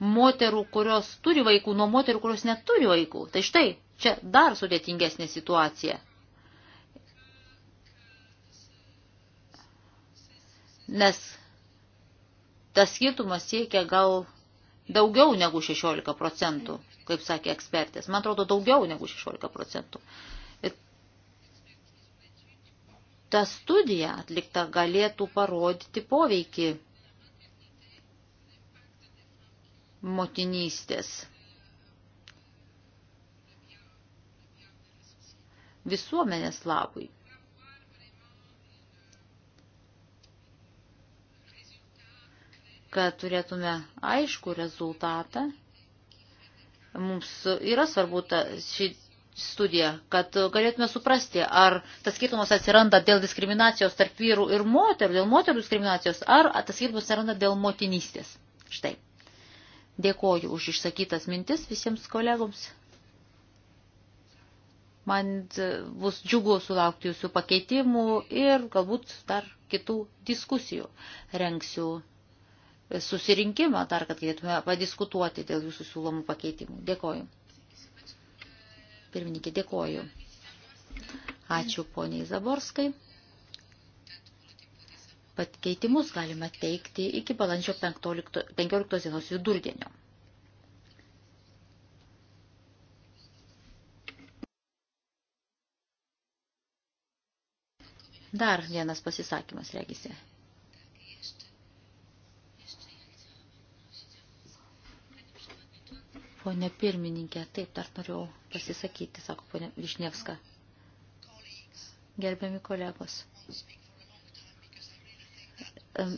moterų, kurios turi vaikų, nuo moterų, kurios neturi vaikų. Tai štai, Čia dar sudėtingesnė situacija. Nes tas skirtumas siekia gal daugiau negu 16 procentų, kaip sakė ekspertės. Man atrodo, daugiau negu 16 procentų. Ir ta studija atlikta galėtų parodyti poveikį motinystės visuomenės labui. Kad turėtume aišku rezultatą, mums yra svarbu ta, ši studija, kad galėtume suprasti, ar tas skirtumas atsiranda dėl diskriminacijos tarp vyrų ir moterų, dėl moterų diskriminacijos, ar tas skirtumas atsiranda dėl motinystės. Štai. Dėkoju už išsakytas mintis visiems kolegoms. Man bus džiugu sulaukti jūsų pakeitimų ir galbūt dar kitų diskusijų. Renksiu susirinkimą dar, kad galėtume padiskutuoti dėl jūsų siūlomų pakeitimų. Dėkoju. Pirmininkė, dėkoju. Ačiū poniai Zaborskai. Patkeitimus galima teikti iki balandžio 15 dienos vidurdienio. Dar vienas pasisakymas regisi. Pone pirmininkė, taip dar norėjau pasisakyti, sako ponė Višnievska. Gerbiami kolegos.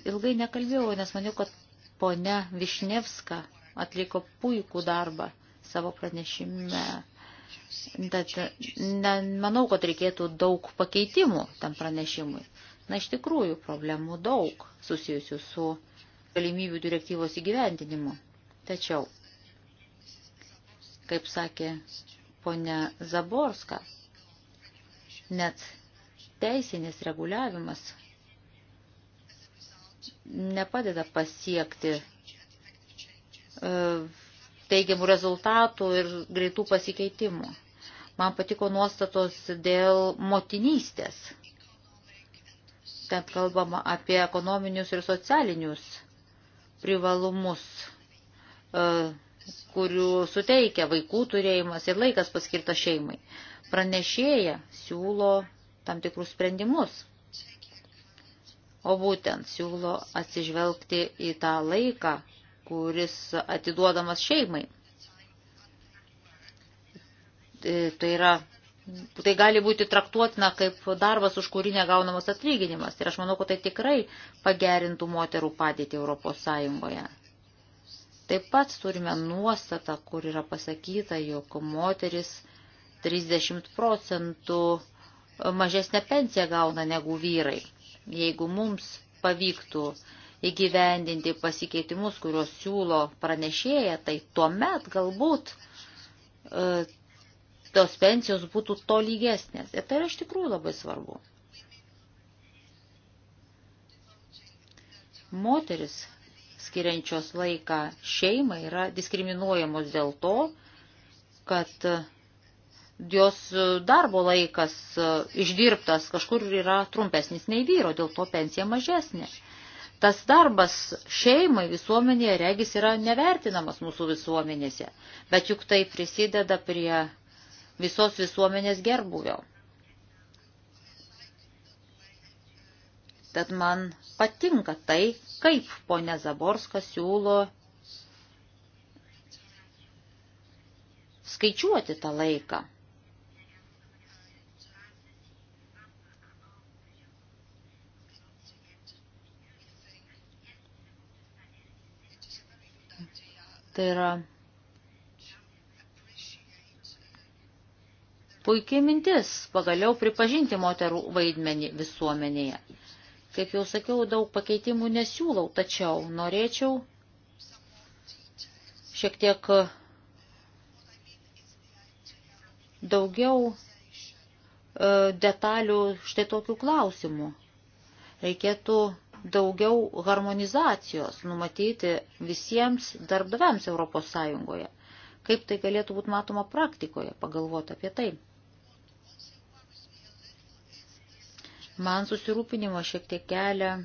Ilgai nekalbėjau, nes maniau, kad ponia Višnievska atliko puikų darbą savo pranešime Bet ne, manau, kad reikėtų daug pakeitimų tam pranešimui. Na, iš tikrųjų, problemų daug susijusių su galimybių direktyvos įgyvendinimu. Tačiau, kaip sakė ponia Zaborska, net teisinis reguliavimas nepadeda pasiekti e, teigiamų rezultatų ir greitų pasikeitimų. Man patiko nuostatos dėl motinystės. Ten kalbama apie ekonominius ir socialinius privalumus, e, kurių suteikia vaikų turėjimas ir laikas paskirtas šeimai. Pranešėja siūlo tam tikrus sprendimus, o būtent siūlo atsižvelgti į tą laiką, kuris atiduodamas šeimai. Tai, tai, yra, tai gali būti traktuotina kaip darbas, už kurį negaunamas atlyginimas. Ir aš manau, kad tai tikrai pagerintų moterų padėtį Europos Sąjungoje. Taip pat turime nuostatą, kur yra pasakyta, jog moteris 30 procentų mažesnę pensiją gauna negu vyrai. Jeigu mums pavyktų uh, įgyvendinti pasikeitimus, kuriuos siūlo pranešėja, tai tuomet galbūt e, tos pensijos būtų to lygesnės. Ir tai yra iš tikrųjų labai svarbu. Moteris skiriančios laiką šeimai yra diskriminuojamos dėl to, kad jos darbo laikas išdirbtas kažkur yra trumpesnis nei vyro, dėl to pensija mažesnė. Tas darbas šeimai visuomenėje regis yra nevertinamas mūsų visuomenėse, bet juk tai prisideda prie visos visuomenės gerbuvio. Tad man patinka tai, kaip ponė Zaborska siūlo skaičiuoti tą laiką. Tai yra puikiai mintis pagaliau pripažinti moterų vaidmenį visuomenėje. Kaip jau sakiau, daug pakeitimų nesiūlau, tačiau norėčiau šiek tiek daugiau e, detalių štai tokių klausimų. Reikėtų daugiau harmonizacijos numatyti visiems darbdaviams Europos Sąjungoje. Kaip tai galėtų būti matoma praktikoje, pagalvoti apie tai. Man susirūpinimo šiek tiek kelia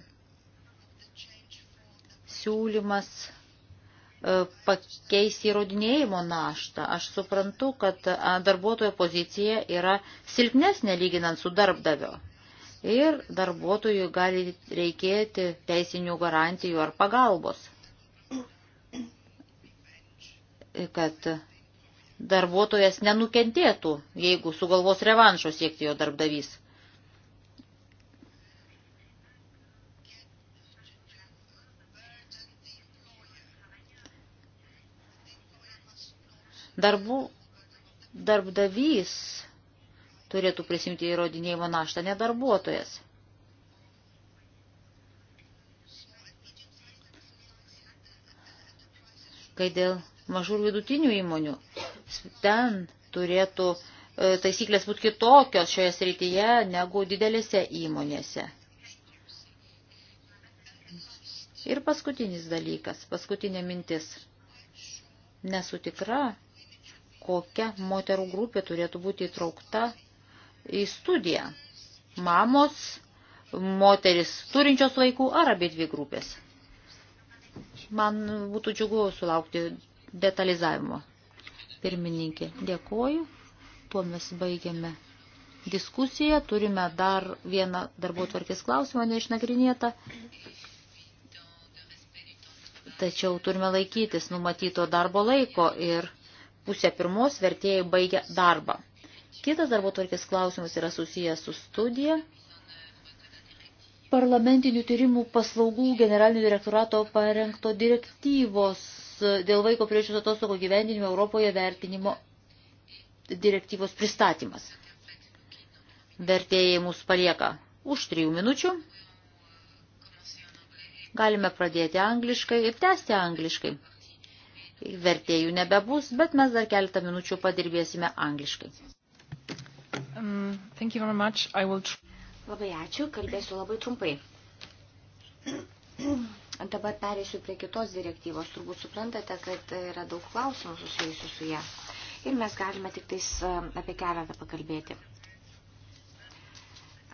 siūlymas e, pakeisti įrodinėjimo naštą. Aš suprantu, kad darbuotojo pozicija yra silpnesnė lyginant su darbdavio ir darbuotojui gali reikėti teisinių garantijų ar pagalbos, kad darbuotojas nenukentėtų, jeigu sugalvos revanšo siekti jo darbdavys. Darbu, darbdavys turėtų prisimti įrodinėjimo naštą, ne darbuotojas. Kai dėl mažų ir vidutinių įmonių, ten turėtų e, taisyklės būti kitokios šioje srityje negu didelėse įmonėse. Ir paskutinis dalykas, paskutinė mintis. Nesu tikra, kokia moterų grupė turėtų būti įtraukta į studiją. Mamos, moteris turinčios vaikų ar abie dvi grupės. Man būtų džiugu sulaukti detalizavimo. Pirmininkė, dėkoju. Tuo mes baigiame diskusiją. Turime dar vieną darbo tvarkės klausimą neišnagrinėtą. Tačiau turime laikytis numatyto darbo laiko ir pusę pirmos vertėjai baigia darbą. Kitas darbo tvarkės klausimas yra susijęs su studija parlamentinių tyrimų paslaugų generalinio direktorato parengto direktyvos dėl vaiko priežiūros atostogų gyvendinimo Europoje vertinimo direktyvos pristatymas. Vertėjai mūsų palieka už trijų minučių. Galime pradėti angliškai ir tęsti angliškai. Vertėjų nebebus, bet mes dar keletą minučių padirbėsime angliškai. Um, thank you very much. I will... Labai ačiū, kalbėsiu labai trumpai. Dabar perėsiu prie kitos direktyvos. Turbūt suprantate, kad yra daug klausimų susijusių su ją. Ir mes galime tik tais e, apie keletą pakalbėti.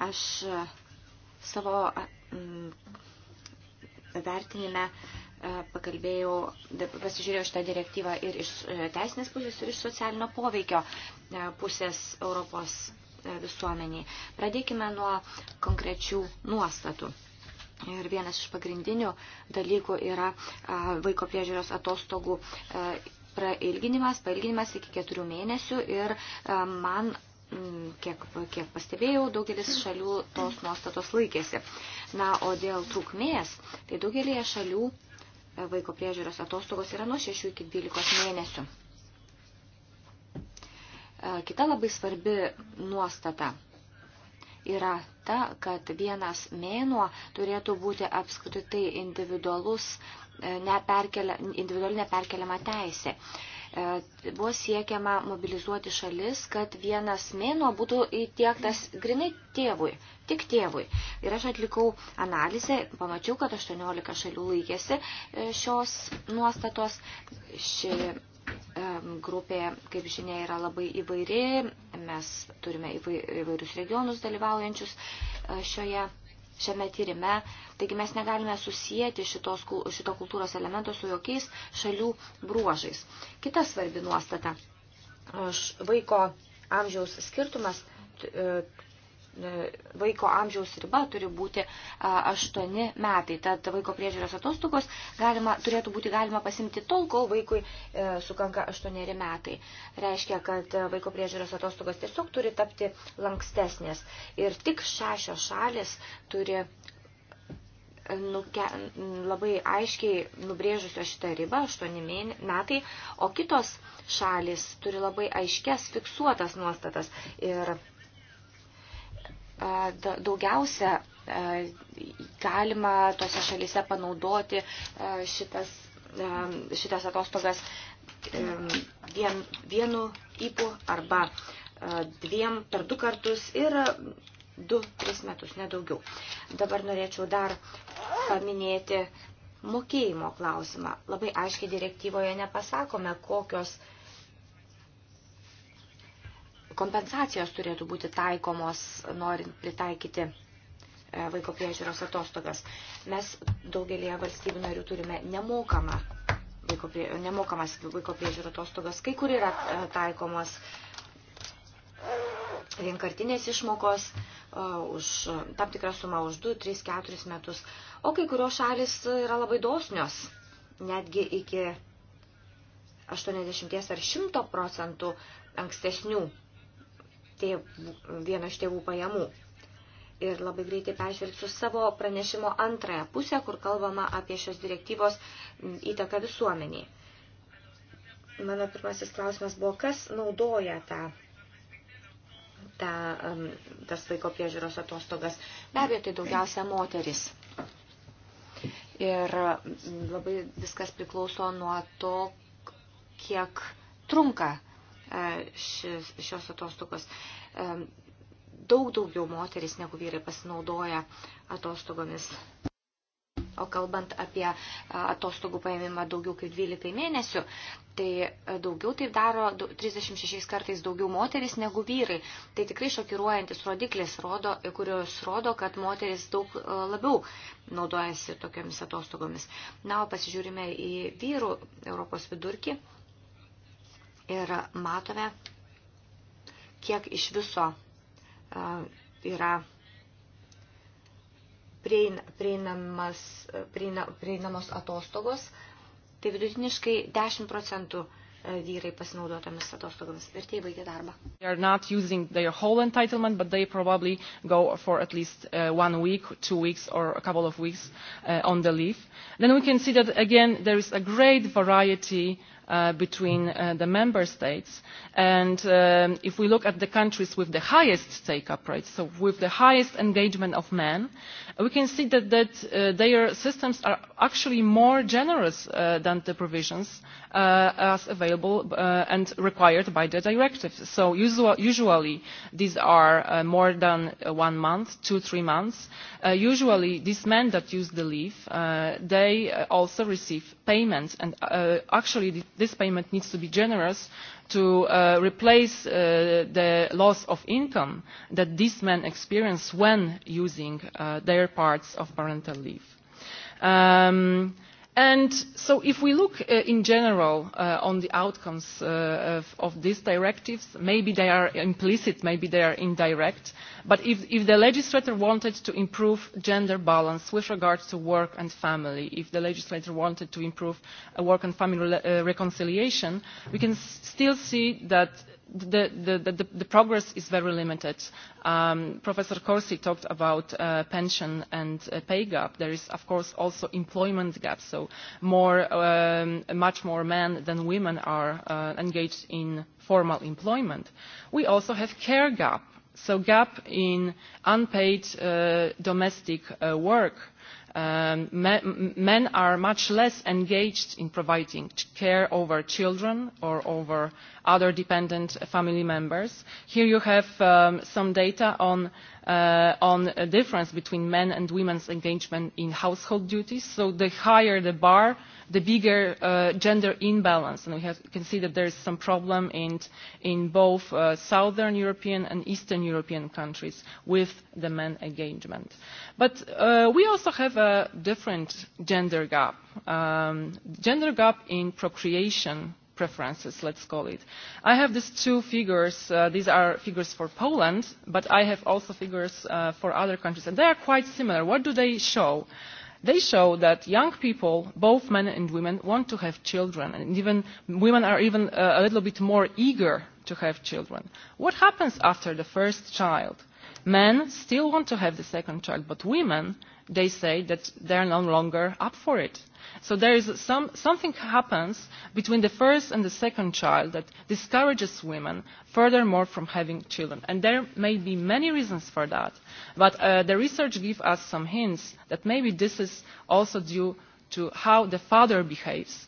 Aš e, savo vertinime E, pakalbėjau, pasižiūrėjau šitą direktyvą ir iš e, teisinės pusės, ir iš socialinio poveikio e, pusės Europos visuomeniai. Pradėkime nuo konkrečių nuostatų. Ir vienas iš pagrindinių dalykų yra vaiko priežiūros atostogų prailginimas, pailginimas iki keturių mėnesių ir man kiek, kiek pastebėjau, daugelis šalių tos nuostatos laikėsi. Na, o dėl trukmės, tai daugelėje šalių vaiko priežiūros atostogos yra nuo 6 iki 12 mėnesių. E, kita labai svarbi nuostata yra ta, kad vienas mėnuo turėtų būti apskritai individualus, e, neperkelia, individuali neperkeliama teisė. E, buvo siekiama mobilizuoti šalis, kad vienas mėnuo būtų įtiektas grinai tėvui, tik tėvui. Ir aš atlikau analizę, pamačiau, kad 18 šalių laikėsi e, šios nuostatos. Ši e, grupė, kaip žinia, yra labai įvairi, mes turime įvairius regionus dalyvaujančius šioje šiame tyrime. Taigi mes negalime susijęti šitos, šito kultūros elemento su jokiais šalių bruožais. Kita svarbi nuostata. Vaiko amžiaus skirtumas e, E, vaiko amžiaus riba turi būti 8 e, metai. Tad vaiko priežiūros atostogos galima, turėtų būti galima pasimti tol, kol vaikui e, sukanka 8 metai. Reiškia, kad vaiko priežiūros atostogos tiesiog turi tapti lankstesnės. Ir tik šešios šalis turi nuke, labai aiškiai nubrėžusio šitą ribą, 8 metai, o kitos šalis turi labai aiškias fiksuotas nuostatas. Ir daugiausia galima tose šalyse panaudoti šitas, šitas atostogas vien, vienu įpū arba dviem per du kartus ir 2-3 metus, nedaugiau. Dabar norėčiau dar paminėti mokėjimo klausimą. Labai aiškiai direktyvoje nepasakome, kokios kompensacijos turėtų būti taikomos, norint pritaikyti e, vaiko priežiūros atostogas. Mes daugelėje valstybių narių turime nemokamą vaiko prie, nemokamas vaiko priežiūro atostogas, kai kur yra e, taikomas e, vienkartinės išmokos už tam tikrą sumą už 2, 3, 4 metus, o kai kurios šalis yra labai dosnios, netgi iki 80 ar 100 procentų ankstesnių tėvų, vieno iš tėvų pajamų. Ir labai greitai peržvelgsiu savo pranešimo antrąją pusę, kur kalbama apie šios direktyvos įtaką visuomeniai. Mano pirmasis klausimas buvo, kas naudoja tą ta, um, tas vaiko priežiūros atostogas. Be abejo, tai daugiausia moteris. Ir um, labai viskas priklauso nuo to, kiek trunka uh, E, šis, šios atostogos. E, daug daugiau moteris negu vyrai pasinaudoja atostogomis. O kalbant apie e, atostogų paėmimą daugiau kaip 12 mėnesių, tai daugiau taip daro 36 kartais daugiau moteris negu vyrai. Tai tikrai šokiruojantis rodiklis, rodo, kurios rodo, kad moteris daug labiau naudojasi tokiamis atostogomis. Na, o pasižiūrime į vyrų Europos vidurkį. Ir matome, kiek iš viso yra prieinamas, prieina, prieinamos atostogos, tai vidutiniškai 10 procentų vyrai pasinaudotomis atostogomis ir tai baigia darbą. They are not using their whole entitlement, but they probably go for at least uh, one week, two weeks or a couple of weeks uh, on the leave. Then we can see that again there is a great variety uh, uh, between uh, the member states. And um, if we look at the countries with the highest take-up rates, so with the highest engagement of men, we can see that, that uh, their systems are actually more generous uh, than the provisions uh, uh, as available uh, and required by the directive. So usual, usually these are uh, more than one month, two, three months. Uh, usually these men that use the leave, uh, they also receive payment and uh, actually this payment needs to be generous to uh, replace uh, the loss of income that these men experience when using uh, their parts of parental leave. Um, And so if we look uh, in general uh, on the outcomes uh, of, of these directives, maybe they are implicit, maybe they are indirect, but if, if the legislator wanted to improve gender balance with regards to work and family, if the legislator wanted to improve uh, work and family re uh, reconciliation, we can s still see that the, the, the, the progress is very limited. Um, Professor Corsi talked about uh, pension and uh, pay gap. There is, of course, also employment gap. So more, um, much more men than women are uh, engaged in formal employment. We also have care gap. So gap in unpaid uh, domestic uh, work. Uh, um, men, men are much less engaged in providing care over children or over other dependent family members. Here you have um, some data on uh, uh, on a difference between men and women's engagement in household duties. So the higher the bar, the bigger uh, gender imbalance. And we have, can see that there is some problem in, in both uh, southern European and eastern European countries with the men engagement. But uh, we also have a different gender gap. Um, gender gap in procreation preferences, let's call it. I have these two figures. Uh, these are figures for Poland, but I have also figures uh, for other countries, and they are quite similar. What do they show? They show that young people, both men and women, want to have children, and even women are even uh, a little bit more eager to have children. What happens after the first child? men still want to have the second child but women they say that they are no longer up for it so there is some, something happens between the first and the second child that discourages women furthermore from having children and there may be many reasons for that but uh, the research gives us some hints that maybe this is also due to how the father behaves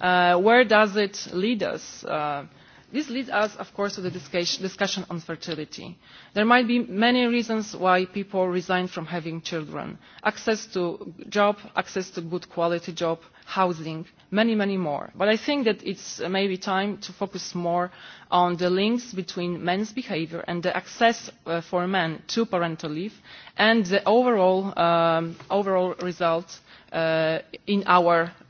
Uh, where does it lead us? Uh, this leads us, of course, to the discussion on fertility. There might be many reasons why people resign from having children. Access to job, access to good quality job, housing, many, many more. But I think that it's maybe time to focus more on the links between men's behavior and the access uh, for men to parental leave and the overall, um, overall result uh, in our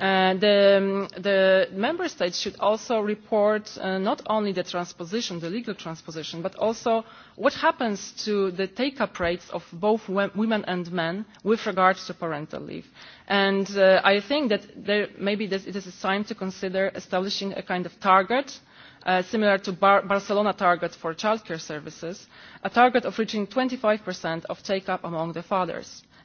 Uh, the, um, the member states should also report uh, not only the transposition the legal transposition but also what happens to the take up rates of both women and men with regard to parental leave and uh, i think that there maybe this, it is time to consider establishing a kind of target uh, similar to Bar Barcelona target for childcare services, a target of reaching 25% of take-up among the fathers.